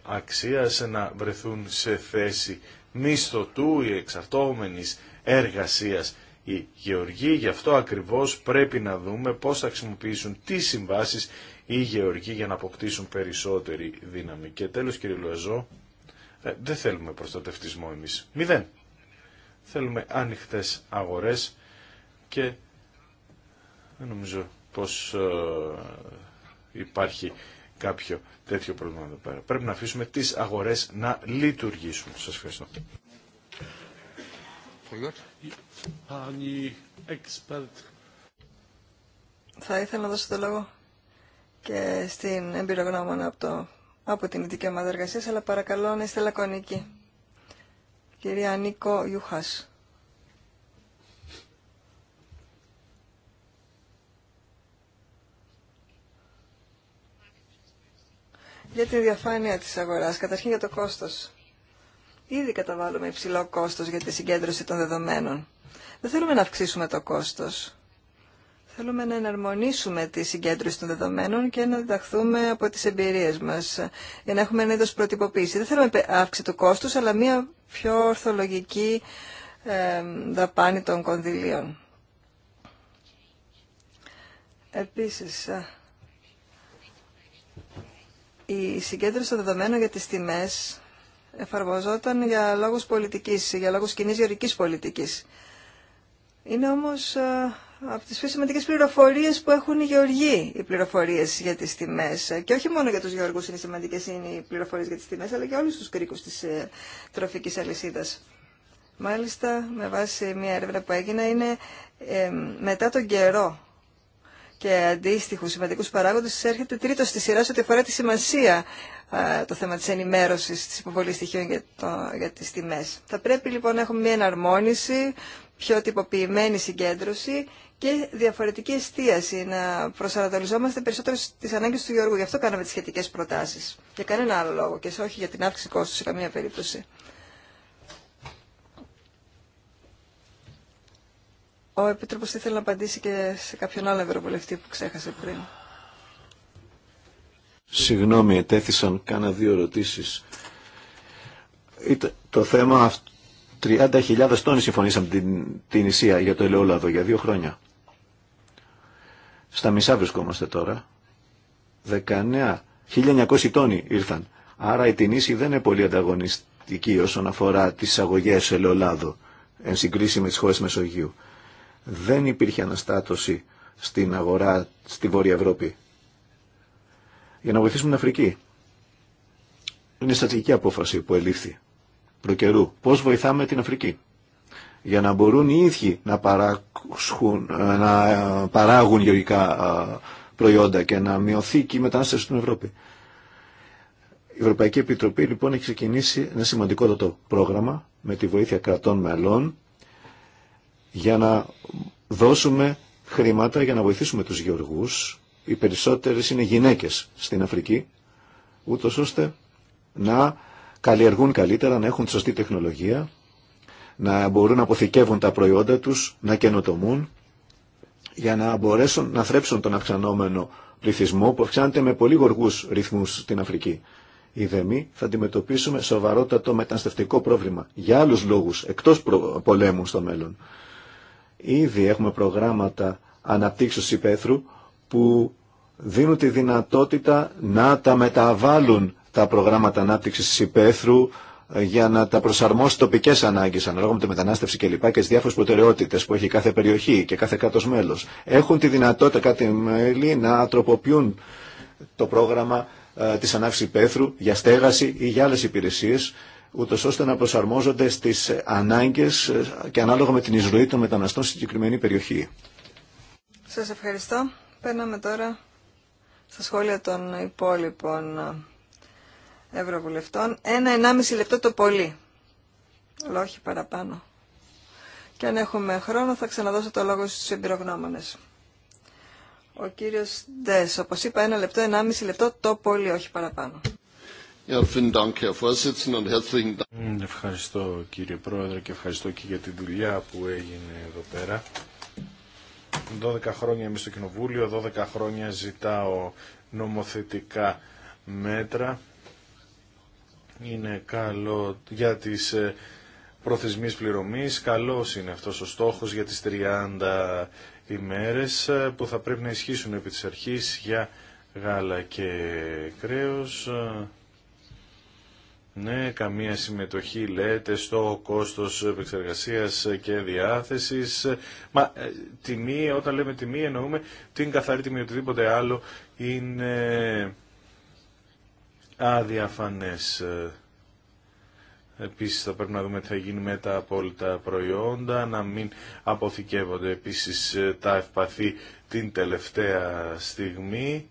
αξίας να βρεθούν σε θέση μισθωτού ή εξαρτώμενης εργασίας οι γεωργοί. Γι' αυτό ακριβώς πρέπει να δούμε πώς θα χρησιμοποιήσουν τι συμβάσεις οι γεωργοί για να αποκτήσουν περισσότερη δύναμη. Και τέλος κύριε Λουαζό, ε, δεν θέλουμε προστατευτισμό εμείς. Μηδέν. Θέλουμε άνοιχτες αγορές και δεν νομίζω πως ε, υπάρχει κάποιο τέτοιο πρόβλημα εδώ πέρα. Πρέπει να αφήσουμε τις αγορές να λειτουργήσουν. Σας ευχαριστώ. Θα ήθελα να δώσω το λόγο και στην εμπειρογνώμονα από, την ειδική ομάδα εργασία, αλλά παρακαλώ να είστε λακωνικοί. Κυρία Νίκο Ιουχάς. για τη διαφάνεια της αγοράς, καταρχήν για το κόστος. Ήδη καταβάλουμε υψηλό κόστος για τη συγκέντρωση των δεδομένων. Δεν θέλουμε να αυξήσουμε το κόστος. Θέλουμε να εναρμονίσουμε τη συγκέντρωση των δεδομένων και να διδαχθούμε από τις εμπειρίες μας για να έχουμε ένα είδος προτυποποίηση. Δεν θέλουμε αύξηση του κόστους, αλλά μια πιο ορθολογική δαπάνη των κονδυλίων. Επίσης, η συγκέντρωση των δεδομένων για τις τιμές εφαρμοζόταν για λόγους πολιτικής, για λόγους κοινής γεωρικής πολιτικής. Είναι όμως ε, από τις πιο σημαντικέ πληροφορίες που έχουν οι γεωργοί οι πληροφορίες για τις τιμές. Ε, και όχι μόνο για τους γεωργούς είναι σημαντικές είναι οι πληροφορίες για τις τιμές, αλλά και όλους τους κρίκους της ε, τροφικής αλυσίδας. Μάλιστα, με βάση μια έρευνα που έγινε, είναι μετά τον καιρό και αντίστοιχου σημαντικού παράγοντε, έρχεται τρίτο στη σειρά σε ό,τι αφορά τη σημασία το θέμα τη ενημέρωση, τη υποβολή στοιχείων για, το, για τι τιμέ. Θα πρέπει λοιπόν να έχουμε μια εναρμόνιση, πιο τυποποιημένη συγκέντρωση και διαφορετική εστίαση, να προσανατολισόμαστε περισσότερο στι ανάγκε του Γιώργου. Γι' αυτό κάναμε τι σχετικέ προτάσει. Για κανένα άλλο λόγο και όχι για την αύξηση κόστου σε καμία περίπτωση. Ο Επίτροπος ήθελε να απαντήσει και σε κάποιον άλλο ευρωβουλευτή που ξέχασε πριν. Συγγνώμη, ετέθησαν κάνα δύο ερωτήσεις. Το θέμα αυτό 30.000 τόνοι συμφωνήσαμε την, την Ισία για το ελαιόλαδο για δύο χρόνια. Στα μισά βρισκόμαστε τώρα. 19.900 τόνοι ήρθαν. Άρα η Τινήση δεν είναι πολύ ανταγωνιστική όσον αφορά τις αγωγές Ελαιόλαδο εν συγκρίση με τις χώρες Μεσογείου δεν υπήρχε αναστάτωση στην αγορά στη Βόρεια Ευρώπη. Για να βοηθήσουμε την Αφρική. Είναι στρατηγική απόφαση που ελήφθη προκαιρού. Πώς βοηθάμε την Αφρική. Για να μπορούν οι ίδιοι να, να παράγουν γεωργικά προϊόντα και να μειωθεί και η μετανάστευση στην Ευρώπη. Η Ευρωπαϊκή Επιτροπή λοιπόν έχει ξεκινήσει ένα σημαντικότατο πρόγραμμα με τη βοήθεια κρατών μελών για να δώσουμε χρήματα για να βοηθήσουμε τους γεωργούς. Οι περισσότερες είναι γυναίκες στην Αφρική, ούτω ώστε να καλλιεργούν καλύτερα, να έχουν σωστή τεχνολογία, να μπορούν να αποθηκεύουν τα προϊόντα τους, να καινοτομούν, για να μπορέσουν να θρέψουν τον αυξανόμενο πληθυσμό που αυξάνεται με πολύ γοργούς ρυθμούς στην Αφρική. Οι θα αντιμετωπίσουμε σοβαρότατο μεταναστευτικό πρόβλημα για άλλους λόγους, εκτός πολέμου στο μέλλον. Ήδη έχουμε προγράμματα αναπτύξεως υπαίθρου που δίνουν τη δυνατότητα να τα μεταβάλουν τα προγράμματα ανάπτυξης υπαίθρου ε, για να τα προσαρμόσει τοπικές ανάγκες ανάλογα με τη μετανάστευση κλπ. και τις διάφορες προτεραιότητες που έχει κάθε περιοχή και κάθε κάτω μέλος. Έχουν τη δυνατότητα κάτι μέλη να τροποποιούν το πρόγραμμα ε, της ανάπτυξης υπαίθρου για στέγαση ή για άλλες υπηρεσίες ούτω ώστε να προσαρμόζονται στι ανάγκε ε, και ανάλογα με την εισρωή των μεταναστών στη συγκεκριμένη περιοχή. Σα ευχαριστώ. Παίρναμε τώρα στα σχόλια των υπόλοιπων ε, ευρωβουλευτών. Ένα-ενάμιση λεπτό το πολύ. Αλλά όχι παραπάνω. Και αν έχουμε χρόνο θα ξαναδώσω το λόγο στους εμπειρογνώμονες. Ο κύριος Ντες, όπως είπα, ένα λεπτό, ενάμιση λεπτό το πολύ, όχι παραπάνω. Ευχαριστώ κύριε Πρόεδρε και ευχαριστώ και για τη δουλειά που έγινε εδώ πέρα. 12 χρόνια είμαι στο Κοινοβούλιο, 12 χρόνια ζητάω νομοθετικά μέτρα. Είναι καλό για τις ε, προθεσμίες πληρωμής, καλός είναι αυτός ο στόχος για τις 30 ημέρες ε, που θα πρέπει να ισχύσουν επί της αρχής για γάλα και κρέος. Ναι, καμία συμμετοχή λέτε στο κόστος επεξεργασίας και διάθεσης. Μα ε, τιμή, όταν λέμε τιμή εννοούμε την καθαρή τιμή, οτιδήποτε άλλο είναι αδιαφανές. Επίσης θα πρέπει να δούμε τι θα γίνει με τα απόλυτα προϊόντα, να μην αποθηκεύονται επίσης τα ευπαθή την τελευταία στιγμή.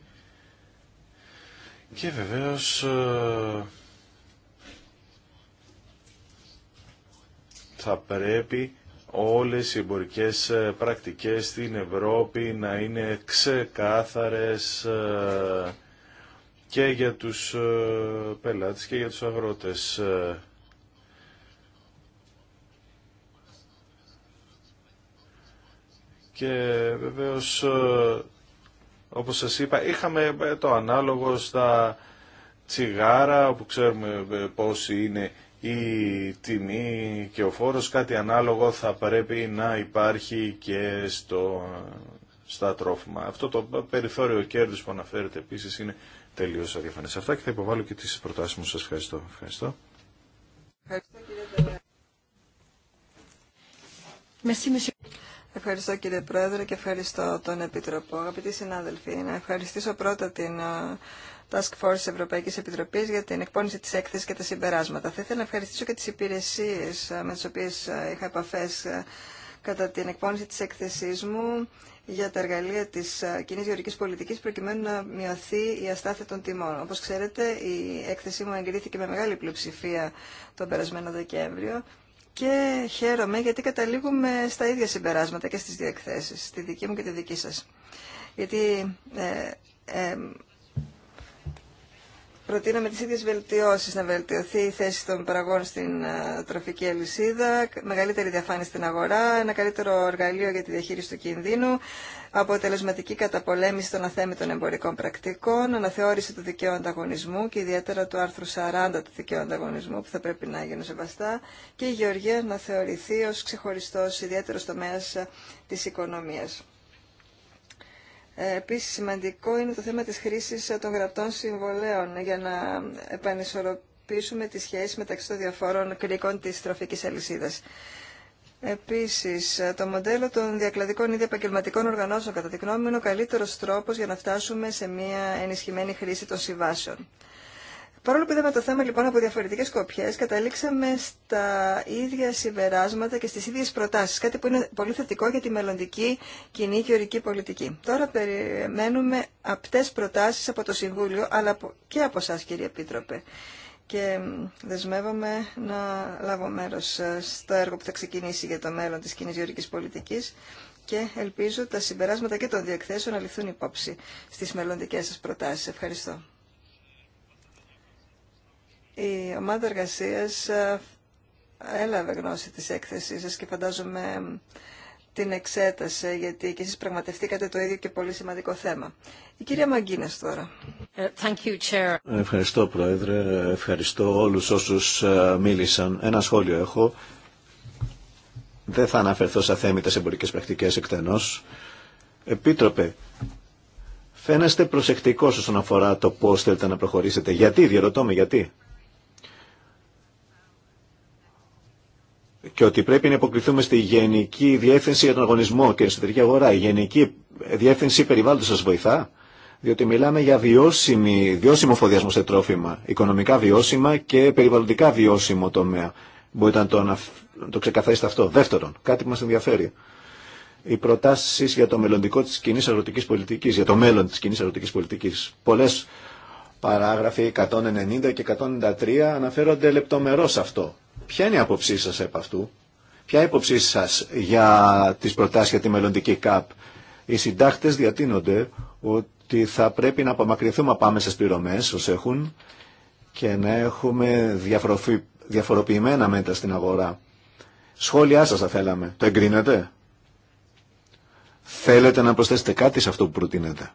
Και βεβαίως ε, θα πρέπει όλες οι εμπορικέ ε, πρακτικές στην Ευρώπη να είναι ξεκάθαρες ε, και για τους ε, πελάτες και για τους αγρότες. Και βεβαίως, όπως σας είπα, είχαμε το ανάλογο στα τσιγάρα, όπου ξέρουμε πόσοι είναι η τιμή και ο φόρος, κάτι ανάλογο θα πρέπει να υπάρχει και στο, στα τρόφιμα. Αυτό το περιθώριο κέρδους που αναφέρεται επίσης είναι τελείως αδιαφανές. Αυτά και θα υποβάλω και τις προτάσεις μου. Σας ευχαριστώ. Ευχαριστώ. Ευχαριστώ κύριε Πρόεδρε και ευχαριστώ τον Επίτροπο. Αγαπητοί συνάδελφοι, να ευχαριστήσω πρώτα την Task Force Ευρωπαϊκής Επιτροπής για την εκπόνηση της έκθεσης και τα συμπεράσματα. Θα ήθελα να ευχαριστήσω και τις υπηρεσίες ε, με τις οποίες ε, είχα επαφές ε, κατά την εκπόνηση της έκθεσής μου για τα εργαλεία της κοινή γεωρικής πολιτικής προκειμένου να μειωθεί η αστάθεια των τιμών. Όπως ξέρετε, η έκθεσή μου εγκρίθηκε με μεγάλη πλειοψηφία τον περασμένο Δεκέμβριο και χαίρομαι γιατί καταλήγουμε στα ίδια συμπεράσματα και στις δύο εκθέσεις, τη δική μου και τη δική σας. Γιατί ε, ε, προτείναμε τις ίδιες βελτιώσεις, να βελτιωθεί η θέση των παραγών στην ε, τροφική αλυσίδα, μεγαλύτερη διαφάνεια στην αγορά, ένα καλύτερο εργαλείο για τη διαχείριση του κινδύνου, αποτελεσματική καταπολέμηση των αθέμητων εμπορικών πρακτικών, αναθεώρηση του δικαίου ανταγωνισμού και ιδιαίτερα του άρθρου 40 του δικαίου ανταγωνισμού που θα πρέπει να γίνουν σεβαστά και η γεωργία να θεωρηθεί ως ξεχωριστός ιδιαίτερος τομέας ε, της οικονομίας. Ε, Επίση, σημαντικό είναι το θέμα της χρήσης των γραπτών συμβολέων για να επανισορροπήσουμε τη σχέση μεταξύ των διαφόρων κρίκων της τροφικής αλυσίδας. Επίσης, το μοντέλο των διακλαδικών ήδη επαγγελματικών οργανώσεων κατά τη γνώμη μου είναι ο καλύτερος τρόπος για να φτάσουμε σε μια ενισχυμένη χρήση των συμβάσεων. Παρόλο που είδαμε το θέμα λοιπόν από διαφορετικές σκοπιές, καταλήξαμε στα ίδια συμπεράσματα και στις ίδιες προτάσεις, κάτι που είναι πολύ θετικό για τη μελλοντική κοινή και ορική πολιτική. Τώρα περιμένουμε απτές προτάσεις από το Συμβούλιο, αλλά και από εσά κύριε Επίτροπε. Και δεσμεύομαι να λάβω μέρος ε, στο έργο που θα ξεκινήσει για το μέλλον της κοινή γεωρικής πολιτικής και ελπίζω τα συμπεράσματα και των διεκθέσεων να ληφθούν υπόψη στις μελλοντικέ σας προτάσεις. Ευχαριστώ. Η ομάδα εργασίας ε, έλαβε γνώση της έκθεσής σας και φαντάζομαι την εξέτασε, γιατί και εσείς πραγματευτήκατε το ίδιο και πολύ σημαντικό θέμα. Η κυρία Μαγκίνες τώρα. Ε, thank you, Chair. Ευχαριστώ, Πρόεδρε. Ευχαριστώ όλους όσους ε, μίλησαν. Ένα σχόλιο έχω. Δεν θα αναφερθώ σε αθέμητες εμπορικέ πρακτικές εκτενώς. Επίτροπε, φαίνεστε προσεκτικός όσον αφορά το πώς θέλετε να προχωρήσετε. Γιατί, διαρωτώ με γιατί. και ότι πρέπει να υποκριθούμε στη Γενική Διεύθυνση για τον Αγωνισμό και Εσωτερική Αγορά. Η Γενική Διεύθυνση Περιβάλλοντος σας βοηθά, διότι μιλάμε για βιώσιμη, βιώσιμο φοδιασμό σε τρόφιμα, οικονομικά βιώσιμα και περιβαλλοντικά βιώσιμο τομέα. Μπορείτε να το, να ξεκαθαρίσετε αυτό. Δεύτερον, κάτι που μας ενδιαφέρει. Οι προτάσει για το μελλοντικό τη κοινή αγροτική πολιτική, για το μέλλον τη κοινή αγροτική πολιτική. Πολλέ παράγραφοι 190 και 193 αναφέρονται λεπτομερώς αυτό Ποια είναι η άποψή σας επ' αυτού. Ποια είναι η άποψή σας για τις προτάσεις για τη μελλοντική ΚΑΠ. Οι συντάχτες διατείνονται ότι θα πρέπει να απομακρυνθούμε από άμεσες πληρωμές όσο έχουν και να έχουμε διαφοροποιημένα μέτρα στην αγορά. Σχόλιά σας θα θέλαμε. Το εγκρίνετε. Θέλετε να προσθέσετε κάτι σε αυτό που προτείνετε.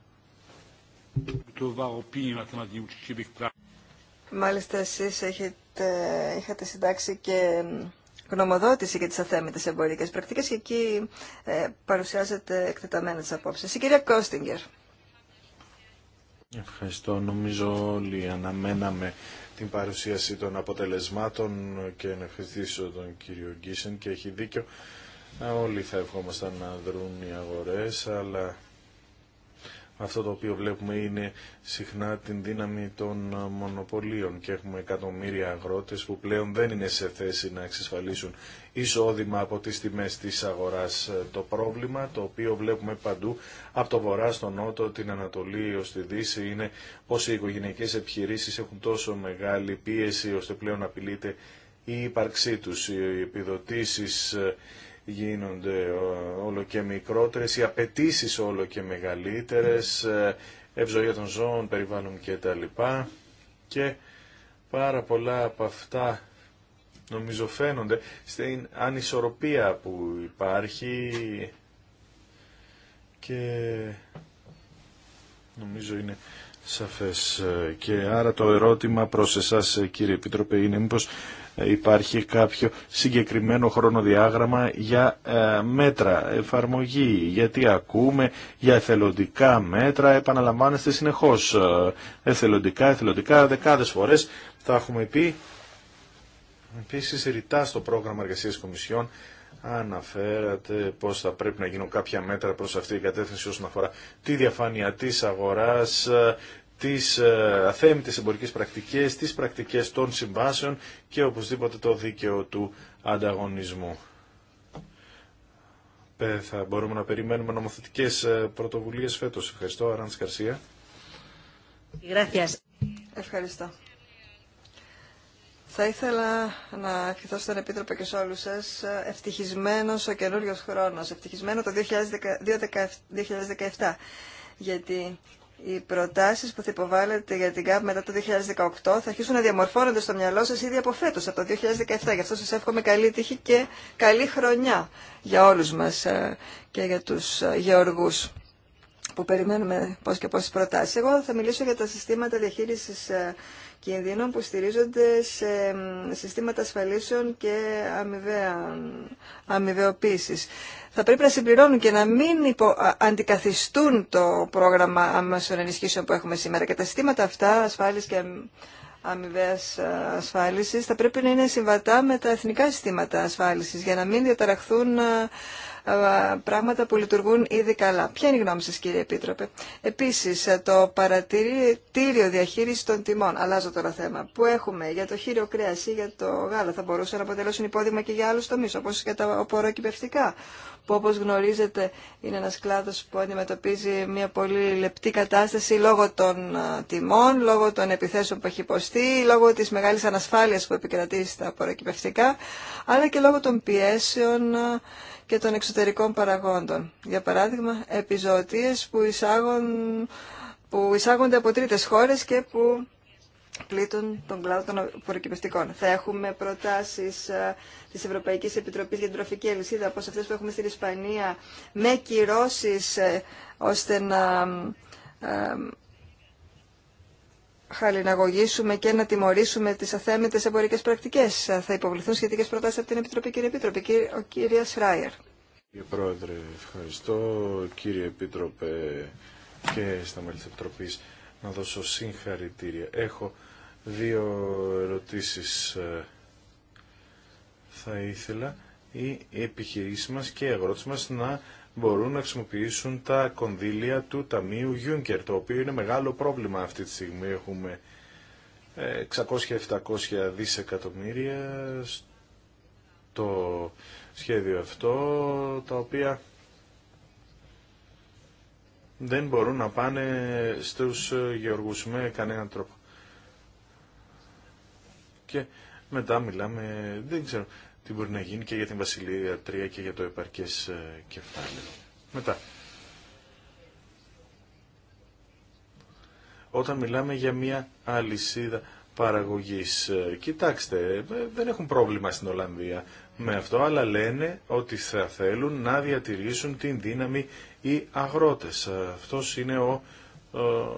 Μάλιστα εσείς έχετε Είχατε, είχατε συντάξει και γνωμοδότηση για τις αθέμητες εμπορικές πρακτικές και εκεί ε, παρουσιάζεται εκτεταμένα τις απόψεις. Η κυρία Κόστιγκερ. Ευχαριστώ. Νομίζω όλοι αναμέναμε την παρουσίαση των αποτελεσμάτων και να ευχαριστήσω τον κύριο Γκίσεν και έχει δίκιο. Όλοι θα ευχόμασταν να δρουν οι αγορές, αλλά αυτό το οποίο βλέπουμε είναι συχνά την δύναμη των μονοπωλίων και έχουμε εκατομμύρια αγρότες που πλέον δεν είναι σε θέση να εξασφαλίσουν εισόδημα από τις τιμές της αγοράς. Το πρόβλημα το οποίο βλέπουμε παντού από το βορρά στο νότο, την Ανατολή ω τη Δύση είναι πως οι οικογενειακές επιχειρήσεις έχουν τόσο μεγάλη πίεση ώστε πλέον απειλείται η ύπαρξή τους, οι επιδοτήσεις γίνονται όλο και μικρότερες, οι απαιτήσει όλο και μεγαλύτερες, ε, ευζοία των ζώων, περιβάλλον και τα λοιπά και πάρα πολλά από αυτά νομίζω φαίνονται στην ανισορροπία που υπάρχει και νομίζω είναι σαφές ε, και άρα το ερώτημα προς εσάς ε, κύριε Επίτροπε είναι μήπως υπάρχει κάποιο συγκεκριμένο χρονοδιάγραμμα για ε, μέτρα, εφαρμογή, γιατί ακούμε για εθελοντικά μέτρα, επαναλαμβάνεστε συνεχώς ε, εθελοντικά, εθελοντικά, δεκάδες φορές Θα έχουμε πει. Επίσης ρητά στο πρόγραμμα εργασίας κομισιών αναφέρατε πως θα πρέπει να γίνουν κάποια μέτρα προς αυτή η κατεύθυνση όσον αφορά τη διαφάνεια της αγοράς, τις ε, αθέμητε εμπορικέ πρακτικέ, τι πρακτικέ των συμβάσεων και οπωσδήποτε το δίκαιο του ανταγωνισμού. Ε, θα μπορούμε να περιμένουμε νομοθετικές ε, πρωτοβουλίε φέτο. Ευχαριστώ, Αράντς Καρσία. Ευχαριστώ. Θα ήθελα να ευχηθώ στον Επίτροπο και σε όλους σας ευτυχισμένος ο καινούριο χρόνος, ευτυχισμένο το 2017, γιατί οι προτάσεις που θα υποβάλλετε για την ΚΑΠ μετά το 2018 θα αρχίσουν να διαμορφώνονται στο μυαλό σας ήδη από φέτος, από το 2017. Γι' αυτό σας εύχομαι καλή τύχη και καλή χρονιά για όλους μας ε, και για τους ε, γεωργούς που περιμένουμε πώς και πώς προτάσεις. Εγώ θα μιλήσω για τα συστήματα διαχείρισης ε, κινδύνων που στηρίζονται σε συστήματα ασφαλίσεων και αμοιβαιοποίησης. Θα πρέπει να συμπληρώνουν και να μην αντικαθιστούν το πρόγραμμα αμέσων ενισχύσεων που έχουμε σήμερα. Και τα συστήματα αυτά ασφάλισης και αμοιβαία ασφάλισης θα πρέπει να είναι συμβατά με τα εθνικά συστήματα ασφάλισης για να μην διαταραχθούν ε, πράγματα που λειτουργούν ήδη καλά. Ποια είναι η γνώμη σας κύριε Επίτροπε. Επίσης ε, το παρατηρητήριο διαχείριση των τιμών, αλλάζω τώρα θέμα, που έχουμε για το χείριο κρέας ή για το γάλα θα μπορούσε να αποτελέσουν υπόδειγμα και για άλλους τομείς όπως και τα ποροκυπευτικά, που όπως γνωρίζετε είναι ένας κλάδος που αντιμετωπίζει μια πολύ λεπτή κατάσταση λόγω των ε, τιμών, λόγω των επιθέσεων που έχει υποστεί, λόγω της μεγάλης ανασφάλειας που επικρατεί στα απορροκυπευτικά, αλλά και λόγω των πιέσεων και των εξωτερικών παραγόντων. Για παράδειγμα, επιζωτίες που, που εισάγονται από τρίτες χώρες και που πλήττουν τον κλάδο των προκυπευτικών. Θα έχουμε προτάσει ε, της Ευρωπαϊκής Επιτροπής για την τροφική Ελισίδα, όπω αυτές που έχουμε στην Ισπανία, με κυρώσει ε, ώστε να ε, χαλιναγωγήσουμε και να τιμωρήσουμε τις αθέμητες εμπορικές πρακτικές. Θα υποβληθούν σχετικές προτάσεις από την Επιτροπή, κύριε Επίτροπε, ο κύριε Ράιερ. Κύριε Πρόεδρε, ευχαριστώ. Κύριε Επίτροπε και στα μέλη της να δώσω συγχαρητήρια. Έχω δύο ερωτήσεις ε, θα ήθελα οι επιχειρήσει μας και οι αγρότε μας να μπορούν να χρησιμοποιήσουν τα κονδύλια του Ταμείου Γιούνκερ, το οποίο είναι μεγάλο πρόβλημα αυτή τη στιγμή. Έχουμε 600-700 ε, δισεκατομμύρια στο σχέδιο αυτό, τα οποία δεν μπορούν να πάνε στους ε, γεωργούς με κανέναν τρόπο. Και μετά μιλάμε, δεν ξέρω, τι μπορεί να γίνει και για την Βασιλεία 3 και για το επαρκές ε, κεφάλαιο. Μετά. Όταν μιλάμε για μια αλυσίδα παραγωγής, ε, κοιτάξτε, ε, δεν έχουν πρόβλημα στην Ολλανδία με αυτό, αλλά λένε ότι θα θέλουν να διατηρήσουν την δύναμη οι αγρότες. Αυτός είναι ο, ο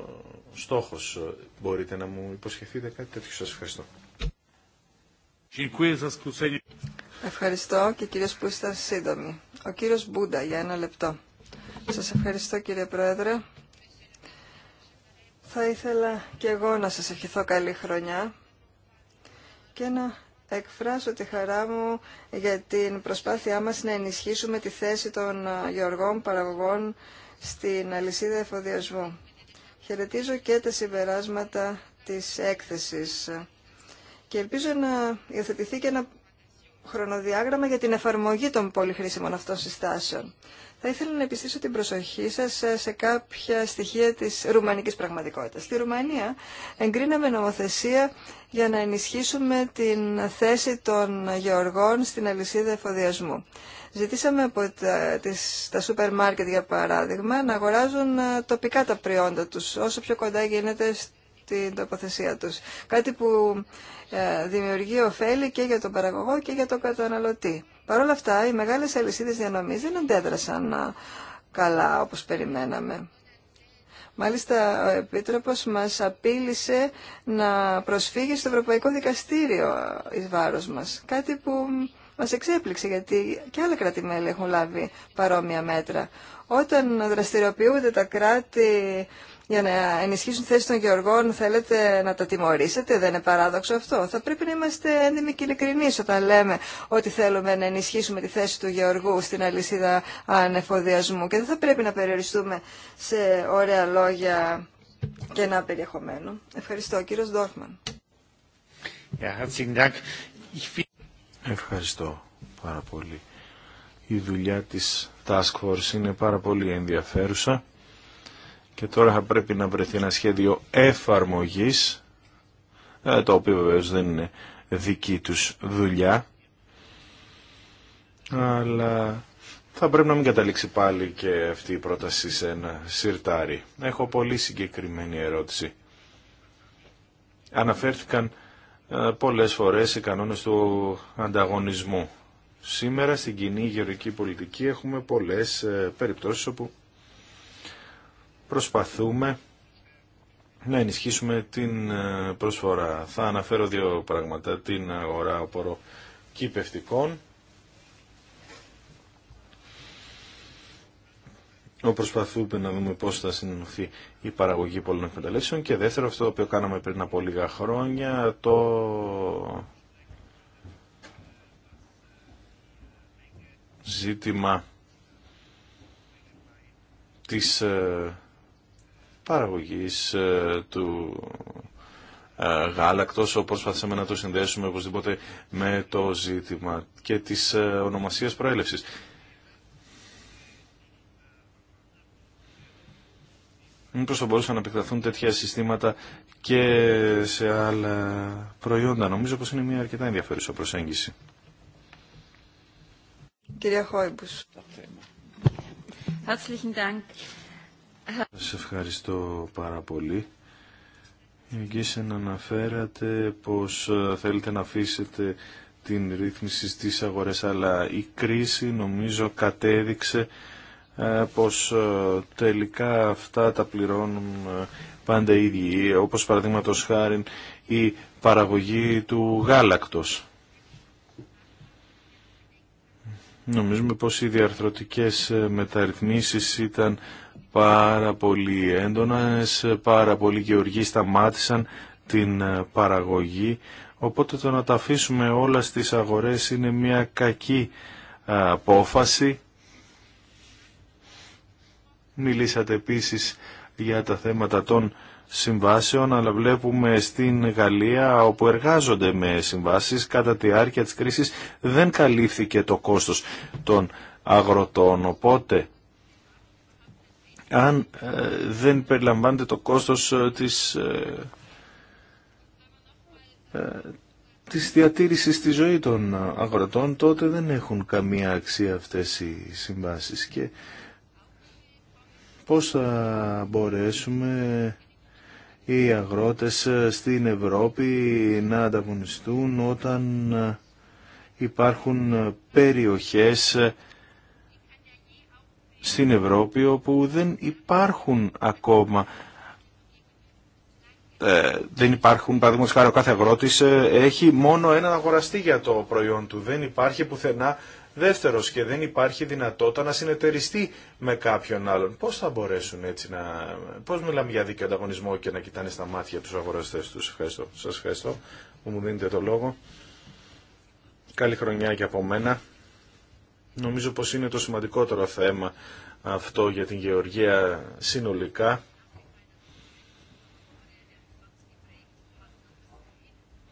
στόχος. Μπορείτε να μου υποσχεθείτε κάτι τέτοιο. Σας ευχαριστώ. Ευχαριστώ και κύριος που ήσταν σύντομοι. Ο κύριος Μπούντα για ένα λεπτό. Σας ευχαριστώ κύριε Πρόεδρε. Θα ήθελα και εγώ να σας ευχηθώ καλή χρονιά και να εκφράσω τη χαρά μου για την προσπάθειά μας να ενισχύσουμε τη θέση των γεωργών παραγωγών στην αλυσίδα εφοδιασμού. Χαιρετίζω και τα συμπεράσματα της έκθεσης και ελπίζω να υιοθετηθεί και ένα χρονοδιάγραμμα για την εφαρμογή των πολυχρήσιμων αυτών συστάσεων. Θα ήθελα να επιστήσω την προσοχή σας σε κάποια στοιχεία της ρουμανικής πραγματικότητας. Στη Ρουμανία εγκρίναμε νομοθεσία για να ενισχύσουμε την θέση των γεωργών στην αλυσίδα εφοδιασμού. Ζητήσαμε από τα, τις, τα σούπερ μάρκετ, για παράδειγμα, να αγοράζουν ε, τοπικά τα προϊόντα τους, όσο πιο κοντά γίνεται την τοποθεσία τους. Κάτι που ε, δημιουργεί ωφέλη και για τον παραγωγό και για τον καταναλωτή. Παρ' όλα αυτά, οι μεγάλες αλυσίδες διανομής δεν αντέδρασαν καλά όπως περιμέναμε. Μάλιστα, ο Επίτροπος μας απείλησε να προσφύγει στο Ευρωπαϊκό Δικαστήριο εις βάρος μας. Κάτι που μας εξέπληξε, γιατί και άλλα κράτη-μέλη έχουν λάβει παρόμοια μέτρα. Όταν δραστηριοποιούνται τα κράτη για να ενισχύσουν τη θέση των γεωργών θέλετε να τα τιμωρήσετε. Δεν είναι παράδοξο αυτό. Θα πρέπει να είμαστε έντιμοι και ειλικρινεί όταν λέμε ότι θέλουμε να ενισχύσουμε τη θέση του γεωργού στην αλυσίδα ανεφοδιασμού και δεν θα πρέπει να περιοριστούμε σε ωραία λόγια και να περιεχομένου. Ευχαριστώ. κύριο Ντόρφμαν. Ευχαριστώ πάρα πολύ. Η δουλειά της Task Force είναι πάρα πολύ ενδιαφέρουσα και τώρα θα πρέπει να βρεθεί ένα σχέδιο εφαρμογής, ε, το οποίο βεβαίω δεν είναι δική τους δουλειά, αλλά θα πρέπει να μην καταλήξει πάλι και αυτή η πρόταση σε ένα σιρτάρι. Έχω πολύ συγκεκριμένη ερώτηση. Αναφέρθηκαν ε, πολλές φορές οι κανόνες του ανταγωνισμού. Σήμερα στην κοινή γεωρική πολιτική έχουμε πολλές ε, περιπτώσεις όπου προσπαθούμε να ενισχύσουμε την ε, προσφορά. Θα αναφέρω δύο πράγματα. Την αγορά οπορο Ο προσπαθούμε να δούμε πώς θα συνενωθεί η παραγωγή πολλών εκμεταλλεύσεων και δεύτερο αυτό που κάναμε πριν από λίγα χρόνια το ζήτημα της ε, παραγωγής ε, του ε, γάλακτος, όπως προσπαθήσαμε να το συνδέσουμε οπωσδήποτε με το ζήτημα και της ε, ονομασίας προέλευσης. Μήπω θα μπορούσαν να επεκταθούν τέτοια συστήματα και σε άλλα προϊόντα. Νομίζω πως είναι μια αρκετά ενδιαφέρουσα προσέγγιση. Κυρία Χόιμπους. Σας ευχαριστώ πάρα πολύ. να αναφέρατε πως ε, θέλετε να αφήσετε την ρύθμιση στις αγορές, αλλά η κρίση νομίζω κατέδειξε ε, πως ε, τελικά αυτά τα πληρώνουν πάντα οι ίδιοι, όπως παραδείγματος χάρη η παραγωγή του γάλακτος. Νομίζουμε πως οι διαρθρωτικές μεταρρυθμίσεις ήταν πάρα πολύ έντονες, πάρα πολλοί γεωργοί σταμάτησαν την ε, παραγωγή, οπότε το να τα αφήσουμε όλα στις αγορές είναι μια κακή ε, απόφαση. Μιλήσατε επίσης για τα θέματα των συμβάσεων, αλλά βλέπουμε στην Γαλλία όπου εργάζονται με συμβάσεις κατά τη διάρκεια της κρίσης δεν καλύφθηκε το κόστος των αγροτών. Οπότε αν ε, δεν περιλαμβάνεται το κόστος ε, της, ε, της διατήρησης της ζωή των αγροτών, τότε δεν έχουν καμία αξία αυτές οι συμβάσεις. Και πώς θα μπορέσουμε οι αγρότες στην Ευρώπη να ανταγωνιστούν όταν υπάρχουν περιοχές στην Ευρώπη όπου δεν υπάρχουν ακόμα ε, δεν υπάρχουν, παραδείγματος χάρη ο κάθε αγρότης ε, έχει μόνο έναν αγοραστή για το προϊόν του. Δεν υπάρχει πουθενά δεύτερος και δεν υπάρχει δυνατότητα να συνεταιριστεί με κάποιον άλλον. Πώς θα μπορέσουν έτσι να... Πώς μιλάμε για δίκαιο ανταγωνισμό και να κοιτάνε στα μάτια τους αγοραστές τους. Ευχαριστώ. Σας ευχαριστώ που μου δίνετε το λόγο. Καλή χρονιά και από μένα. Νομίζω πως είναι το σημαντικότερο θέμα αυτό για την Γεωργία συνολικά.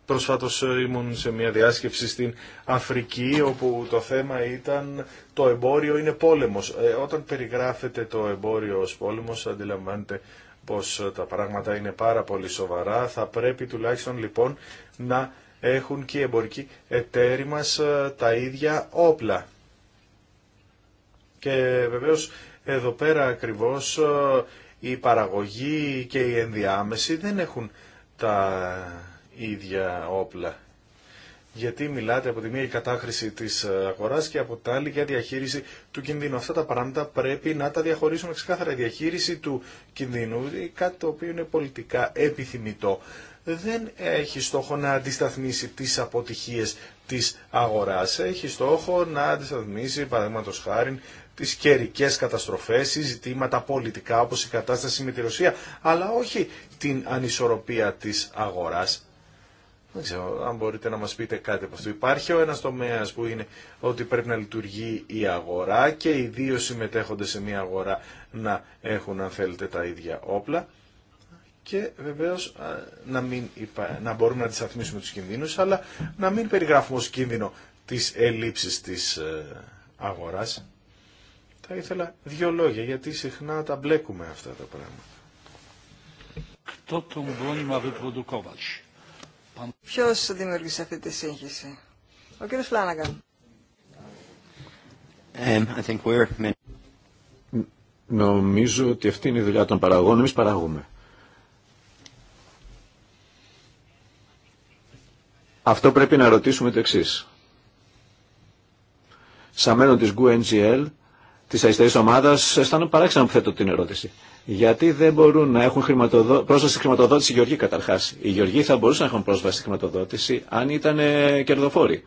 Προσφάτως ήμουν σε μια διάσκεψη στην Αφρική όπου το θέμα ήταν το εμπόριο είναι πόλεμος. Ε, όταν περιγράφεται το εμπόριο ως πόλεμος αντιλαμβάνεται πως τα πράγματα είναι πάρα πολύ σοβαρά. Θα πρέπει τουλάχιστον λοιπόν να έχουν και οι εμπορικοί εταίροι μας ε, τα ίδια όπλα. Και βεβαίως εδώ πέρα ακριβώς ε, η παραγωγή και η ενδιάμεση δεν έχουν τα ίδια όπλα. Γιατί μιλάτε από τη μία η κατάχρηση της ε, αγοράς και από την άλλη για διαχείριση του κινδύνου. Αυτά τα πράγματα πρέπει να τα διαχωρίσουμε ξεκάθαρα. Η διαχείριση του κινδύνου, ε, κάτι το οποίο είναι πολιτικά επιθυμητό, δεν έχει στόχο να αντισταθμίσει τις αποτυχίες της αγοράς. Έχει στόχο να αντισταθμίσει, παραδείγματο χάρη, τι καιρικέ καταστροφέ, ή ζητήματα πολιτικά όπω συζητήματα ζητηματα πολιτικα οπω η κατασταση με τη Ρωσία, αλλά όχι την ανισορροπία τη αγορά. Δεν ξέρω αν μπορείτε να μα πείτε κάτι από αυτό. Υπάρχει ο ένα τομέα που είναι ότι πρέπει να λειτουργεί η αγορά και οι δύο συμμετέχοντε σε μια αγορά να έχουν αν θέλετε τα ίδια όπλα και βεβαίω να, να μπορούμε να αντισταθμίσουμε του κινδύνου, αλλά να μην περιγράφουμε ω κίνδυνο τις ελλείψεις της ε, αγοράς. Θα ήθελα δύο λόγια, γιατί συχνά τα μπλέκουμε αυτά τα πράγματα. Ποιο δημιούργησε αυτή τη σύγχυση. Ο κ. Φλάνναγκαν. Νομίζω ότι αυτή είναι η δουλειά των παραγωγών. εμεί παράγουμε. Αυτό πρέπει να ρωτήσουμε το εξής. Σαμένο τη GUNGL Τη αριστερή ομάδα αισθάνομαι παράξενο που θέτω την ερώτηση. Γιατί δεν μπορούν να έχουν χρηματοδο... πρόσβαση στη χρηματοδότηση οι γεωργοί καταρχάς. Οι γεωργοί θα μπορούσαν να έχουν πρόσβαση στη χρηματοδότηση αν ήταν ε, κερδοφόροι.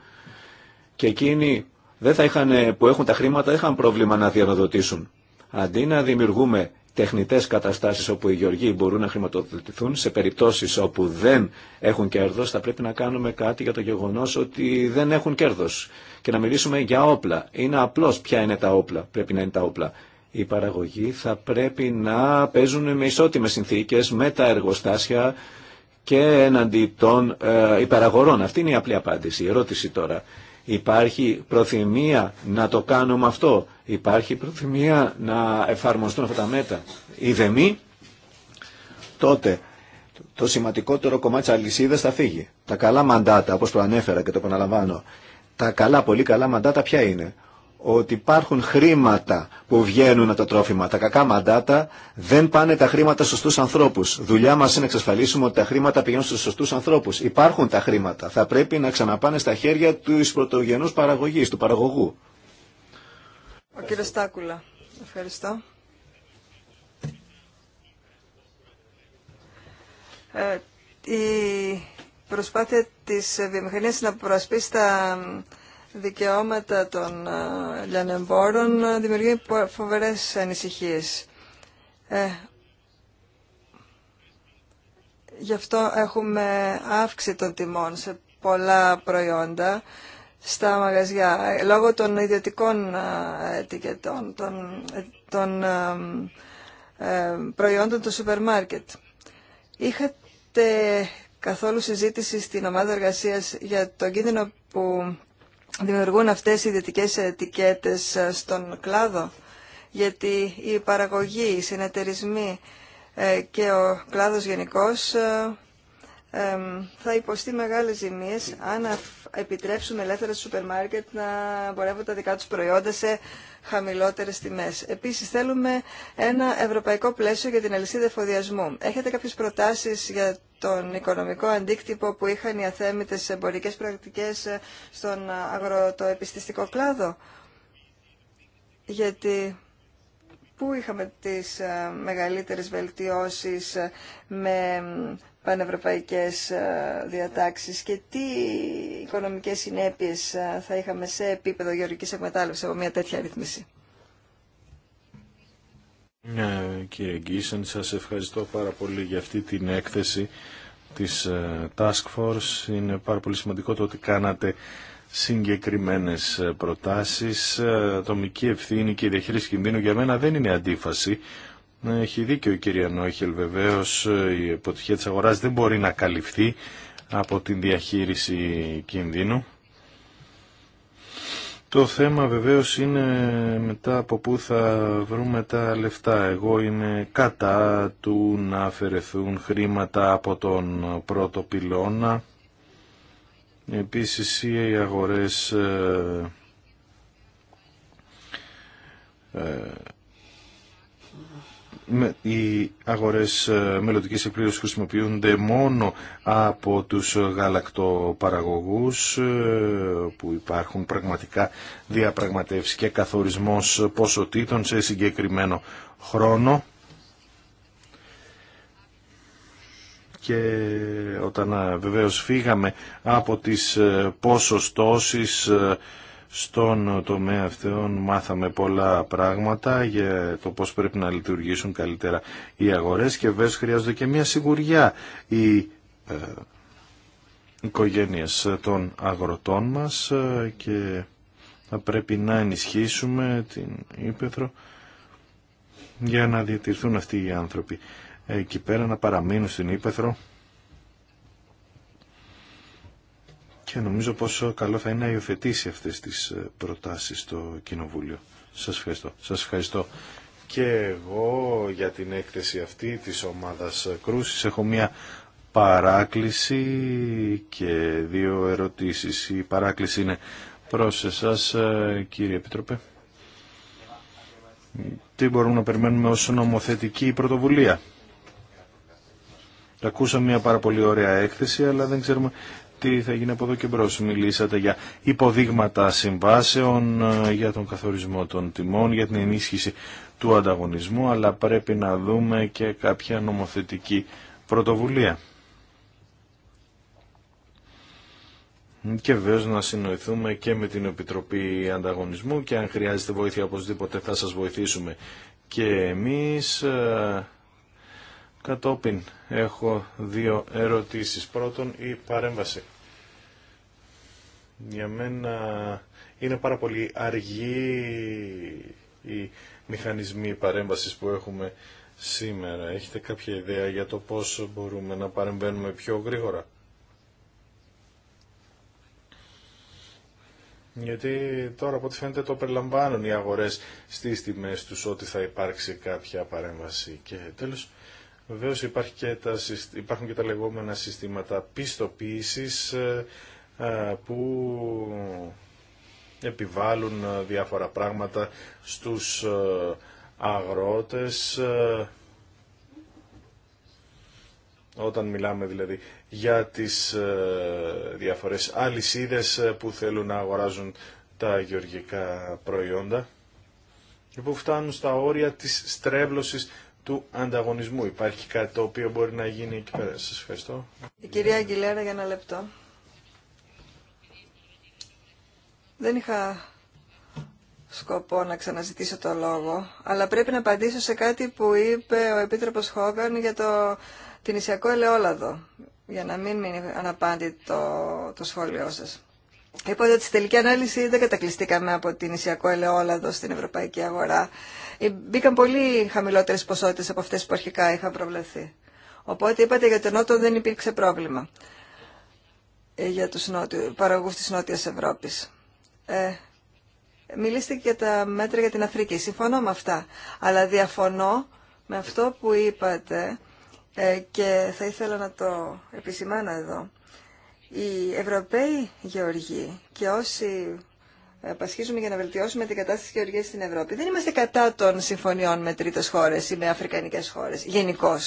Και εκείνοι δεν θα είχαν, ε, που έχουν τα χρήματα δεν είχαν πρόβλημα να διαδοτήσουν. Αντί να δημιουργούμε τεχνητέ καταστάσει όπου οι γεωργοί μπορούν να χρηματοδοτηθούν, σε περιπτώσει όπου δεν έχουν κέρδο, θα πρέπει να κάνουμε κάτι για το γεγονό ότι δεν έχουν κέρδο και να μιλήσουμε για όπλα. Είναι απλώς ποια είναι τα όπλα, πρέπει να είναι τα όπλα. Οι παραγωγοί θα πρέπει να παίζουν με ισότιμες συνθήκες, με τα εργοστάσια και εναντί των ε, υπεραγορών. Αυτή είναι η απλή απάντηση. Η ερώτηση τώρα. Υπάρχει προθυμία να το κάνουμε αυτό. Υπάρχει προθυμία να εφαρμοστούν αυτά τα μέτρα. Ή δεμή τότε το σημαντικότερο κομμάτι της αλυσίδας θα φύγει. Τα καλά μαντάτα, όπως ανέφερα και το επαναλαμβάνω, τα καλά, πολύ καλά μαντάτα ποια είναι. Ότι υπάρχουν χρήματα που βγαίνουν από τα τρόφιμα. Τα κακά μαντάτα δεν πάνε τα χρήματα στους σωστούς ανθρώπους. Δουλειά μας είναι να εξασφαλίσουμε ότι τα χρήματα πηγαίνουν στους σωστούς ανθρώπους. Υπάρχουν τα χρήματα. Θα πρέπει να ξαναπάνε στα χέρια της πρωτογενούς παραγωγής, του παραγωγού. Ο Στάκουλα. Ευχαριστώ. Ε, η προσπάθεια της βιομηχανίας να προασπίσει τα δικαιώματα των ε, λιανεμπόρων ε, δημιουργεί φοβερές ανησυχίες. Ε, γι' αυτό έχουμε άυξη των τιμών σε πολλά προϊόντα στα μαγαζιά λόγω των ιδιωτικών ε, ετικετών, των, των προϊόντων του σούπερ μάρκετ. Είχατε καθόλου συζήτηση στην ομάδα εργασία για τον κίνδυνο που δημιουργούν αυτές οι δυτικέ ετικέτες ε, στον κλάδο, γιατί η παραγωγή, οι συνεταιρισμοί ε, και ο κλάδος γενικός ε, θα υποστεί μεγάλες ζημίες αν επιτρέψουμε ελεύθερα στους σούπερ μάρκετ να μπορεύουν τα δικά τους προϊόντα σε χαμηλότερες τιμές. Επίσης θέλουμε ένα ευρωπαϊκό πλαίσιο για την αλυσίδα εφοδιασμού. Έχετε κάποιες προτάσεις για τον οικονομικό αντίκτυπο που είχαν οι αθέμητες εμπορικές πρακτικές ε, στον αγροτοεπιστηστικό κλάδο. Γιατί πού είχαμε τις ε, μεγαλύτερες βελτιώσεις ε, με πανευρωπαϊκές ε, διατάξεις και τι οικονομικές συνέπειες ε, θα είχαμε σε επίπεδο γεωργικής εκμετάλλευσης από μια τέτοια ρύθμιση. Ναι, κύριε Γκίσεν, σας ευχαριστώ πάρα πολύ για αυτή την έκθεση της ε, Task Force. Είναι πάρα πολύ σημαντικό το ότι κάνατε συγκεκριμένες προτάσεις. Ατομική ευθύνη και διαχείριση κινδύνου για μένα δεν είναι αντίφαση. Ναι, έχει δίκιο η κυρία Νόχελ βεβαίω. η αποτυχία τη αγοράς δεν μπορεί να καλυφθεί από την διαχείριση κινδύνου. Το θέμα βεβαίως είναι μετά από πού θα βρούμε τα λεφτά. Εγώ είμαι κατά του να αφαιρεθούν χρήματα από τον πρώτο πυλώνα. Επίσης οι αγορές ε, ε, οι αγορές ε, μελλοντικής εκπλήρωση χρησιμοποιούνται μόνο από τους γαλακτοπαραγωγούς ε, που υπάρχουν πραγματικά διαπραγματεύσεις και καθορισμός ποσοτήτων σε συγκεκριμένο χρόνο και όταν ε, βεβαίως φύγαμε από τις ποσοστώσεις στον τομέα αυτών μάθαμε πολλά πράγματα για το πώς πρέπει να λειτουργήσουν καλύτερα οι αγορές και βέβαια χρειάζονται και μια σιγουριά οι ε, οικογένειες των αγροτών μας ε, και θα πρέπει να ενισχύσουμε την Ήπεθρο για να διατηρηθούν αυτοί οι άνθρωποι εκεί πέρα να παραμείνουν στην Ήπεθρο και νομίζω πόσο καλό θα είναι να υιοθετήσει αυτές τις ε, προτάσεις στο Κοινοβούλιο. Σας ευχαριστώ. Σας ευχαριστώ και εγώ για την έκθεση αυτή της ομάδας κρούσης. Έχω μία παράκληση και δύο ερωτήσεις. Η παράκληση είναι προς εσάς ε, κύριε Επιτροπέ. Τι μπορούμε να περιμένουμε ως νομοθετική πρωτοβουλία. Ακούσαμε μια πάρα πολύ ωραία έκθεση, αλλά δεν ξέρουμε τι θα γίνει από εδώ και μπρος. Μιλήσατε για υποδείγματα συμβάσεων, ε, για τον καθορισμό των τιμών, για την ενίσχυση του ανταγωνισμού, αλλά πρέπει να δούμε και κάποια νομοθετική πρωτοβουλία. Και βεβαίω να συνοηθούμε και με την Επιτροπή Ανταγωνισμού και αν χρειάζεται βοήθεια οπωσδήποτε θα σας βοηθήσουμε και εμείς ε, Κατόπιν έχω δύο ερωτήσεις. Πρώτον, η παρέμβαση. Για μένα είναι πάρα πολύ αργή η μηχανισμοί παρέμβασης που έχουμε σήμερα. Έχετε κάποια ιδέα για το πώς μπορούμε να παρεμβαίνουμε πιο γρήγορα. Γιατί τώρα από ό,τι φαίνεται το περιλαμβάνουν οι αγορές στις τιμές τους ότι θα υπάρξει κάποια παρέμβαση. Και τέλος, Βεβαίω υπάρχουν και τα λεγόμενα συστήματα πιστοποίηση ε, ε, που επιβάλλουν ε, διάφορα πράγματα στους αγρότες όταν μιλάμε δηλαδή για τις διαφορές αλυσίδες που θέλουν να αγοράζουν τα γεωργικά προϊόντα και που φτάνουν στα όρια της στρέβλωσης του ανταγωνισμού. Υπάρχει κάτι το οποίο μπορεί να γίνει εκεί πέρα. σα ευχαριστώ. Η κυρία Αγγιλέρα για ένα λεπτό. Δεν είχα σκοπό να ξαναζητήσω το λόγο, αλλά πρέπει να απαντήσω σε κάτι που είπε ο Επίτροπος Χόγκαν για το την Ισιακό Ελαιόλαδο, για να μην μείνει αναπάντητο το σχόλιο σας. Είπατε ότι στη τελική ανάλυση δεν κατακλειστήκαμε από την νησιακό ελαιόλαδο στην ευρωπαϊκή αγορά. Ε, μπήκαν πολύ χαμηλότερες ποσότητες από αυτές που αρχικά είχαν προβλεφθεί. Οπότε είπατε για τον Νότο δεν υπήρξε πρόβλημα ε, για τους παραγωγού παραγωγούς της Νότιας Ευρώπης. Ε, μιλήστε και για τα μέτρα για την Αφρική. Συμφωνώ με αυτά, αλλά διαφωνώ με αυτό που είπατε ε, και θα ήθελα να το επισημάνω εδώ. Οι Ευρωπαίοι γεωργοί και όσοι πασχίζουμε για να βελτιώσουμε την κατάσταση της γεωργίας στην Ευρώπη δεν είμαστε κατά των συμφωνιών με τρίτες χώρες ή με αφρικανικές χώρες γενικώ.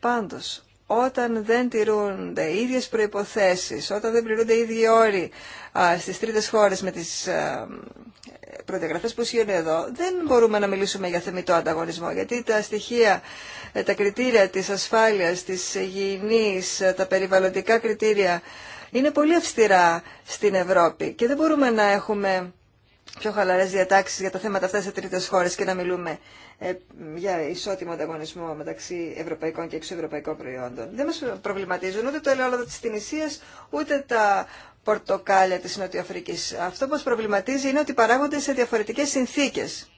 Πάντως, όταν δεν τηρούνται οι ίδιες προϋποθέσεις, όταν δεν πληρούνται οι ίδιοι όροι α, στις τρίτες χώρες με τις α, που ισχύουν εδώ, δεν μπορούμε να μιλήσουμε για θεμητό ανταγωνισμό, γιατί τα στοιχεία, ε, τα κριτήρια της ασφάλειας, της υγιεινής, ε, τα περιβαλλοντικά κριτήρια είναι πολύ αυστηρά στην Ευρώπη και δεν μπορούμε να έχουμε πιο χαλαρές διατάξεις για τα θέματα αυτά σε τρίτες χώρες και να μιλούμε ε, για ισότιμο ανταγωνισμό μεταξύ ευρωπαϊκών και εξωευρωπαϊκών προϊόντων. Δεν μας προβληματίζουν ούτε το ελαιόλαδο της Τινησίας, ούτε τα πορτοκάλια της Νοτιοαφρικής. Αυτό που μας προβληματίζει είναι ότι παράγονται σε διαφορετικές συνθήκες.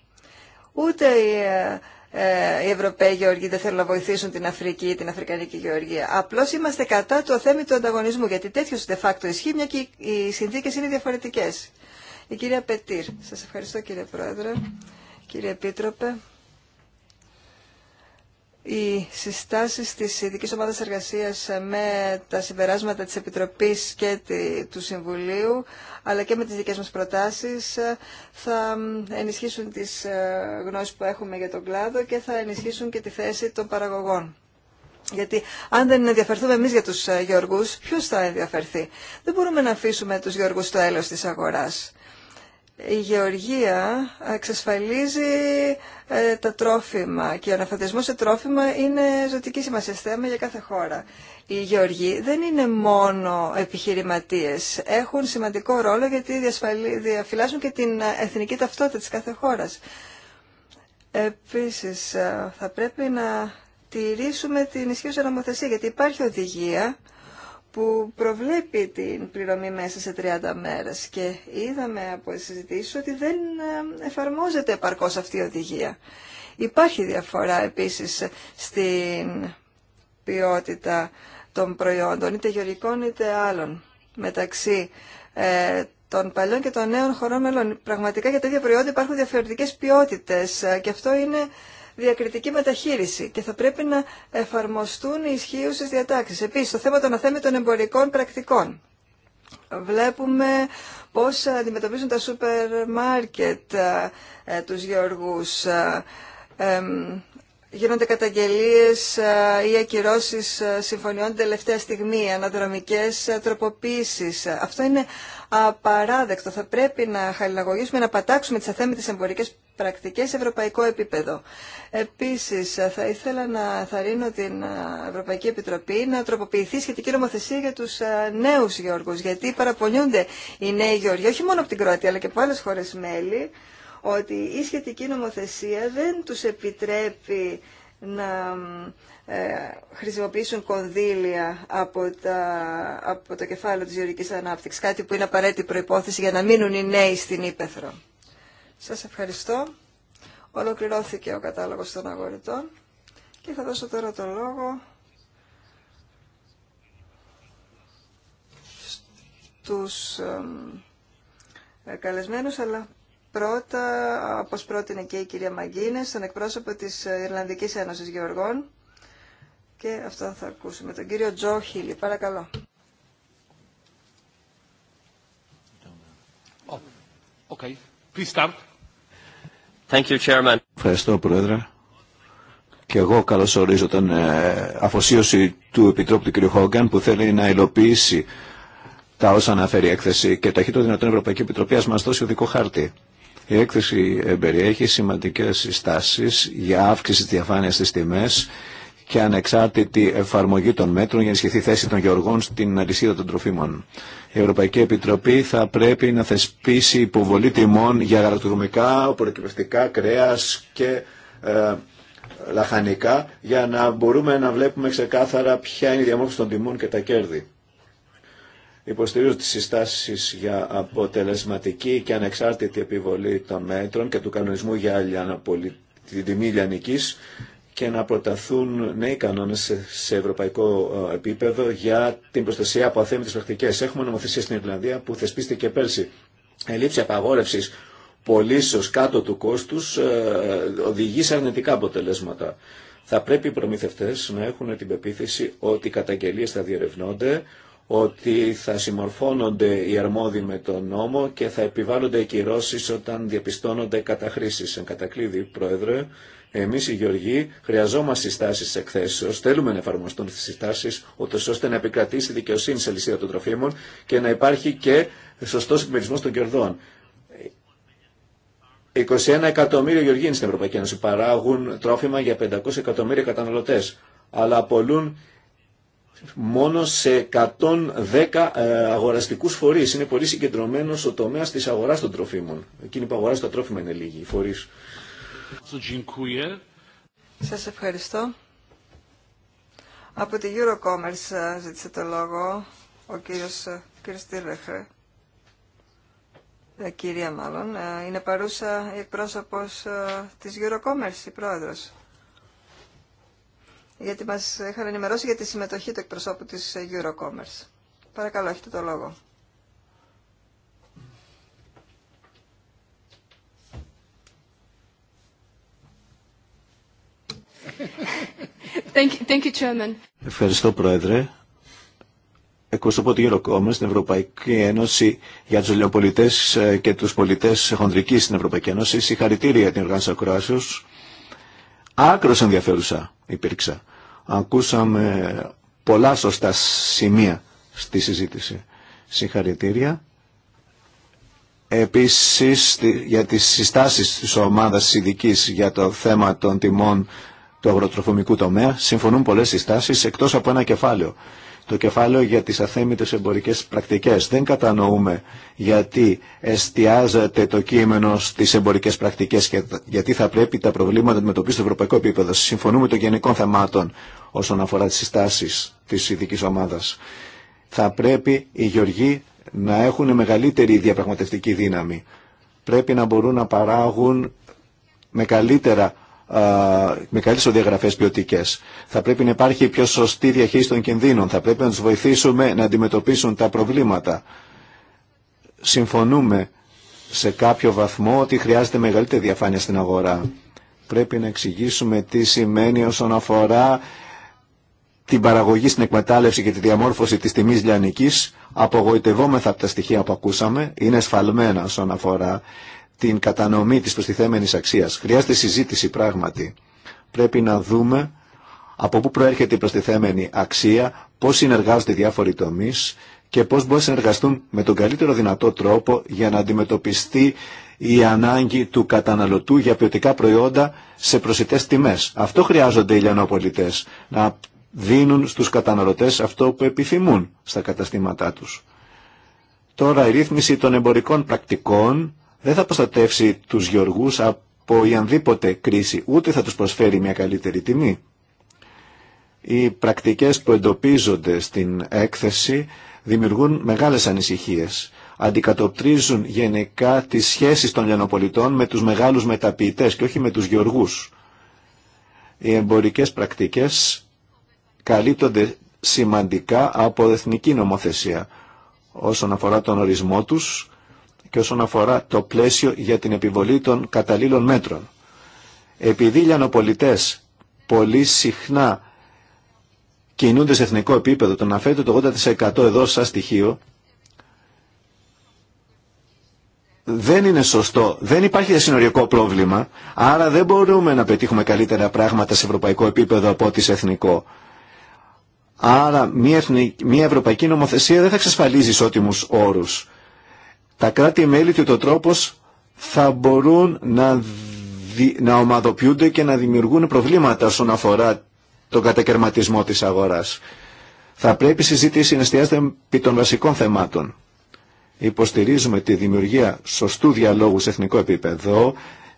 Ούτε οι, ε, ε, οι Ευρωπαίοι Γεωργοί δεν θέλουν να βοηθήσουν την Αφρική ή την Αφρικανική Γεωργία. Απλώ είμαστε κατά το θέμα του ανταγωνισμού, γιατί τέτοιο de facto ισχύει, και οι συνθήκε είναι διαφορετικέ. Η κυρία Πετήρ. Σας ευχαριστώ κύριε Πρόεδρε, κύριε Επίτροπε. Οι συστάσεις της Ειδικής Ομάδας Εργασίας με τα συμπεράσματα της Επιτροπής και του Συμβουλίου, αλλά και με τις δικές μας προτάσεις, θα ενισχύσουν τις ε, γνώσεις που έχουμε για τον κλάδο και θα ενισχύσουν και τη θέση των παραγωγών. Γιατί αν δεν ενδιαφερθούμε εμείς για τους ε, γεωργούς, ποιος θα ενδιαφερθεί. Δεν μπορούμε να αφήσουμε τους γεωργούς στο έλεος της αγοράς η γεωργία εξασφαλίζει ε, τα τρόφιμα και ο αναφαντασμό σε τρόφιμα είναι ζωτική σημασία θέμα για κάθε χώρα. Οι γεωργοί δεν είναι μόνο επιχειρηματίες, έχουν σημαντικό ρόλο γιατί διαφυλάσσουν και την ε, εθνική ταυτότητα της κάθε χώρας. Επίσης, ε, θα πρέπει να τηρήσουμε την ισχύουσα νομοθεσία γιατί υπάρχει οδηγία που προβλέπει την πληρωμή μέσα σε 30 μέρες και είδαμε από τις συζητήσεις ότι δεν ε, εφαρμόζεται επαρκώς αυτή η οδηγία. Υπάρχει διαφορά επίσης στην ποιότητα των προϊόντων, είτε γεωργικών είτε άλλων, μεταξύ ε, των παλιών και των νέων χωρών μελών. Πραγματικά για τέτοια προϊόντα υπάρχουν διαφορετικές ποιότητες ε, και αυτό είναι διακριτική μεταχείριση και θα πρέπει να εφαρμοστούν οι ισχύουσες διατάξεις. Επίσης, το θέμα των των εμπορικών πρακτικών. Βλέπουμε πώς αντιμετωπίζουν τα σούπερ μάρκετ ε, τους γεωργούς. Ε, γίνονται καταγγελίες ε, ή ακυρώσεις ε, συμφωνιών τελευταία στιγμή, αναδρομικές ε, τροποποίησεις. Αυτό είναι απαράδεκτο. Θα πρέπει να χαλιναγωγήσουμε, να πατάξουμε τις αθέμητες εμπορικές πρακτικές σε ευρωπαϊκό επίπεδο. Επίσης, θα ήθελα να θαρρύνω την Ευρωπαϊκή Επιτροπή να τροποποιηθεί σχετική νομοθεσία για τους νέους γεωργούς, γιατί παραπονιούνται οι νέοι γεωργοί, όχι μόνο από την Κροατία, αλλά και από άλλες χώρες μέλη, ότι η σχετική νομοθεσία δεν τους επιτρέπει να ε, χρησιμοποιήσουν κονδύλια από, τα, από το κεφάλαιο της γεωργικής ανάπτυξης, κάτι που είναι απαραίτητη προϋπόθεση για να μείνουν οι νέοι στην Ήπεθρο. Σας ευχαριστώ. Ολοκληρώθηκε ο κατάλογος των αγορητών και θα δώσω τώρα το λόγο στους καλεσμένους, αλλά πρώτα, όπως πρότεινε και η κυρία Μαγκίνε, στον εκπρόσωπο της Ιρλανδικής Ένωσης Γεωργών. Και αυτό θα ακούσουμε. Τον κύριο Τζο Χίλι, παρακαλώ. Oh, Please Thank you, Chairman. Ευχαριστώ, Πρόεδρε. Και εγώ καλωσορίζω την ε, αφοσίωση του Επιτρόπου του κ. Χόγκαν που θέλει να υλοποιήσει τα όσα αναφέρει η έκθεση και ταχύτερα δυνατόν Ευρωπαϊκή Επιτροπή μας δώσει δικό χάρτη η έκθεση περιέχει σημαντικές συστάσεις για αύξηση τη διαφάνεια στις τιμές και ανεξάρτητη εφαρμογή των μέτρων για ενισχυθεί θέση των γεωργών στην αλυσίδα των τροφίμων. Η Ευρωπαϊκή Επιτροπή θα πρέπει να θεσπίσει υποβολή τιμών για γαλακτοκομικά, προκυπευτικά, κρέας και ε, λαχανικά για να μπορούμε να βλέπουμε ξεκάθαρα ποια είναι η διαμόρφωση των τιμών και τα κέρδη. Υποστηρίζω τις συστάσεις για αποτελεσματική και ανεξάρτητη επιβολή των μέτρων και του κανονισμού για την τιμή λιανικής και να προταθούν νέοι κανόνες σε, ευρωπαϊκό ε, επίπεδο για την προστασία από αθέμητες πρακτικές. Έχουμε νομοθεσία στην Ιρλανδία που θεσπίστηκε πέρσι. Ελήψη απαγόρευσης πωλήσεως κάτω του κόστους ε, οδηγεί σε αρνητικά αποτελέσματα. Θα πρέπει οι προμηθευτές να έχουν την πεποίθηση ότι οι καταγγελίες θα διερευνώνται, ότι θα συμμορφώνονται οι αρμόδιοι με τον νόμο και θα επιβάλλονται οι κυρώσει όταν διαπιστώνονται καταχρήσει. Εν κατακλείδη, Πρόεδρε, εμεί οι Γεωργοί χρειαζόμαστε συστάσει εκθέσεω. Θέλουμε να εφαρμοστούν τι συστάσει, ώστε να επικρατήσει δικαιοσύνη σε λυσίδα των τροφίμων και να υπάρχει και σωστό επιμερισμό των κερδών. 21 εκατομμύρια Γεωργοί στην Ευρωπαϊκή Ένωση παράγουν τρόφιμα για 500 εκατομμύρια καταναλωτέ, αλλά απολούν μόνο σε 110 ε, αγοραστικούς φορείς. Είναι πολύ συγκεντρωμένος ο τομέας της αγοράς των τροφίμων. Εκείνοι που αγοράζουν τα τρόφιμα είναι λίγοι, οι φορείς. Σας ευχαριστώ. Από τη Eurocommerce ε, ζήτησε το λόγο ο κύριος ε, Κριστήλεχρε. Κυρία μάλλον, είναι παρούσα η πρόσωπος της Eurocommerce, η πρόεδρος γιατί μας είχαν ενημερώσει για τη συμμετοχή του εκπροσώπου της Eurocommerce. Παρακαλώ, έχετε το λόγο. Thank you, Chairman. Ευχαριστώ, Πρόεδρε. Εκπροσωπώ τη Eurocommerce στην Ευρωπαϊκή Ένωση για τους λεωπολιτές ε, και τους πολιτές χοντρική στην Ευρωπαϊκή Ένωση. Συγχαρητήρια την οργάνωση Ακροάσεως. Άκρος ενδιαφέρουσα υπήρξα. Ακούσαμε πολλά σωστά σημεία στη συζήτηση. Συγχαρητήρια. Επίσης για τις συστάσεις της ομάδας ειδική για το θέμα των τιμών του αγροτροφομικού τομέα συμφωνούν πολλές συστάσεις εκτός από ένα κεφάλαιο το κεφάλαιο για τις αθέμητες εμπορικές πρακτικές. Δεν κατανοούμε γιατί εστιάζεται το κείμενο στις εμπορικές πρακτικές και γιατί θα πρέπει τα προβλήματα να αντιμετωπίσουν στο ευρωπαϊκό επίπεδο. Συμφωνούμε των γενικών θεμάτων όσον αφορά τις συστάσεις της ειδικής ομάδας. Θα πρέπει οι γεωργοί να έχουν μεγαλύτερη διαπραγματευτική δύναμη. Πρέπει να μπορούν να παράγουν με καλύτερα με καλύτερε διαγραφέ ποιοτικέ. Θα πρέπει να υπάρχει πιο σωστή διαχείριση των κινδύνων. Θα πρέπει να του βοηθήσουμε να αντιμετωπίσουν τα προβλήματα. Συμφωνούμε σε κάποιο βαθμό ότι χρειάζεται μεγαλύτερη διαφάνεια στην αγορά. Πρέπει να εξηγήσουμε τι σημαίνει όσον αφορά την παραγωγή στην εκμετάλλευση και τη διαμόρφωση της τιμής λιανικής, απογοητευόμεθα από τα στοιχεία που ακούσαμε, είναι σφαλμένα όσον αφορά την κατανομή της προστιθέμενης αξίας. Χρειάζεται συζήτηση πράγματι. Πρέπει να δούμε από πού προέρχεται η προστιθέμενη αξία, πώς συνεργάζονται οι διάφοροι τομείς και πώς μπορούν να συνεργαστούν με τον καλύτερο δυνατό τρόπο για να αντιμετωπιστεί η ανάγκη του καταναλωτού για ποιοτικά προϊόντα σε προσιτές τιμές. Αυτό χρειάζονται οι λιανόπολιτές, να δίνουν στους καταναλωτές αυτό που επιθυμούν στα καταστήματά τους. Τώρα η ρύθμιση των εμπορικών πρακτικών δεν θα προστατεύσει τους γεωργούς από ιανδήποτε κρίση, ούτε θα τους προσφέρει μια καλύτερη τιμή. Οι πρακτικές που εντοπίζονται στην έκθεση δημιουργούν μεγάλες ανησυχίες. Αντικατοπτρίζουν γενικά τις σχέσεις των λιανοπολιτών με τους μεγάλους μεταποιητές και όχι με τους γεωργούς. Οι εμπορικές πρακτικές καλύπτονται σημαντικά από εθνική νομοθεσία όσον αφορά τον ορισμό τους, και όσον αφορά το πλαίσιο για την επιβολή των καταλήλων μέτρων. Επειδή οι λιανοπολιτές πολύ συχνά κινούνται σε εθνικό επίπεδο, το να φέρετε το 80% εδώ σαν στοιχείο, δεν είναι σωστό. Δεν υπάρχει συνοριακό πρόβλημα, άρα δεν μπορούμε να πετύχουμε καλύτερα πράγματα σε ευρωπαϊκό επίπεδο από ό,τι σε εθνικό. Άρα μια, ευρωπαϊκή νομοθεσία δεν θα εξασφαλίζει ισότιμους όρους τα κράτη-μέλη και το τρόπος θα μπορούν να, να ομαδοποιούνται και να δημιουργούν προβλήματα όσον αφορά τον κατακαιρματισμό της αγοράς. Θα πρέπει η συζήτηση να εστιάζεται επί των βασικών θεμάτων. Υποστηρίζουμε τη δημιουργία σωστού διαλόγου σε εθνικό επίπεδο.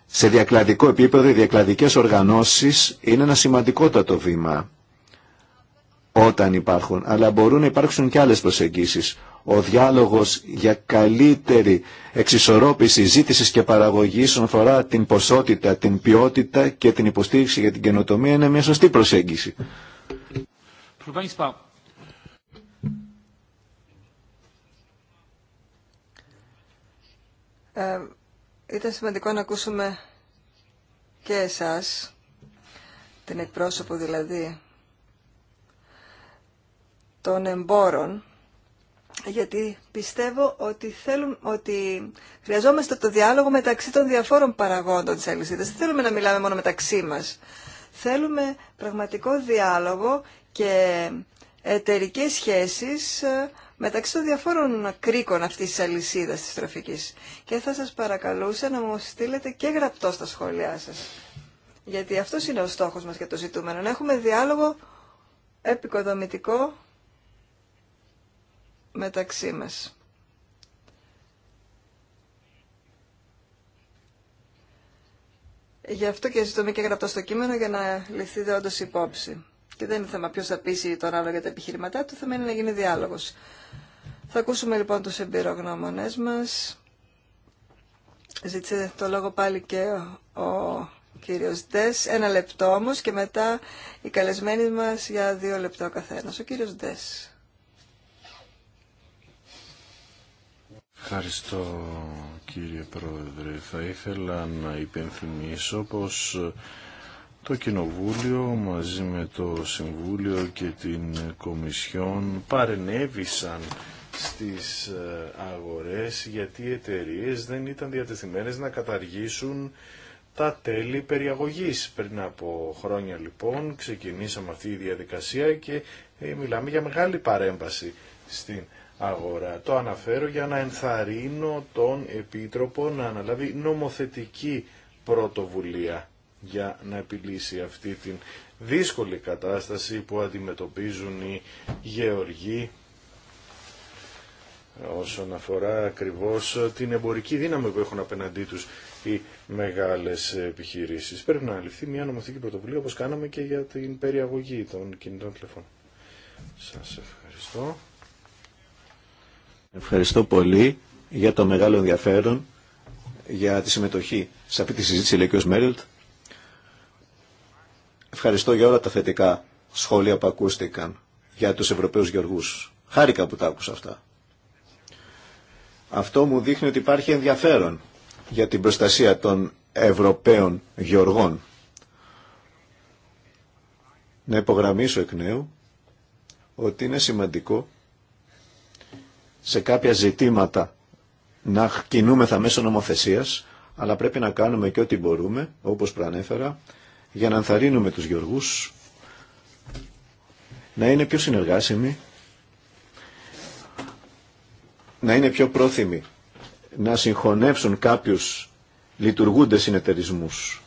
Σε διακλαδικό επίπεδο οι διακλαδικές οργανώσεις είναι ένα σημαντικότατο βήμα όταν υπάρχουν, αλλά μπορούν να υπάρξουν και άλλες προσεγγίσεις. Ο διάλογος για καλύτερη εξισορρόπηση ζήτηση και παραγωγής όσον αφορά την ποσότητα, την ποιότητα και την υποστήριξη για την καινοτομία είναι μια σωστή προσέγγιση. Ε, ήταν σημαντικό να ακούσουμε και εσάς, την εκπρόσωπο δηλαδή των εμπόρων, γιατί πιστεύω ότι, θέλουν, ότι χρειαζόμαστε το διάλογο μεταξύ των διαφόρων παραγόντων της αλυσίδας. Δεν θέλουμε να μιλάμε μόνο μεταξύ μας. Θέλουμε πραγματικό διάλογο και εταιρικέ σχέσεις ε, μεταξύ των διαφόρων κρίκων αυτής της αλυσίδας της τροφικής. Και θα σας παρακαλούσα να μου στείλετε και γραπτό στα σχόλιά σας. Γιατί αυτό είναι ο στόχος μας για το ζητούμενο. Να έχουμε διάλογο επικοδομητικό μεταξύ μας. Γι' αυτό και ζητούμε και γραπτό στο κείμενο για να ληφθείτε όντω υπόψη. Και δεν είναι θέμα ποιο θα πείσει τον άλλο για τα επιχειρηματά του, θέμα είναι να γίνει διάλογο. Θα ακούσουμε λοιπόν του εμπειρογνώμονε μα. Ζήτησε το λόγο πάλι και ο κύριος Ντε. Ένα λεπτό όμω και μετά οι καλεσμένοι μας για δύο λεπτά ο καθένα. Ο κύριο Ντε. Ευχαριστώ κύριε Πρόεδρε. Θα ήθελα να υπενθυμίσω πως το Κοινοβούλιο μαζί με το Συμβούλιο και την Κομισιόν παρενέβησαν στις ε, αγορές γιατί οι εταιρείε δεν ήταν διατεθειμένες να καταργήσουν τα τέλη περιαγωγής. Πριν από χρόνια λοιπόν ξεκινήσαμε αυτή η διαδικασία και ε, μιλάμε για μεγάλη παρέμβαση στην αγορά. Το αναφέρω για να ενθαρρύνω τον Επίτροπο να αναλάβει νομοθετική πρωτοβουλία για να επιλύσει αυτή την δύσκολη κατάσταση που αντιμετωπίζουν οι γεωργοί όσον αφορά ακριβώς την εμπορική δύναμη που έχουν απέναντί τους οι μεγάλες επιχειρήσεις. Πρέπει να ληφθεί μια νομοθετική πρωτοβουλία όπως κάναμε και για την περιαγωγή των κινητών τηλεφώνων. Σας ευχαριστώ. Ευχαριστώ πολύ για το μεγάλο ενδιαφέρον, για τη συμμετοχή σε αυτή τη συζήτηση, λέει και ο Μέριλτ. Ευχαριστώ για όλα τα θετικά σχόλια που ακούστηκαν για τους Ευρωπαίους Γεωργούς. Χάρηκα που τα άκουσα αυτά. Αυτό μου δείχνει ότι υπάρχει ενδιαφέρον για την προστασία των Ευρωπαίων Γεωργών. Να υπογραμμίσω εκ νέου ότι είναι σημαντικό σε κάποια ζητήματα να κινούμεθα μέσω νομοθεσίας, αλλά πρέπει να κάνουμε και ό,τι μπορούμε, όπως προανέφερα, για να ανθαρρύνουμε τους γεωργούς να είναι πιο συνεργάσιμοι, να είναι πιο πρόθυμοι να συγχωνεύσουν κάποιους λειτουργούντες συνεταιρισμούς.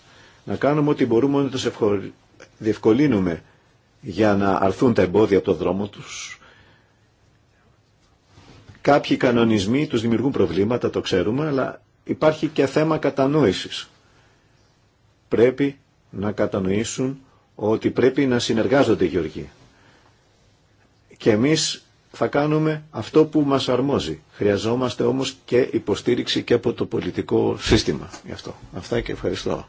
Να κάνουμε ό,τι μπορούμε να τους διευκολύνουμε για να αρθούν τα εμπόδια από το δρόμο τους Κάποιοι κανονισμοί τους δημιουργούν προβλήματα, το ξέρουμε, αλλά υπάρχει και θέμα κατανόησης. Πρέπει να κατανοήσουν ότι πρέπει να συνεργάζονται οι γεωργοί. Και εμείς θα κάνουμε αυτό που μας αρμόζει. Χρειαζόμαστε όμως και υποστήριξη και από το πολιτικό σύστημα. Γι αυτό. Αυτά και ευχαριστώ.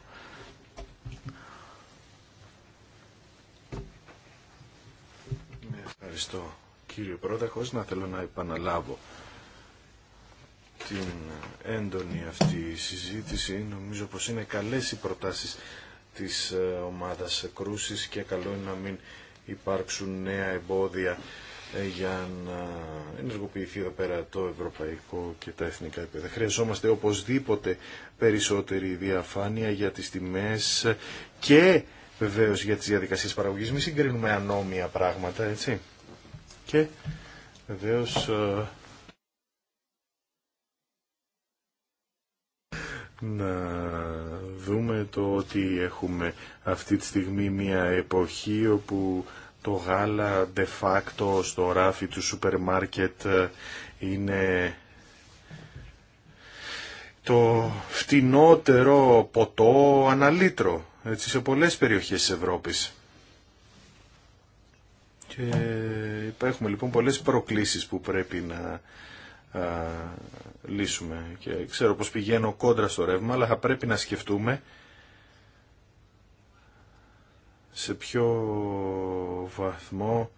Ευχαριστώ κύριο Πρόεδρε, να θέλω να επαναλάβω την έντονη αυτή συζήτηση. Νομίζω πως είναι καλές οι προτάσεις της ε, ομάδας κρούσης και καλό είναι να μην υπάρξουν νέα εμπόδια ε, για να ενεργοποιηθεί εδώ πέρα το ευρωπαϊκό και τα εθνικά επίπεδα. Χρειαζόμαστε οπωσδήποτε περισσότερη διαφάνεια για τις τιμές και βεβαίως για τις διαδικασίες παραγωγής. Μην συγκρίνουμε ανώμια πράγματα, έτσι και βεβαίω ε, να δούμε το ότι έχουμε αυτή τη στιγμή μια εποχή όπου το γάλα de facto στο ράφι του σούπερ μάρκετ ε, είναι το φτηνότερο ποτό αναλύτρο έτσι, σε πολλές περιοχές της Ευρώπης. Και υπάρχουν λοιπόν πολλές προκλήσεις που πρέπει να α, λύσουμε. Και ξέρω πως πηγαίνω κόντρα στο ρεύμα, αλλά θα πρέπει να σκεφτούμε σε ποιο βαθμό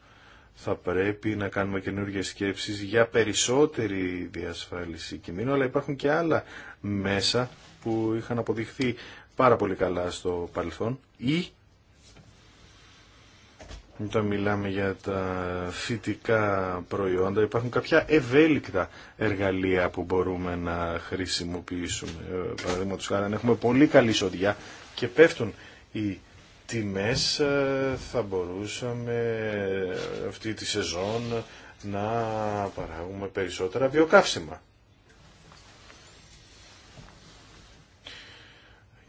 θα πρέπει να κάνουμε καινούργιε σκέψεις για περισσότερη διασφάλιση κινδύνου, αλλά υπάρχουν και άλλα μέσα που είχαν αποδειχθεί πάρα πολύ καλά στο παρελθόν ή όταν μιλάμε για τα φυτικά προϊόντα υπάρχουν κάποια ευέλικτα εργαλεία που μπορούμε να χρησιμοποιήσουμε. Ε, παραδείγματος χάρη αν έχουμε πολύ καλή σοδιά και πέφτουν οι τιμές ε, θα μπορούσαμε αυτή τη σεζόν να παράγουμε περισσότερα βιοκαύσιμα.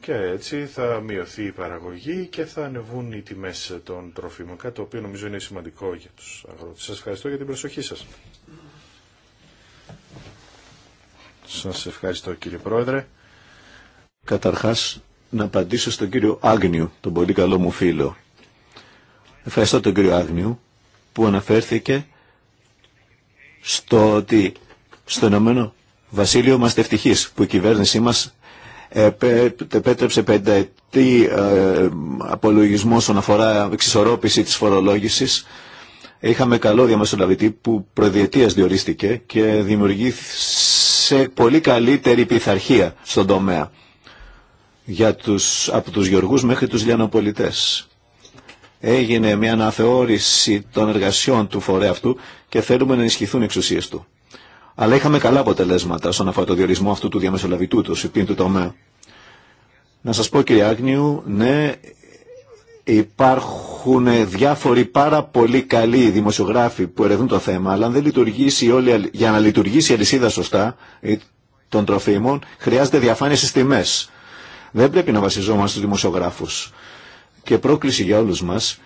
Και έτσι θα μειωθεί η παραγωγή και θα ανεβούν οι τιμές των τροφίμων, κάτι το οποίο νομίζω είναι σημαντικό για τους αγρότες. Σας ευχαριστώ για την προσοχή σας. Σα ευχαριστώ κύριε Πρόεδρε. Καταρχάς να απαντήσω στον κύριο Άγνιου, τον πολύ καλό μου φίλο. Ευχαριστώ τον κύριο Άγνιου που αναφέρθηκε στο ότι στο Ηνωμένο Βασίλειο είμαστε ευτυχεί που η κυβέρνησή μα επέτρεψε πενταετή ε, απολογισμό όσον αφορά εξισορρόπηση της φορολόγησης. Είχαμε καλό διαμεσολαβητή που προδιετίας διορίστηκε και δημιουργήσε πολύ καλύτερη πειθαρχία στον τομέα για τους, από τους γεωργούς μέχρι τους λιανοπολιτές. Έγινε μια αναθεώρηση των εργασιών του φορέα αυτού και θέλουμε να ενισχυθούν οι εξουσίες του αλλά είχαμε καλά αποτελέσματα στον αφορά το διορισμό αυτού του διαμεσολαβητού, του συμπίν του τομέα. Να σας πω κύριε Άγνιου, ναι, υπάρχουν διάφοροι πάρα πολύ καλοί δημοσιογράφοι που ερευνούν το θέμα, αλλά αν δεν λειτουργήσει όλη, για να λειτουργήσει η αλυσίδα σωστά των τροφίμων, χρειάζεται διαφάνεια στις τιμές. Δεν πρέπει να βασιζόμαστε στους δημοσιογράφους. Και πρόκληση για όλους μας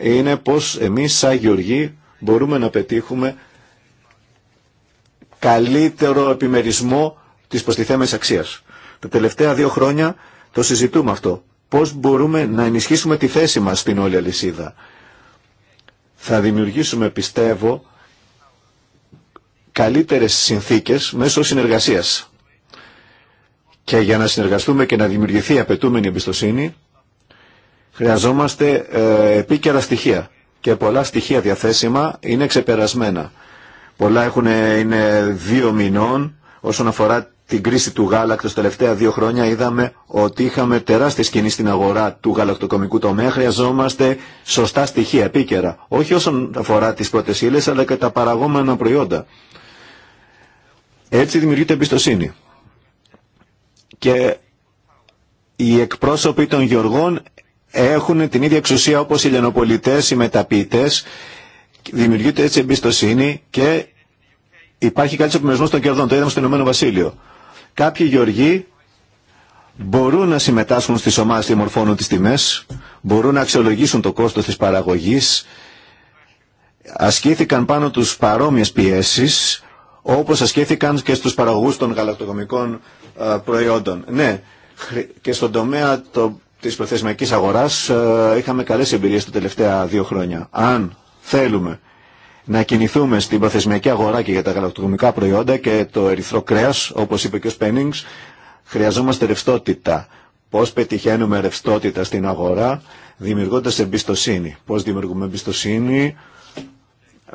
είναι πώς εμείς σαν Γεωργοί μπορούμε να πετύχουμε καλύτερο επιμερισμό της προστιθέμενης αξίας. Τα τελευταία δύο χρόνια το συζητούμε αυτό. Πώς μπορούμε να ενισχύσουμε τη θέση μας στην όλη αλυσίδα. Θα δημιουργήσουμε, πιστεύω, καλύτερες συνθήκες μέσω συνεργασίας. Και για να συνεργαστούμε και να δημιουργηθεί η απαιτούμενη εμπιστοσύνη, χρειαζόμαστε ε, επίκαιρα στοιχεία. Και πολλά στοιχεία διαθέσιμα είναι ξεπερασμένα. Πολλά έχουν, είναι δύο μηνών. Όσον αφορά την κρίση του γάλακτος τα τελευταία δύο χρόνια είδαμε ότι είχαμε τεράστια σκηνή στην αγορά του γαλακτοκομικού τομέα. Χρειαζόμαστε σωστά στοιχεία, επίκαιρα. Όχι όσον αφορά τις πρώτες ύλες, αλλά και τα παραγόμενα προϊόντα. Έτσι δημιουργείται εμπιστοσύνη. Και οι εκπρόσωποι των γεωργών έχουν την ίδια εξουσία όπως οι λενοπολιτές, οι μεταποιητές Δημιουργείται έτσι εμπιστοσύνη και υπάρχει κάτι επιμερισμό των κερδών. Το είδαμε στο Ηνωμένο Βασίλειο. Κάποιοι γεωργοί μπορούν να συμμετάσχουν στι ομάδε και μορφώνουν τι τιμέ, μπορούν να αξιολογήσουν το κόστο τη παραγωγή, ασκήθηκαν πάνω του παρόμοιε πιέσει, όπω ασκήθηκαν και στου παραγωγού των γαλακτοκομικών ε, προϊόντων. Ναι, και στον τομέα το, της προθεσμιακής αγοράς ε, είχαμε καλέ εμπειρίε τα τελευταία δύο χρόνια. Αν Θέλουμε να κινηθούμε στην προθεσμιακή αγορά και για τα γαλακτοκομικά προϊόντα και το ερυθρό κρέα, όπω είπε και ο Σπένινγκ, χρειαζόμαστε ρευστότητα. Πώ πετυχαίνουμε ρευστότητα στην αγορά, δημιουργώντα εμπιστοσύνη. Πώ δημιουργούμε εμπιστοσύνη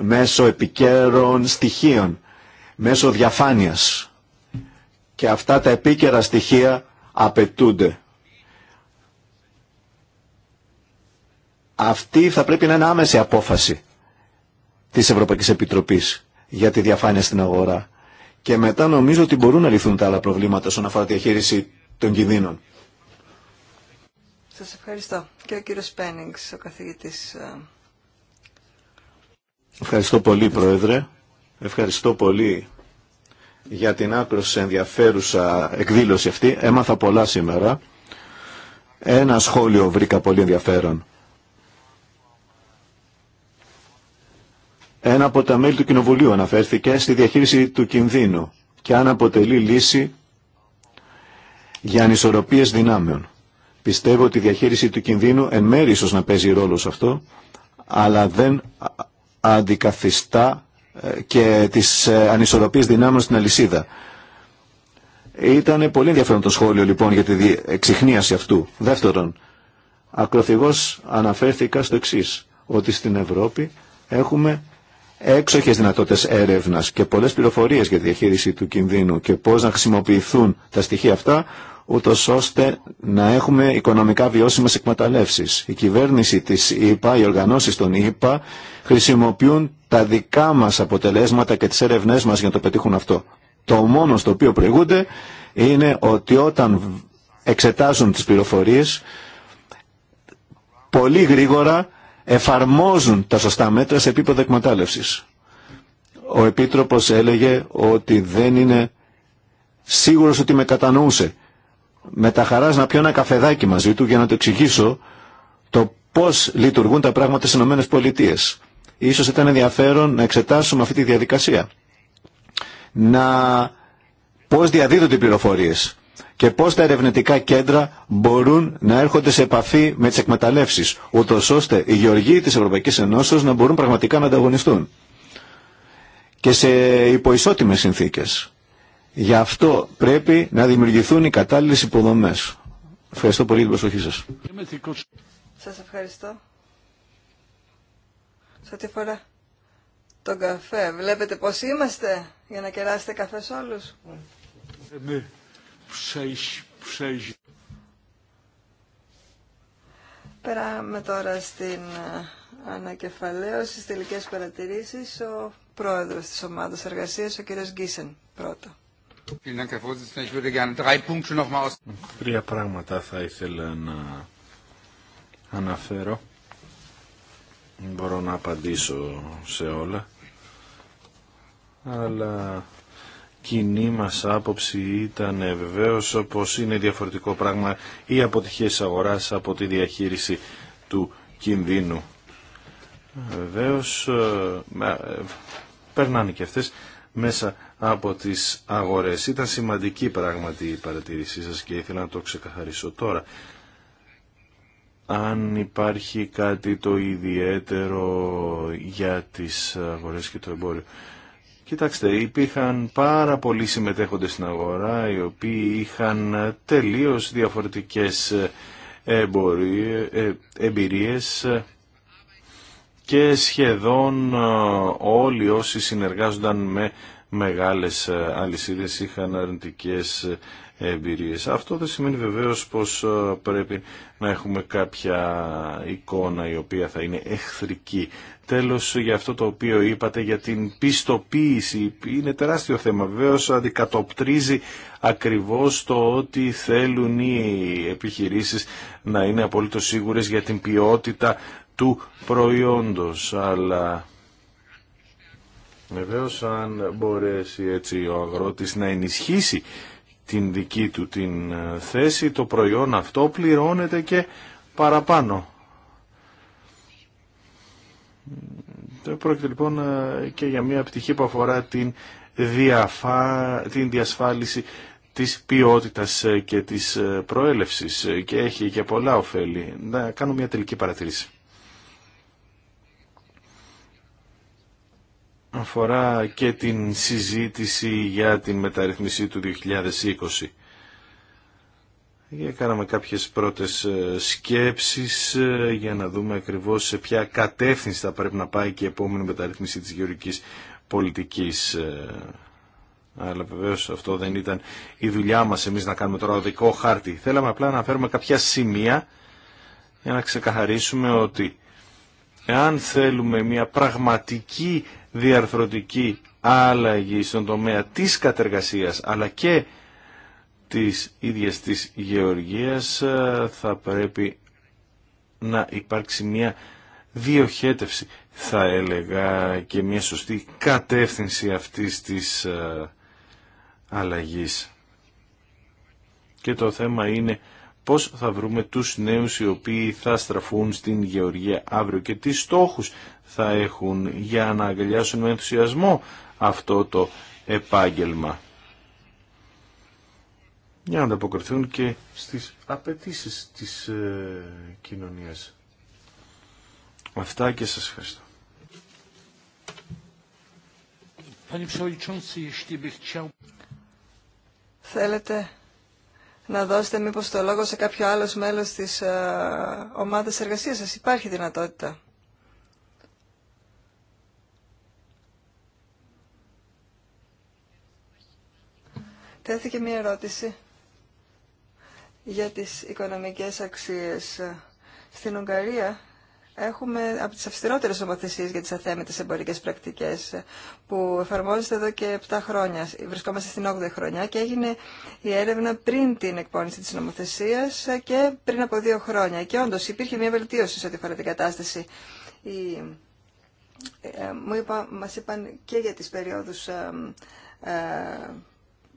μέσω επικαίρων στοιχείων, μέσω διαφάνειας. Και αυτά τα επίκαιρα στοιχεία απαιτούνται Αυτή θα πρέπει να είναι άμεση απόφαση της Ευρωπαϊκής Επιτροπής για τη διαφάνεια στην αγορά. Και μετά νομίζω ότι μπορούν να λυθούν τα άλλα προβλήματα όσον αφορά τη διαχείριση των κινδύνων. Σας ευχαριστώ. Και ο κύριος Πένιγκς, ο καθηγητής. Ε, ευχαριστώ πολύ, Πρόεδρε. Ευχαριστώ πολύ για την άκρο ενδιαφέρουσα εκδήλωση αυτή. Έμαθα πολλά σήμερα. Ένα σχόλιο βρήκα πολύ ενδιαφέρον. Ένα από τα μέλη του Κοινοβουλίου αναφέρθηκε στη διαχείριση του κινδύνου και αν αποτελεί λύση για ανισορροπίες δυνάμεων. Πιστεύω ότι η διαχείριση του κινδύνου εν μέρη ίσως να παίζει ρόλο σε αυτό, αλλά δεν αντικαθιστά ε, και τις ε, ανισορροπίες δυνάμεων στην αλυσίδα. Ήταν πολύ ενδιαφέρον το σχόλιο λοιπόν για τη εξυχνίαση αυτού. Δεύτερον, ακροθυγώς αναφέρθηκα στο εξή ότι στην Ευρώπη έχουμε έξοχες δυνατότητες έρευνας και πολλές πληροφορίες για τη διαχείριση του κινδύνου και πώς να χρησιμοποιηθούν τα στοιχεία αυτά ούτω ώστε να έχουμε οικονομικά βιώσιμες εκμεταλλεύσεις. Η κυβέρνηση της ΕΠΑ, οι οργανώσεις των ΕΠΑ χρησιμοποιούν τα δικά μας αποτελέσματα και τις έρευνές μας για να το πετύχουν αυτό. Το μόνο στο οποίο προηγούνται είναι ότι όταν εξετάζουν τις πληροφορίες πολύ γρήγορα εφαρμόζουν τα σωστά μέτρα σε επίπεδο εκμετάλλευση. Ο Επίτροπος έλεγε ότι δεν είναι σίγουρος ότι με κατανοούσε. Με τα χαράς να πιω ένα καφεδάκι μαζί του για να το εξηγήσω το πώς λειτουργούν τα πράγματα στις Ηνωμένες Πολιτείες. Ίσως ήταν ενδιαφέρον να εξετάσουμε αυτή τη διαδικασία. Να πώς διαδίδονται οι πληροφορίες και πώς τα ερευνητικά κέντρα μπορούν να έρχονται σε επαφή με τις εκμεταλλεύσεις, ούτως ώστε οι γεωργοί της Ευρωπαϊκής Ενώσεως να μπορούν πραγματικά να ανταγωνιστούν και σε υποϊσότιμες συνθήκες. Γι' αυτό πρέπει να δημιουργηθούν οι κατάλληλες υποδομές. Ευχαριστώ πολύ την προσοχή σας. Σας ευχαριστώ. Σε ό,τι φορά. τον καφέ, βλέπετε πώς είμαστε για να κεράσετε καφέ σε Περάμε τώρα στην ανακεφαλαίωση, στις τελικές παρατηρήσεις. Ο πρόεδρος της ομάδας εργασίας, ο κ. Γκίσεν, πρώτα. Τρία πράγματα θα ήθελα να αναφέρω. Μπορώ να απαντήσω σε όλα. Αλλά κοινή μας άποψη ήταν ε, βεβαίως πως είναι διαφορετικό πράγμα η αποτυχία αγοράς από τη διαχείριση του κινδύνου. Βεβαίως ε, ε, περνάνε και αυτές μέσα από τις αγορές. Ήταν σημαντική πράγματι η παρατήρησή σας και ήθελα να το ξεκαθαρίσω τώρα. Αν υπάρχει κάτι το ιδιαίτερο για τις αγορές και το εμπόριο. Κοιτάξτε, υπήρχαν πάρα πολλοί συμμετέχοντες στην αγορά, οι οποίοι είχαν τελείως διαφορετικές ε, ε, εμπειρίες και σχεδόν ε, όλοι όσοι συνεργάζονταν με μεγάλες αλυσίδες είχαν αρνητικές εμπειρίες. Αυτό δεν σημαίνει βεβαίως πως ε, πρέπει να έχουμε κάποια εικόνα η οποία θα είναι εχθρική. Τέλος για αυτό το οποίο είπατε για την πιστοποίηση είναι τεράστιο θέμα. Βεβαίως αντικατοπτρίζει ακριβώς το ότι θέλουν οι επιχειρήσεις να είναι απολύτως σίγουρες για την ποιότητα του προϊόντος. Αλλά βεβαίως αν μπορέσει έτσι ο αγρότης να ενισχύσει την δική του την ε, θέση, το προϊόν αυτό πληρώνεται και παραπάνω. Ε, πρόκειται λοιπόν ε, και για μια πτυχή που αφορά την, διαφα... την διασφάλιση της ποιότητας και της προέλευσης και έχει και πολλά ωφέλη. Να κάνω μια τελική παρατήρηση. αφορά και την συζήτηση για την μεταρρυθμισή του 2020. Για κάναμε κάποιες πρώτες ε, σκέψεις ε, για να δούμε ακριβώς σε ποια κατεύθυνση θα πρέπει να πάει και η επόμενη μεταρρύθμιση της γεωργικής πολιτικής. Ε. Αλλά βεβαίως αυτό δεν ήταν η δουλειά μας εμείς να κάνουμε τώρα οδικό χάρτη. Θέλαμε απλά να φέρουμε κάποια σημεία για να ξεκαθαρίσουμε ότι εάν θέλουμε μια πραγματική διαρθρωτική άλλαγη στον τομέα της κατεργασίας αλλά και της ίδιας της γεωργίας ε, θα πρέπει να υπάρξει μια διοχέτευση θα έλεγα και μια σωστή κατεύθυνση αυτής της ε, αλλαγής. Και το θέμα είναι πώς θα βρούμε τους νέους οι οποίοι θα στραφούν στην γεωργία αύριο και τι στόχους θα έχουν για να αγκαλιάσουν με ενθουσιασμό αυτό το επάγγελμα. Για να ανταποκριθούν και στις απαιτήσει της ε, κοινωνίας. Αυτά και σας ευχαριστώ. Θέλετε να δώσετε μήπως το λόγο σε κάποιο άλλος μέλος της ε, ομάδας εργασίας σας. Υπάρχει δυνατότητα. Τέθηκε μία ερώτηση για τις οικονομικές αξίες. Ε, στην Ουγγαρία έχουμε από τις αυστηρότερες ομοθεσίες για τις αθέμετες εμπορικές πρακτικές που εφαρμόζεται εδώ και 7 χρόνια. Βρισκόμαστε στην 8η χρονιά και έγινε η έρευνα πριν την εκπόνηση της νομοθεσίας και πριν από 2 χρόνια. Και όντως υπήρχε μια βελτίωση σε ό,τι αφορά την κατάσταση. Η... Ε, ε, μου μας είπαν και για τις περιόδους ε,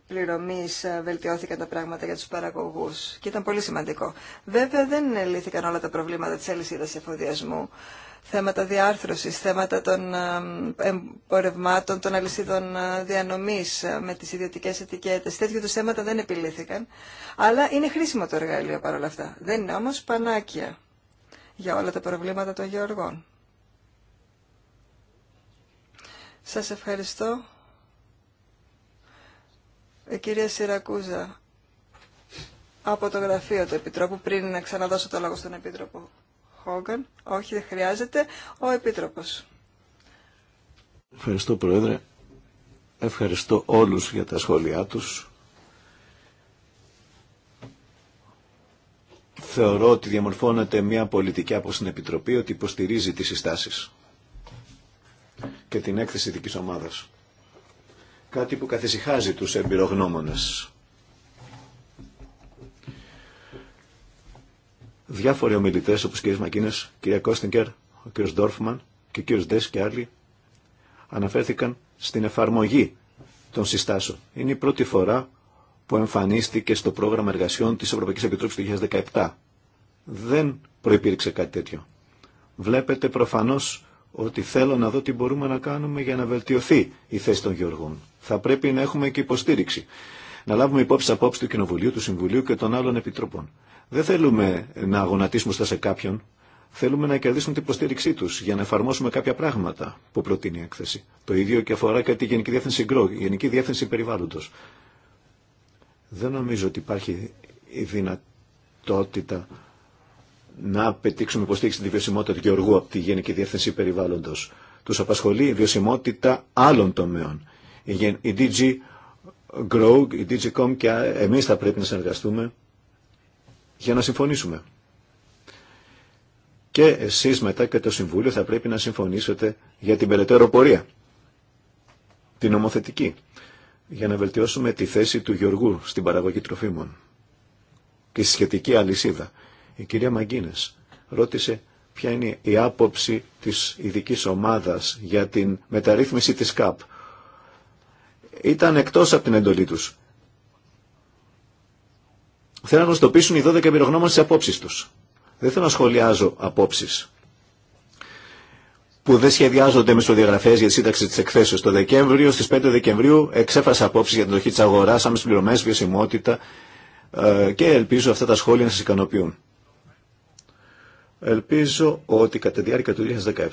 πληρωμής ε, βελτιώθηκαν τα πράγματα για τους παραγωγούς και ήταν πολύ σημαντικό. Βέβαια δεν λύθηκαν όλα τα προβλήματα της αλυσίδας εφοδιασμού, θέματα διάρθρωσης, θέματα των ε, εμπορευμάτων, των αλυσίδων ε, διανομής με τις ιδιωτικές ετικέτες. Τέτοιου του θέματα δεν επιλύθηκαν, αλλά είναι χρήσιμο το εργαλείο παρόλα αυτά. Δεν είναι όμως πανάκια για όλα τα προβλήματα των γεωργών. Σας ευχαριστώ. Ε, κυρία Σιρακούζα από το γραφείο του Επιτρόπου πριν να ξαναδώσω το λόγο στον Επίτροπο Χόγκαν. Όχι, δεν χρειάζεται. Ο Επίτροπος. Ευχαριστώ Πρόεδρε. Ευχαριστώ όλους για τα σχόλιά τους. Θεωρώ ότι διαμορφώνεται μια πολιτική από την Επιτροπή ότι υποστηρίζει τις συστάσεις και την έκθεση δικής ομάδας. Κάτι που καθησυχάζει τους εμπειρογνώμονες. Διάφοροι ομιλητές όπως κ. Μακίνες, κ. Κώστιγκερ, ο κ. Ντόρφμαν και ο κ. Ντες και άλλοι αναφέρθηκαν στην εφαρμογή των συστάσεων. Είναι η πρώτη φορά που εμφανίστηκε στο πρόγραμμα εργασιών της Ευρωπαϊκής Επιτροπής του 2017. Δεν προϋπήρξε κάτι τέτοιο. Βλέπετε προφανώς ότι θέλω να δω τι μπορούμε να κάνουμε για να βελτιωθεί η θέση των γεωργών θα πρέπει να έχουμε και υποστήριξη. Να λάβουμε υπόψη απόψη του Κοινοβουλίου, του Συμβουλίου και των άλλων επιτροπών. Δεν θέλουμε να αγωνατίσουμε στα σε κάποιον. Θέλουμε να κερδίσουμε την υποστήριξή του για να εφαρμόσουμε κάποια πράγματα που προτείνει η έκθεση. Το ίδιο και αφορά και τη Γενική Διεύθυνση Γκρό, Γενική Διεύθυνση Περιβάλλοντο. Δεν νομίζω ότι υπάρχει η δυνατότητα να πετύξουμε υποστήριξη τη βιωσιμότητα του Γεωργού από τη Γενική Διεύθυνση Περιβάλλοντο. Του απασχολεί η βιωσιμότητα άλλων τομέων. Η DG Grow, η DG.com και εμείς θα πρέπει να συνεργαστούμε για να συμφωνήσουμε. Και εσείς μετά και το Συμβούλιο θα πρέπει να συμφωνήσετε για την περαιτέρω πορεία, την νομοθετική, για να βελτιώσουμε τη θέση του Γιωργού στην παραγωγή τροφίμων και στη σχετική αλυσίδα. Η κυρία Μαγκίνες ρώτησε ποια είναι η άποψη της ειδική ομάδας για την μεταρρύθμιση της ΚΑΠ ήταν εκτός από την εντολή τους. Θέλω να γνωστοποιήσουν οι 12 εμπειρογνώμονες τις απόψεις τους. Δεν θέλω να σχολιάζω απόψεις που δεν σχεδιάζονται με για τη σύνταξη τη εκθέσεω. Το Δεκέμβριο, στι 5 Δεκεμβρίου, εξέφρασα απόψει για την τοχή τη αγορά, άμεσε πληρωμέ, βιωσιμότητα ε, και ελπίζω αυτά τα σχόλια να σα ικανοποιούν. Ελπίζω ότι κατά τη διάρκεια του 2017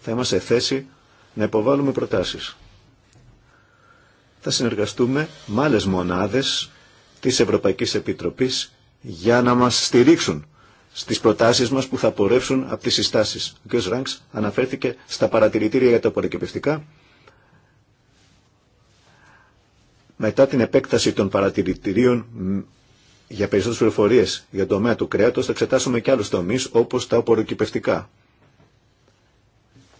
θα είμαστε θέση να υποβάλουμε προτάσεις θα συνεργαστούμε με άλλε μονάδες της Ευρωπαϊκής Επιτροπής για να μας στηρίξουν στις προτάσεις μας που θα πορεύσουν από τις συστάσεις. Ο κ. Ράγκ αναφέρθηκε στα παρατηρητήρια για τα απορροκεπευτικά. Μετά την επέκταση των παρατηρητηρίων για περισσότερες πληροφορίε για το τομέα του κρέατος θα εξετάσουμε και άλλους τομείς όπως τα απορροκυπευτικά.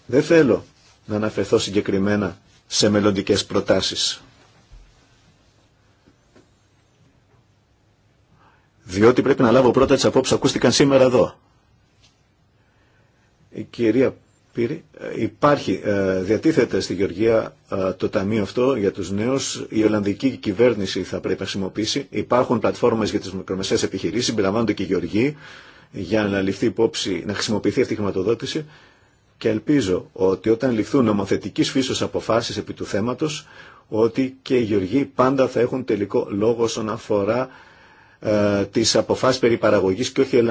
Δεν θέλω να αναφερθώ συγκεκριμένα σε μελλοντικέ προτάσεις. διότι πρέπει να λάβω πρώτα τις απόψεις που ακούστηκαν σήμερα εδώ. Η κυρία Πύρη, ε, υπάρχει, ε, διατίθεται στη Γεωργία ε, το ταμείο αυτό για τους νέους, η Ολλανδική κυβέρνηση θα πρέπει να χρησιμοποιήσει, υπάρχουν πλατφόρμες για τις μικρομεσαίες επιχειρήσεις, συμπεριλαμβάνονται και οι Γεωργοί, για να ληφθεί υπόψη, να χρησιμοποιηθεί αυτή η χρηματοδότηση και ελπίζω ότι όταν ληφθούν νομοθετικής φύσεως αποφάσεις επί του θέματος, ότι και οι Γεωργοί πάντα θα έχουν τελικό λόγο όσον αφορά ε, τις αποφάσεις περί παραγωγής και όχι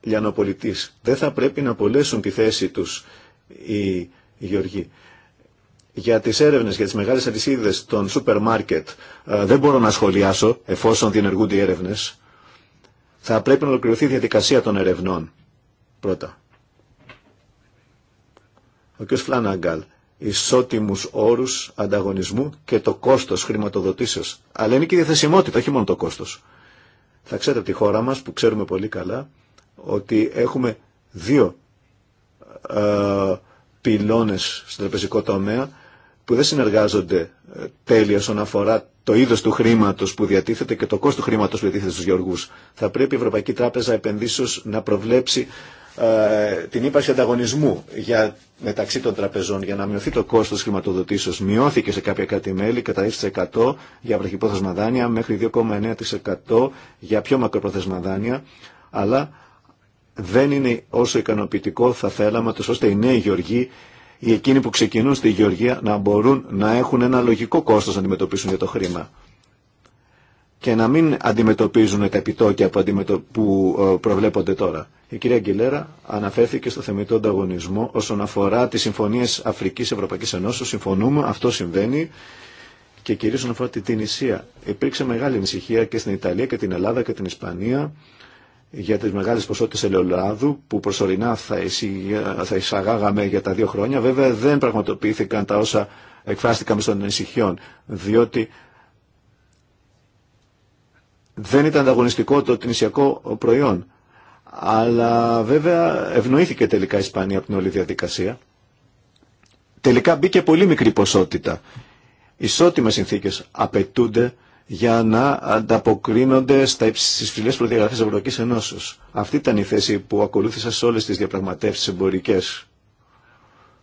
λιανοπολιτής. Δεν θα πρέπει να απολέσουν τη θέση τους οι γεωργοί. Για τις έρευνες, για τις μεγάλες αλυσίδες των σούπερ μάρκετ ε, δεν μπορώ να σχολιάσω εφόσον διενεργούνται οι έρευνες. Θα πρέπει να ολοκληρωθεί η διαδικασία των ερευνών πρώτα. Ο κ. Φλάναγκαλ ισότιμους όρους ανταγωνισμού και το κόστος χρηματοδοτήσεως. Αλλά είναι και η διαθεσιμότητα, όχι μόνο το κόστος. Θα ξέρετε από τη χώρα μας που ξέρουμε πολύ καλά ότι έχουμε δύο ε, πυλώνες στο τραπεζικό τομέα που δεν συνεργάζονται ε, τέλεια όσον αφορά το είδος του χρήματος που διατίθεται και το κόστος του χρήματος που διατίθεται στους γεωργούς. Θα πρέπει η Ευρωπαϊκή Τράπεζα Επενδύσεως να προβλέψει ε, την ύπαρξη ανταγωνισμού για, μεταξύ των τραπεζών για να μειωθεί το κόστος χρηματοδοτήσεως. Μειώθηκε σε κάποια κάτι μέλη κατά 6% για βραχυπρόθεσμα δάνεια μέχρι 2,9% για πιο μακροπρόθεσμα δάνεια, αλλά δεν είναι όσο ικανοποιητικό θα θέλαμε ώστε οι νέοι γεωργοί ή εκείνοι που ξεκινούν στη γεωργία να μπορούν να έχουν ένα λογικό κόστος να αντιμετωπίσουν για το χρήμα και να μην αντιμετωπίζουν τα επιτόκια που ε, προβλέπονται τώρα. Η κυρία Αγγιλέρα αναφέρθηκε στο θεμητό ανταγωνισμό όσον αφορά τι συμφωνίε Αφρική-Ευρωπαϊκή Ενώσεω. Συμφωνούμε, αυτό συμβαίνει και κυρίω όσον αφορά την Ισία. Υπήρξε μεγάλη ανησυχία και στην Ιταλία και την Ελλάδα και την Ισπανία για τι μεγάλε ποσότητε ελαιολάδου που προσωρινά θα εισαγάγαμε για τα δύο χρόνια. Βέβαια δεν πραγματοποιήθηκαν τα όσα εκφράστηκαμε των ανησυχιών, διότι δεν ήταν ανταγωνιστικό το τυνησιακό προϊόν. Αλλά βέβαια ευνοήθηκε τελικά η Ισπανία από την όλη διαδικασία. Τελικά μπήκε πολύ μικρή ποσότητα. Ισότιμες συνθήκες απαιτούνται για να ανταποκρίνονται στα υψηλές προδιαγραφές της Ευρωπαϊκής Ενώσεως. Αυτή ήταν η θέση που ακολούθησα σε όλες τις διαπραγματεύσεις εμπορικές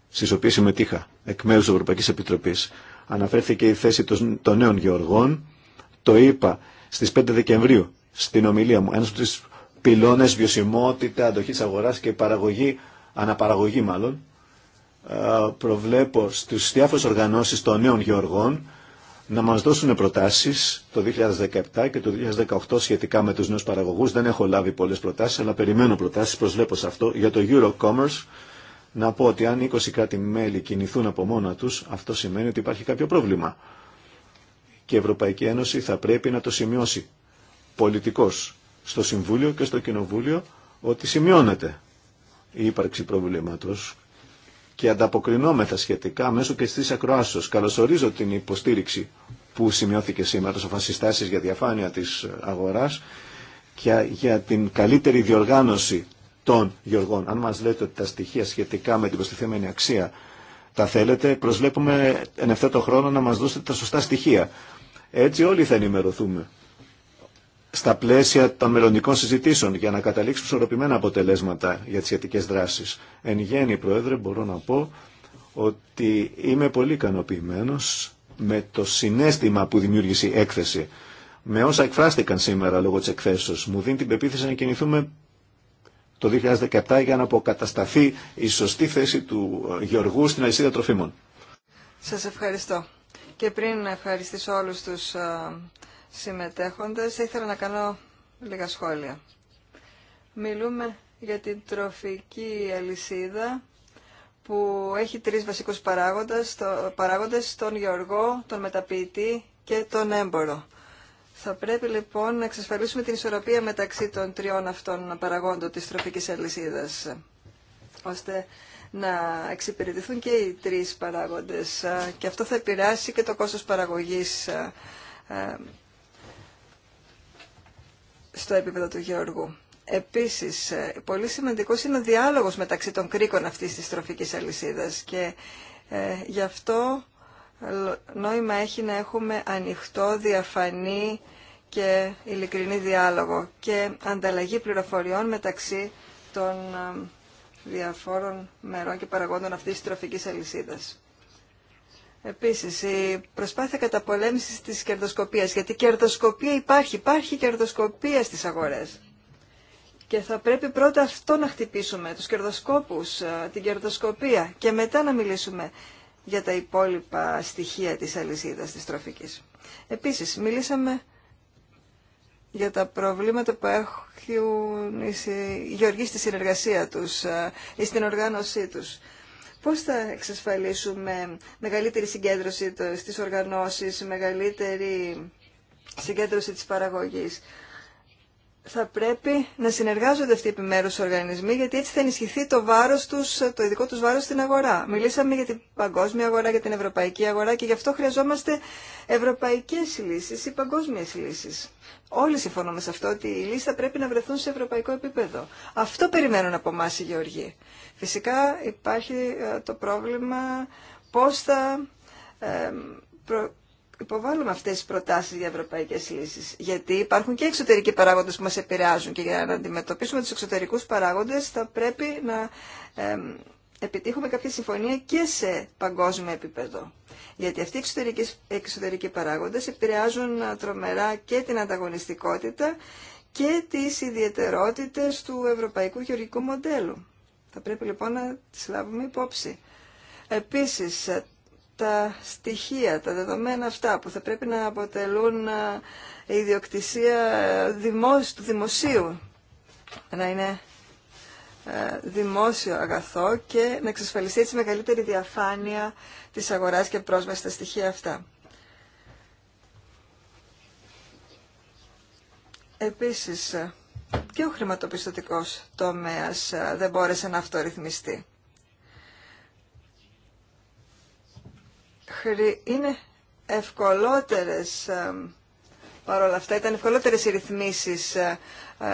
στις οποίες συμμετείχα εκ μέρους της Ευρωπαϊκής Επιτροπής. Αναφέρθηκε η θέση των νέων γεωργών, το είπα Στι 5 Δεκεμβρίου στην ομιλία μου. ένα από του πυλώνε βιωσιμότητα, αντοχή της και παραγωγή, αναπαραγωγή μάλλον, προβλέπω στου διάφορες οργανώσει των νέων γεωργών να μα δώσουν προτάσει το 2017 και το 2018 σχετικά με του νέου παραγωγού. Δεν έχω λάβει πολλέ προτάσει, αλλά περιμένω προτάσει, προσβλέπω σε αυτό. Για το Eurocommerce να πω ότι αν 20 κράτη-μέλη κινηθούν από μόνα τους, αυτό σημαίνει ότι υπάρχει κάποιο πρόβλημα και η Ευρωπαϊκή Ένωση θα πρέπει να το σημειώσει πολιτικός στο Συμβούλιο και στο Κοινοβούλιο ότι σημειώνεται η ύπαρξη προβλήματος και ανταποκρινόμεθα σχετικά μέσω και στις ακροάσεις. Καλωσορίζω την υποστήριξη που σημειώθηκε σήμερα στο φασιστάσεις για διαφάνεια της αγοράς και για την καλύτερη διοργάνωση των γεωργών. Αν μας λέτε ότι τα στοιχεία σχετικά με την προστιθέμενη αξία τα θέλετε, προσβλέπουμε εν ευθέτω χρόνο να μας δώσετε τα σωστά στοιχεία. Έτσι όλοι θα ενημερωθούμε στα πλαίσια των μελλοντικών συζητήσεων για να καταλήξουμε ισορροπημένα αποτελέσματα για τις σχετικές δράσεις. Εν γέννη, Πρόεδρε, μπορώ να πω ότι είμαι πολύ ικανοποιημένο με το συνέστημα που δημιούργησε η έκθεση. Με όσα εκφράστηκαν σήμερα λόγω της εκθέσεως, μου δίνει την πεποίθηση να κινηθούμε το 2017 για να αποκατασταθεί η σωστή θέση του Γεωργού στην αλυσίδα τροφίμων. Σας ευχαριστώ. Και πριν ευχαριστήσω όλους τους ε, συμμετέχοντες, ήθελα να κάνω λίγα σχόλια. Μιλούμε για την τροφική αλυσίδα που έχει τρεις βασικούς παράγοντες, το, παράγοντες τον γεωργό, τον μεταποιητή και τον έμπορο. Θα πρέπει λοιπόν να εξασφαλίσουμε την ισορροπία μεταξύ των τριών αυτών παραγόντων της τροφικής αλυσίδας, ώστε να εξυπηρετηθούν και οι τρεις παράγοντες και αυτό θα επηρεάσει και το κόστος παραγωγής στο επίπεδο του γεωργού. Επίσης, ε, πολύ σημαντικός είναι ο διάλογος μεταξύ των κρίκων αυτής της τροφικής αλυσίδας και ε, γι' αυτό νόημα έχει να έχουμε ανοιχτό, διαφανή και ειλικρινή διάλογο και ανταλλαγή πληροφοριών μεταξύ των ε, διαφόρων μερών και παραγόντων αυτής της τροφικής αλυσίδας. Επίσης, η προσπάθεια καταπολέμησης της κερδοσκοπίας, γιατί κερδοσκοπία υπάρχει, υπάρχει κερδοσκοπία στις αγορές. Και θα πρέπει πρώτα αυτό να χτυπήσουμε, τους κερδοσκόπους, ε, την κερδοσκοπία και μετά να μιλήσουμε για τα υπόλοιπα στοιχεία της αλυσίδας της τροφικής. Επίσης, μιλήσαμε για τα προβλήματα που έχουν οι γεωργοί στη συνεργασία τους ε, ή στην οργάνωσή τους. Πώς θα εξασφαλίσουμε μεγαλύτερη συγκέντρωση στις οργανώσεις, μεγαλύτερη συγκέντρωση της παραγωγής θα πρέπει να συνεργάζονται αυτοί οι επιμέρους οργανισμοί γιατί έτσι θα ενισχυθεί το βάρος τους, το ειδικό τους βάρος στην αγορά. Μιλήσαμε για την παγκόσμια αγορά, για την ευρωπαϊκή αγορά και γι' αυτό χρειαζόμαστε ευρωπαϊκές λύσεις ή παγκόσμιες λύσεις. Όλοι συμφωνούμε σε αυτό ότι οι λύσεις θα πρέπει να βρεθούν σε ευρωπαϊκό επίπεδο. Αυτό περιμένουν από εμά οι Γεωργοί. Φυσικά υπάρχει ε, το πρόβλημα πώς θα ε, υποβάλλουμε αυτές τις προτάσεις για ευρωπαϊκές λύσεις. Γιατί υπάρχουν και εξωτερικοί παράγοντες που μας επηρεάζουν και για να αντιμετωπίσουμε τους εξωτερικούς παράγοντες θα πρέπει να επιτύχουμε κάποια συμφωνία και σε παγκόσμιο επίπεδο. Γιατί αυτοί οι εξωτερικοί, εξωτερικοί παράγοντες επηρεάζουν τρομερά και την ανταγωνιστικότητα και τις ιδιαιτερότητες του ευρωπαϊκού γεωργικού μοντέλου. Θα πρέπει λοιπόν να τις λάβουμε υπόψη. Επίσης, τα στοιχεία, τα δεδομένα αυτά που θα πρέπει να αποτελούν ε, ιδιοκτησία του δημοσίου, να είναι ε, δημόσιο αγαθό και να εξασφαλιστεί έτσι μεγαλύτερη διαφάνεια της αγοράς και πρόσβαση στα στοιχεία αυτά. Επίσης, ε, και ο χρηματοπιστωτικός τομέας δεν μπόρεσε να αυτορυθμιστεί. είναι ευκολότερες Παρ' όλα αυτά ήταν ευκολότερες οι ρυθμίσεις ε,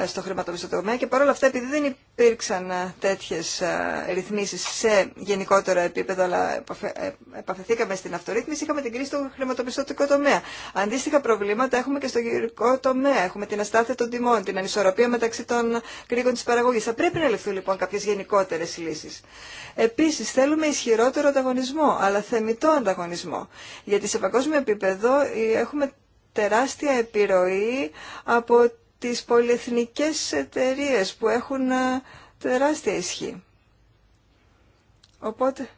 ε, στο χρηματοπιστωτικό τομέα και παρόλα αυτά επειδή δεν υπήρξαν ε, τέτοιες ρυθμίσεις σε γενικότερο επίπεδο αλλά επαφεθήκαμε στην αυτορύθμιση είχαμε την κρίση στο χρηματοπιστωτικό τομέα. Αντίστοιχα προβλήματα έχουμε και στο γεωργικό τομέα. Έχουμε την αστάθεια των τιμών, την ανισορροπία μεταξύ των κρίκων της παραγωγής. Θα πρέπει να ληφθούν λοιπόν κάποιες γενικότερες λύσεις. Επίσης θέλουμε ισχυρότερο ανταγωνισμό αλλά θεμητό ανταγωνισμό. Γιατί σε παγκόσμιο επίπεδο έχουμε τεράστια επιρροή από τις πολυεθνικές εταιρείε που έχουν ε, τεράστια ισχύ. Οπότε,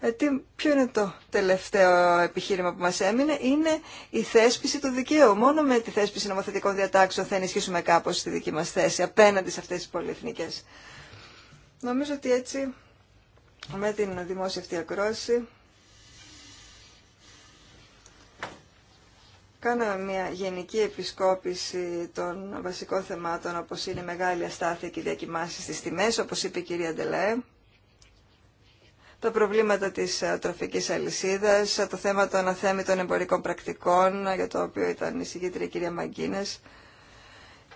ε, τι, ποιο είναι το τελευταίο επιχείρημα που μας έμεινε, είναι η θέσπιση του δικαίου. Μόνο με τη θέσπιση νομοθετικών διατάξεων θα ενισχύσουμε κάπως τη δική μας θέση απέναντι σε αυτές τις πολυεθνικές. Νομίζω ότι έτσι με την δημόσια αυτή ακρόση Κάναμε μια γενική επισκόπηση των βασικών θεμάτων, όπως είναι η μεγάλη αστάθεια και οι διακοιμάσεις στις τιμές, όπως είπε η κυρία Ντελέ, τα προβλήματα της τροφικής αλυσίδας, το θέμα των αθέμητων εμπορικών πρακτικών, για το οποίο ήταν η συγκήτρια η κυρία Μαγκίνες.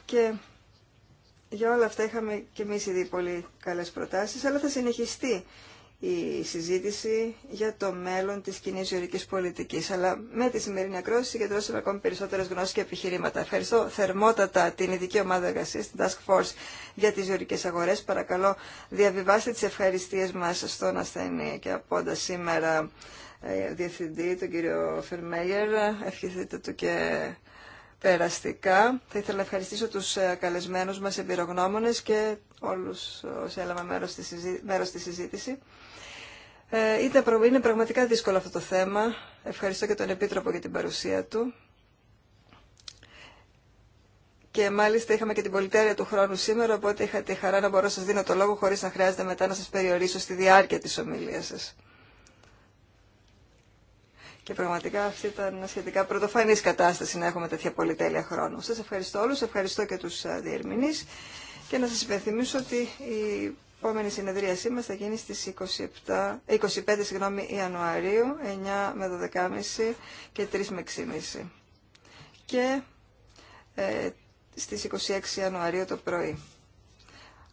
Και για όλα αυτά είχαμε και εμείς ήδη πολύ καλές προτάσεις, αλλά θα συνεχιστεί η συζήτηση για το μέλλον της κοινή ζωρικής πολιτικής. Αλλά με τη σημερινή ακρόαση συγκεντρώσαμε ακόμη περισσότερες γνώσεις και επιχειρήματα. Ευχαριστώ θερμότατα την ειδική ομάδα εργασίας, την Task Force για τις ζωρικές αγορές. Παρακαλώ διαβιβάστε τις ευχαριστίες μας στον ασθενή και απόντα σήμερα ε, διευθυντή, τον κύριο Φερμέγερ. Ευχηθείτε του και περαστικά. Θα ήθελα να ευχαριστήσω τους ε, καλεσμένους μας εμπειρογνώμονες και όλους ε, όσοι έλαβαν μέρος στη συζήτηση. Ε, είτε είναι πραγματικά δύσκολο αυτό το θέμα. Ευχαριστώ και τον Επίτροπο για την παρουσία του. Και μάλιστα είχαμε και την πολυτέλεια του χρόνου σήμερα, οπότε είχα τη χαρά να μπορώ να σας δίνω το λόγο χωρίς να χρειάζεται μετά να σας περιορίσω στη διάρκεια της ομιλίας σας. Και πραγματικά αυτή ήταν σχετικά πρωτοφανή κατάσταση να έχουμε τέτοια πολυτέλεια χρόνου. Σας ευχαριστώ όλους, ευχαριστώ και τους ε, διερμηνείς και να σας υπενθυμίσω ότι η επόμενη συνεδρίασή μας θα γίνει στις 27, 25 Ιανουαρίου, 9 με 12.30 και 3 με 6.30. Και ε, στις 26 Ιανουαρίου το πρωί.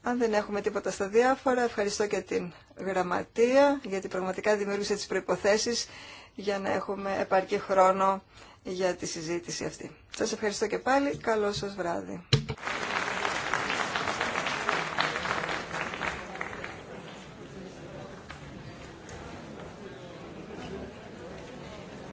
Αν δεν έχουμε τίποτα στα διάφορα, ευχαριστώ και την γραμματεία, γιατί πραγματικά δημιούργησε τις προϋποθέσεις για να έχουμε επαρκή χρόνο για τη συζήτηση αυτή. Σας ευχαριστώ και πάλι. Καλό σας βράδυ.